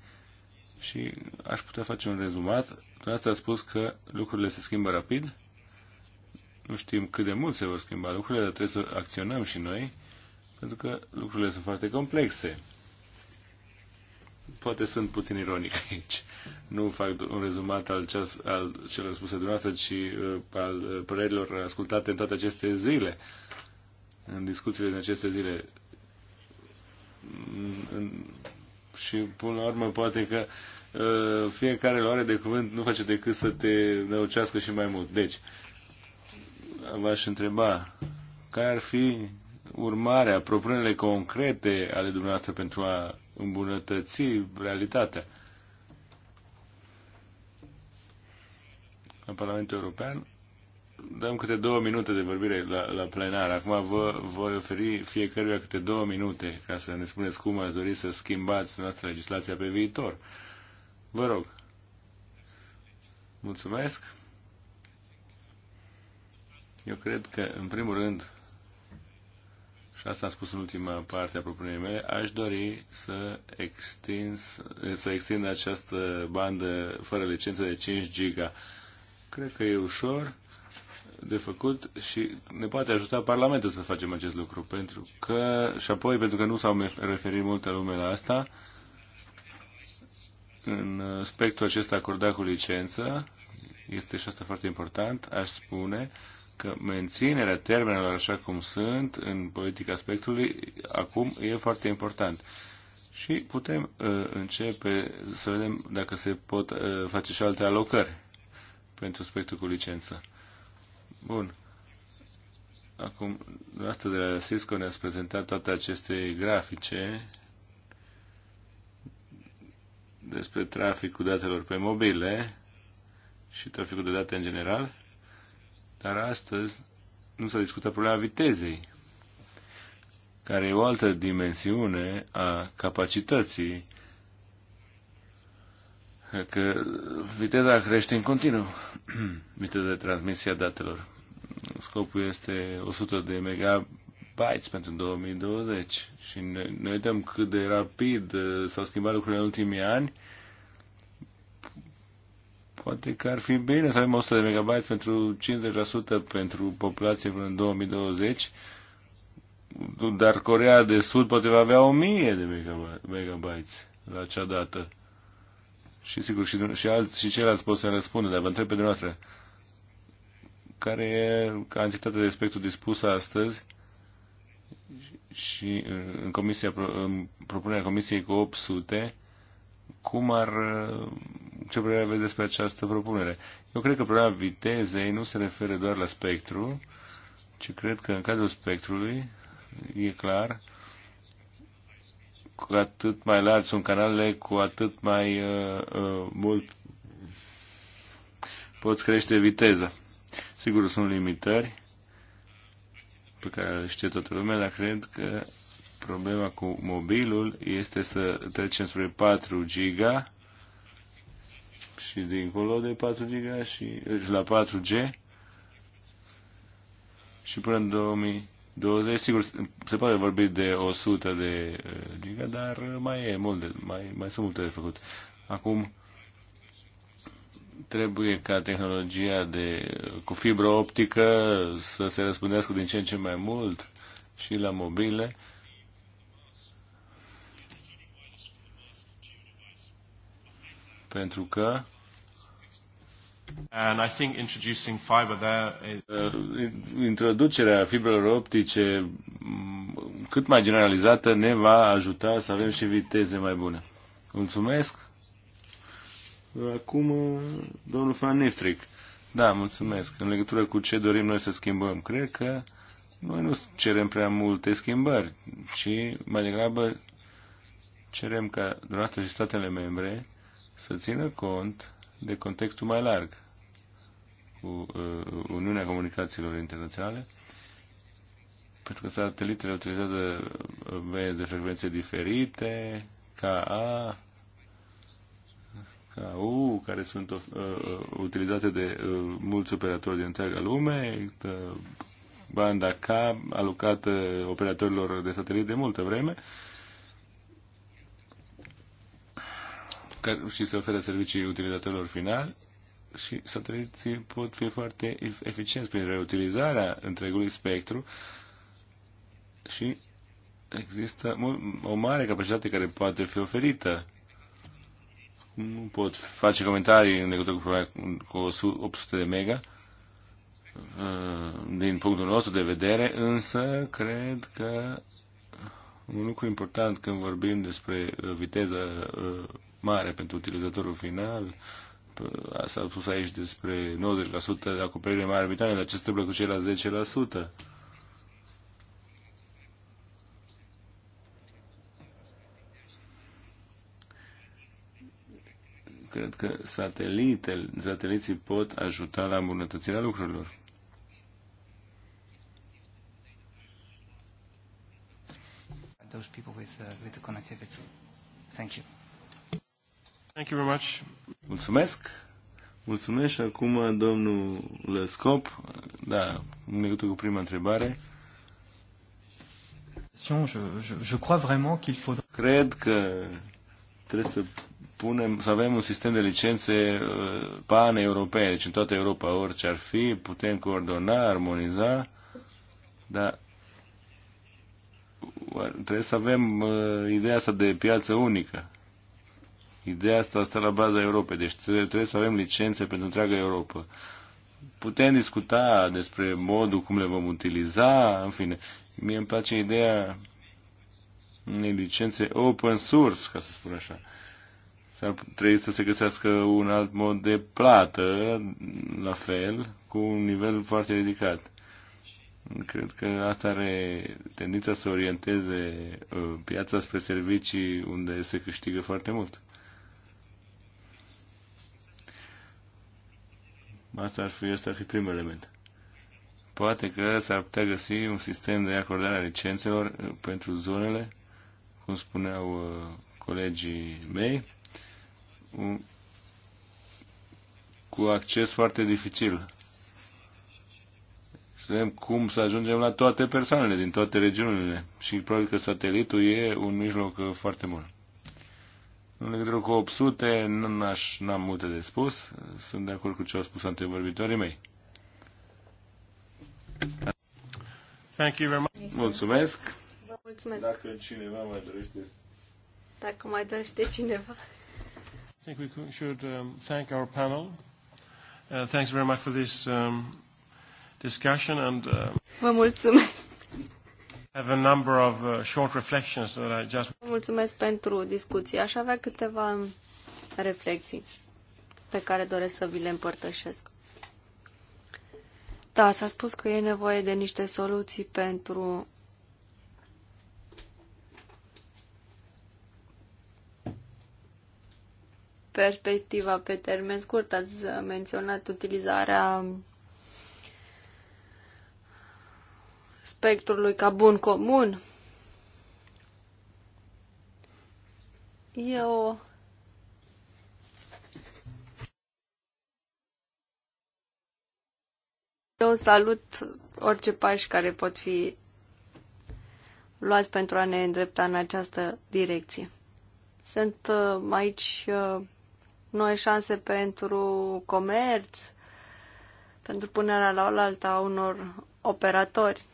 și aș putea face un rezumat. Dumneavoastră a spus că lucrurile se schimbă rapid, nu știm cât de mult se vor schimba lucrurile, dar trebuie să acționăm și noi, pentru că lucrurile sunt foarte complexe poate sunt puțin ironic aici. Nu fac un rezumat al, ceas, al celor spuse dumneavoastră, ci uh, al uh, părerilor ascultate în toate aceste zile, în discuțiile din aceste zile. Mm, în, și până la urmă poate că uh, fiecare luare de cuvânt nu face decât să te năucească și mai mult. Deci, v-aș întreba, care ar fi urmarea, propunerile concrete ale dumneavoastră pentru a îmbunătăți realitatea. În Parlamentul European dăm câte două minute de vorbire la, la plenar. Acum vă voi oferi fiecăruia câte două minute ca să ne spuneți cum ați dori să schimbați noastră legislația pe viitor. Vă rog. Mulțumesc. Eu cred că, în primul rând, și asta am spus în ultima parte a propunerii mele, aș dori să, extins, să extind această bandă fără licență de 5 giga. Cred că e ușor de făcut și ne poate ajuta Parlamentul să facem acest lucru, pentru că, și apoi, pentru că nu s-au referit multă lume la asta, în spectrul acesta acordat cu licență, este și asta foarte important, aș spune, că menținerea termenelor așa cum sunt în politica spectrului acum e foarte important. Și putem uh, începe să vedem dacă se pot uh, face și alte alocări pentru aspectul cu licență. Bun. Acum, asta de la Cisco ne-ați prezentat toate aceste grafice despre traficul datelor pe mobile și traficul de date în general. Dar astăzi nu s-a discutat problema vitezei, care e o altă dimensiune a capacității, că viteza crește în continuu, viteza de transmisie a datelor. Scopul este 100 de megabytes pentru 2020 și ne, ne uităm cât de rapid uh, s-au schimbat lucrurile în ultimii ani Poate că ar fi bine să avem 100 de megabyte pentru 50% pentru populație până în 2020, dar Corea de Sud poate va avea 1000 de megabytes la acea dată. Și sigur, și, și, alți, și ceilalți pot să răspundă, dar vă întreb pe dumneavoastră, care e cantitatea de spectru dispusă astăzi și în, comisia, în propunerea comisiei cu 800, cum ar ce părere aveți despre această propunere? Eu cred că problema vitezei nu se referă doar la spectru, ci cred că în cazul spectrului e clar cu atât mai largi sunt canalele, cu atât mai uh, uh, mult poți crește viteza. Sigur, sunt limitări pe care le știe toată lumea, dar cred că problema cu mobilul este să trecem spre 4 giga și dincolo de 4 giga și, și la 4G și până în 2020, sigur, se poate vorbi de 100 de eh, giga, dar mai e mult, de, mai, mai sunt multe de făcut. Acum, trebuie ca tehnologia de, cu fibră optică să se răspândească din ce în ce mai mult și la mobile. Pentru că And I think introducing fiber there is... Uh, introducerea fibrelor optice mm, cât mai generalizată ne va ajuta să avem și viteze mai bune. Mulțumesc. Acum, uh, domnul Fanifric, Da, mulțumesc. În legătură cu ce dorim noi să schimbăm, cred că noi nu cerem prea multe schimbări, ci mai degrabă cerem ca dumneavoastră și statele membre să țină cont de contextul mai larg cu uh, Uniunea Comunicațiilor Internaționale, pentru că satelitele utilizează benzi uh, de frecvențe diferite, ca A, ca U, care sunt uh, uh utilizate de uh, mulți operatori din întreaga lume, uh, banda K alocată operatorilor de satelit de multă vreme care, și se oferă servicii utilizatorilor finali și sateliții pot fi foarte eficienți prin reutilizarea întregului spectru și există o mare capacitate care poate fi oferită. Nu pot face comentarii în legătură cu, cu 800 de mega uh, din punctul nostru de vedere, însă cred că un lucru important când vorbim despre viteză uh, mare pentru utilizatorul final Uh, s-a spus aici despre 90% de acoperire în Marea Britanie, dar ce se întâmplă cu ceilalți 10%? Cred că satelitele, sateliții pot ajuta la îmbunătățirea lucrurilor.
Those people with, uh, with the connectivity. Thank you.
Thank you very much. Mulțumesc. Mulțumesc acum domnul Scop, Da, în legătură cu prima întrebare.
Je, je, je crois vraiment qu'il faudra...
Cred că trebuie să punem, să avem un sistem de licențe uh, pan-europene, deci în toată Europa, orice ar fi, putem coordona, armoniza, dar trebuie să avem uh, ideea asta de piață unică. Ideea asta stă la baza Europei, deci trebuie să avem licențe pentru întreaga Europa. Putem discuta despre modul cum le vom utiliza, în fine. Mie îmi place ideea unei licențe open source, ca să spun așa. S-ar trebui să se găsească un alt mod de plată, la fel, cu un nivel foarte ridicat. Cred că asta are tendința să orienteze uh, piața spre servicii unde se câștigă foarte mult. Asta ar fi, asta ar fi primul element. Poate că s-ar putea găsi un sistem de acordare a licențelor uh, pentru zonele, cum spuneau uh, colegii mei, cu acces foarte dificil. Să vedem cum să ajungem la toate persoanele din toate regiunile. Și probabil că satelitul e un mijloc uh, foarte bun. În legătură cu 800, n-am multe de spus. Sunt de acord cu ce au spus antevorbitorii mei. Thank you very much. Mulțumesc.
Vă mulțumesc. Dacă cineva mai dorește. Dacă mai dorește cineva.
I think we should um, thank our panel. Uh, thanks very much for this um, discussion and. Uh...
Vă mulțumesc. Mulțumesc pentru discuție. Aș avea câteva reflexii pe care doresc să vi le împărtășesc. Da, s-a spus că e nevoie de niște soluții pentru perspectiva pe termen scurt. Ați menționat utilizarea spectrului ca bun comun. E o Eu salut orice pași care pot fi luați pentru a ne îndrepta în această direcție. Sunt uh, aici uh, noi șanse pentru comerț, pentru punerea la oaltă a unor operatori.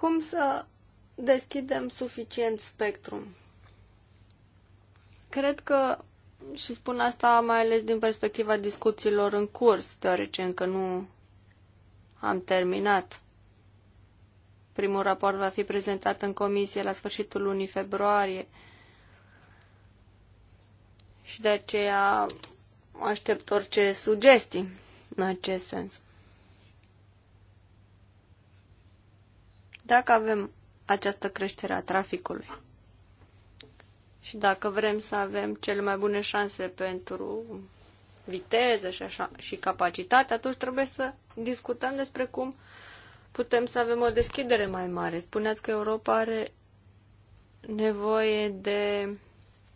Cum să deschidem suficient spectrum? Cred că, și spun asta mai ales din perspectiva discuțiilor în curs, deoarece încă nu am terminat. Primul raport va fi prezentat în comisie la sfârșitul lunii februarie și de aceea aștept orice sugestii în acest sens. Dacă avem această creștere a traficului și dacă vrem să avem cele mai bune șanse pentru viteză și, așa, și capacitate, atunci trebuie să discutăm despre cum putem să avem o deschidere mai mare. Spuneați că Europa are nevoie de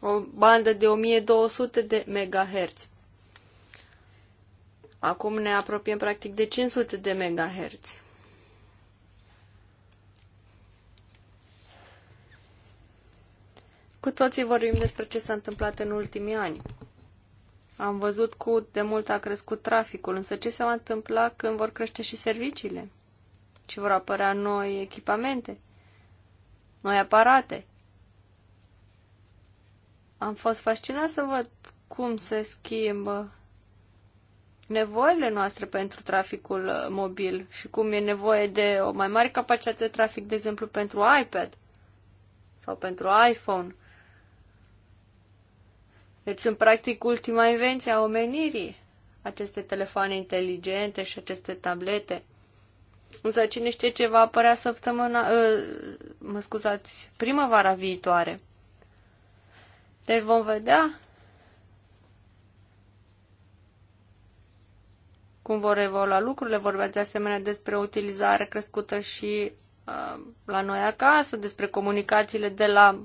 o bandă de 1200 de megahertz. Acum ne apropiem practic de 500 de megahertz. Cu toții vorbim despre ce s-a întâmplat în ultimii ani. Am văzut cu de mult a crescut traficul, însă ce se va întâmpla când vor crește și serviciile? Și vor apărea noi echipamente, noi aparate. Am fost fascinat să văd cum se schimbă nevoile noastre pentru traficul uh, mobil și cum e nevoie de o mai mare capacitate de trafic, de exemplu, pentru iPad sau pentru iPhone. Deci sunt practic ultima invenție a omenirii, aceste telefoane inteligente și aceste tablete. Însă cine știe ce va apărea săptămâna, ă, mă scuzați, primăvara viitoare. Deci vom vedea cum vor evolua lucrurile. Vorbea de asemenea despre utilizare crescută și uh, la noi acasă, despre comunicațiile de la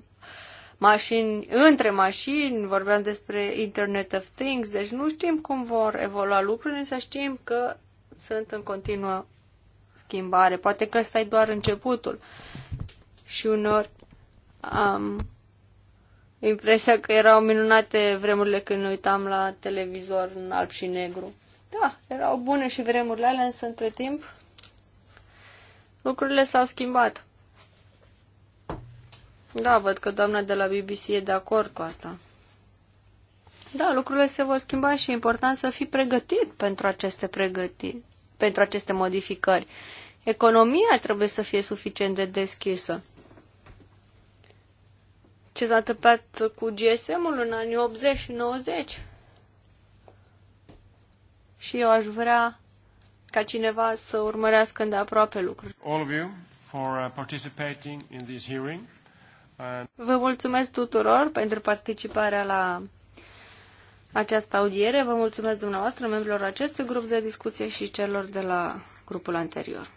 mașini, între mașini, vorbeam despre Internet of Things, deci nu știm cum vor evolua lucrurile, să știm că sunt în continuă schimbare. Poate că ăsta e doar începutul. Și unor am impresia că erau minunate vremurile când ne uitam la televizor în alb și negru. Da, erau bune și vremurile alea, însă între timp lucrurile s-au schimbat. Da, văd că doamna de la BBC e de acord cu asta. Da, lucrurile se vor schimba și e important să fii pregătit pentru aceste pregătiri, pentru aceste modificări. Economia trebuie să fie suficient de deschisă. Ce s-a întâmplat cu GSM-ul în anii 80 și 90? Și eu aș vrea ca cineva să urmărească îndeaproape lucruri.
All of you for uh, participating in this hearing.
Vă mulțumesc tuturor pentru participarea la această audiere. Vă mulțumesc dumneavoastră, membrilor acestui grup de discuție și celor de la grupul anterior.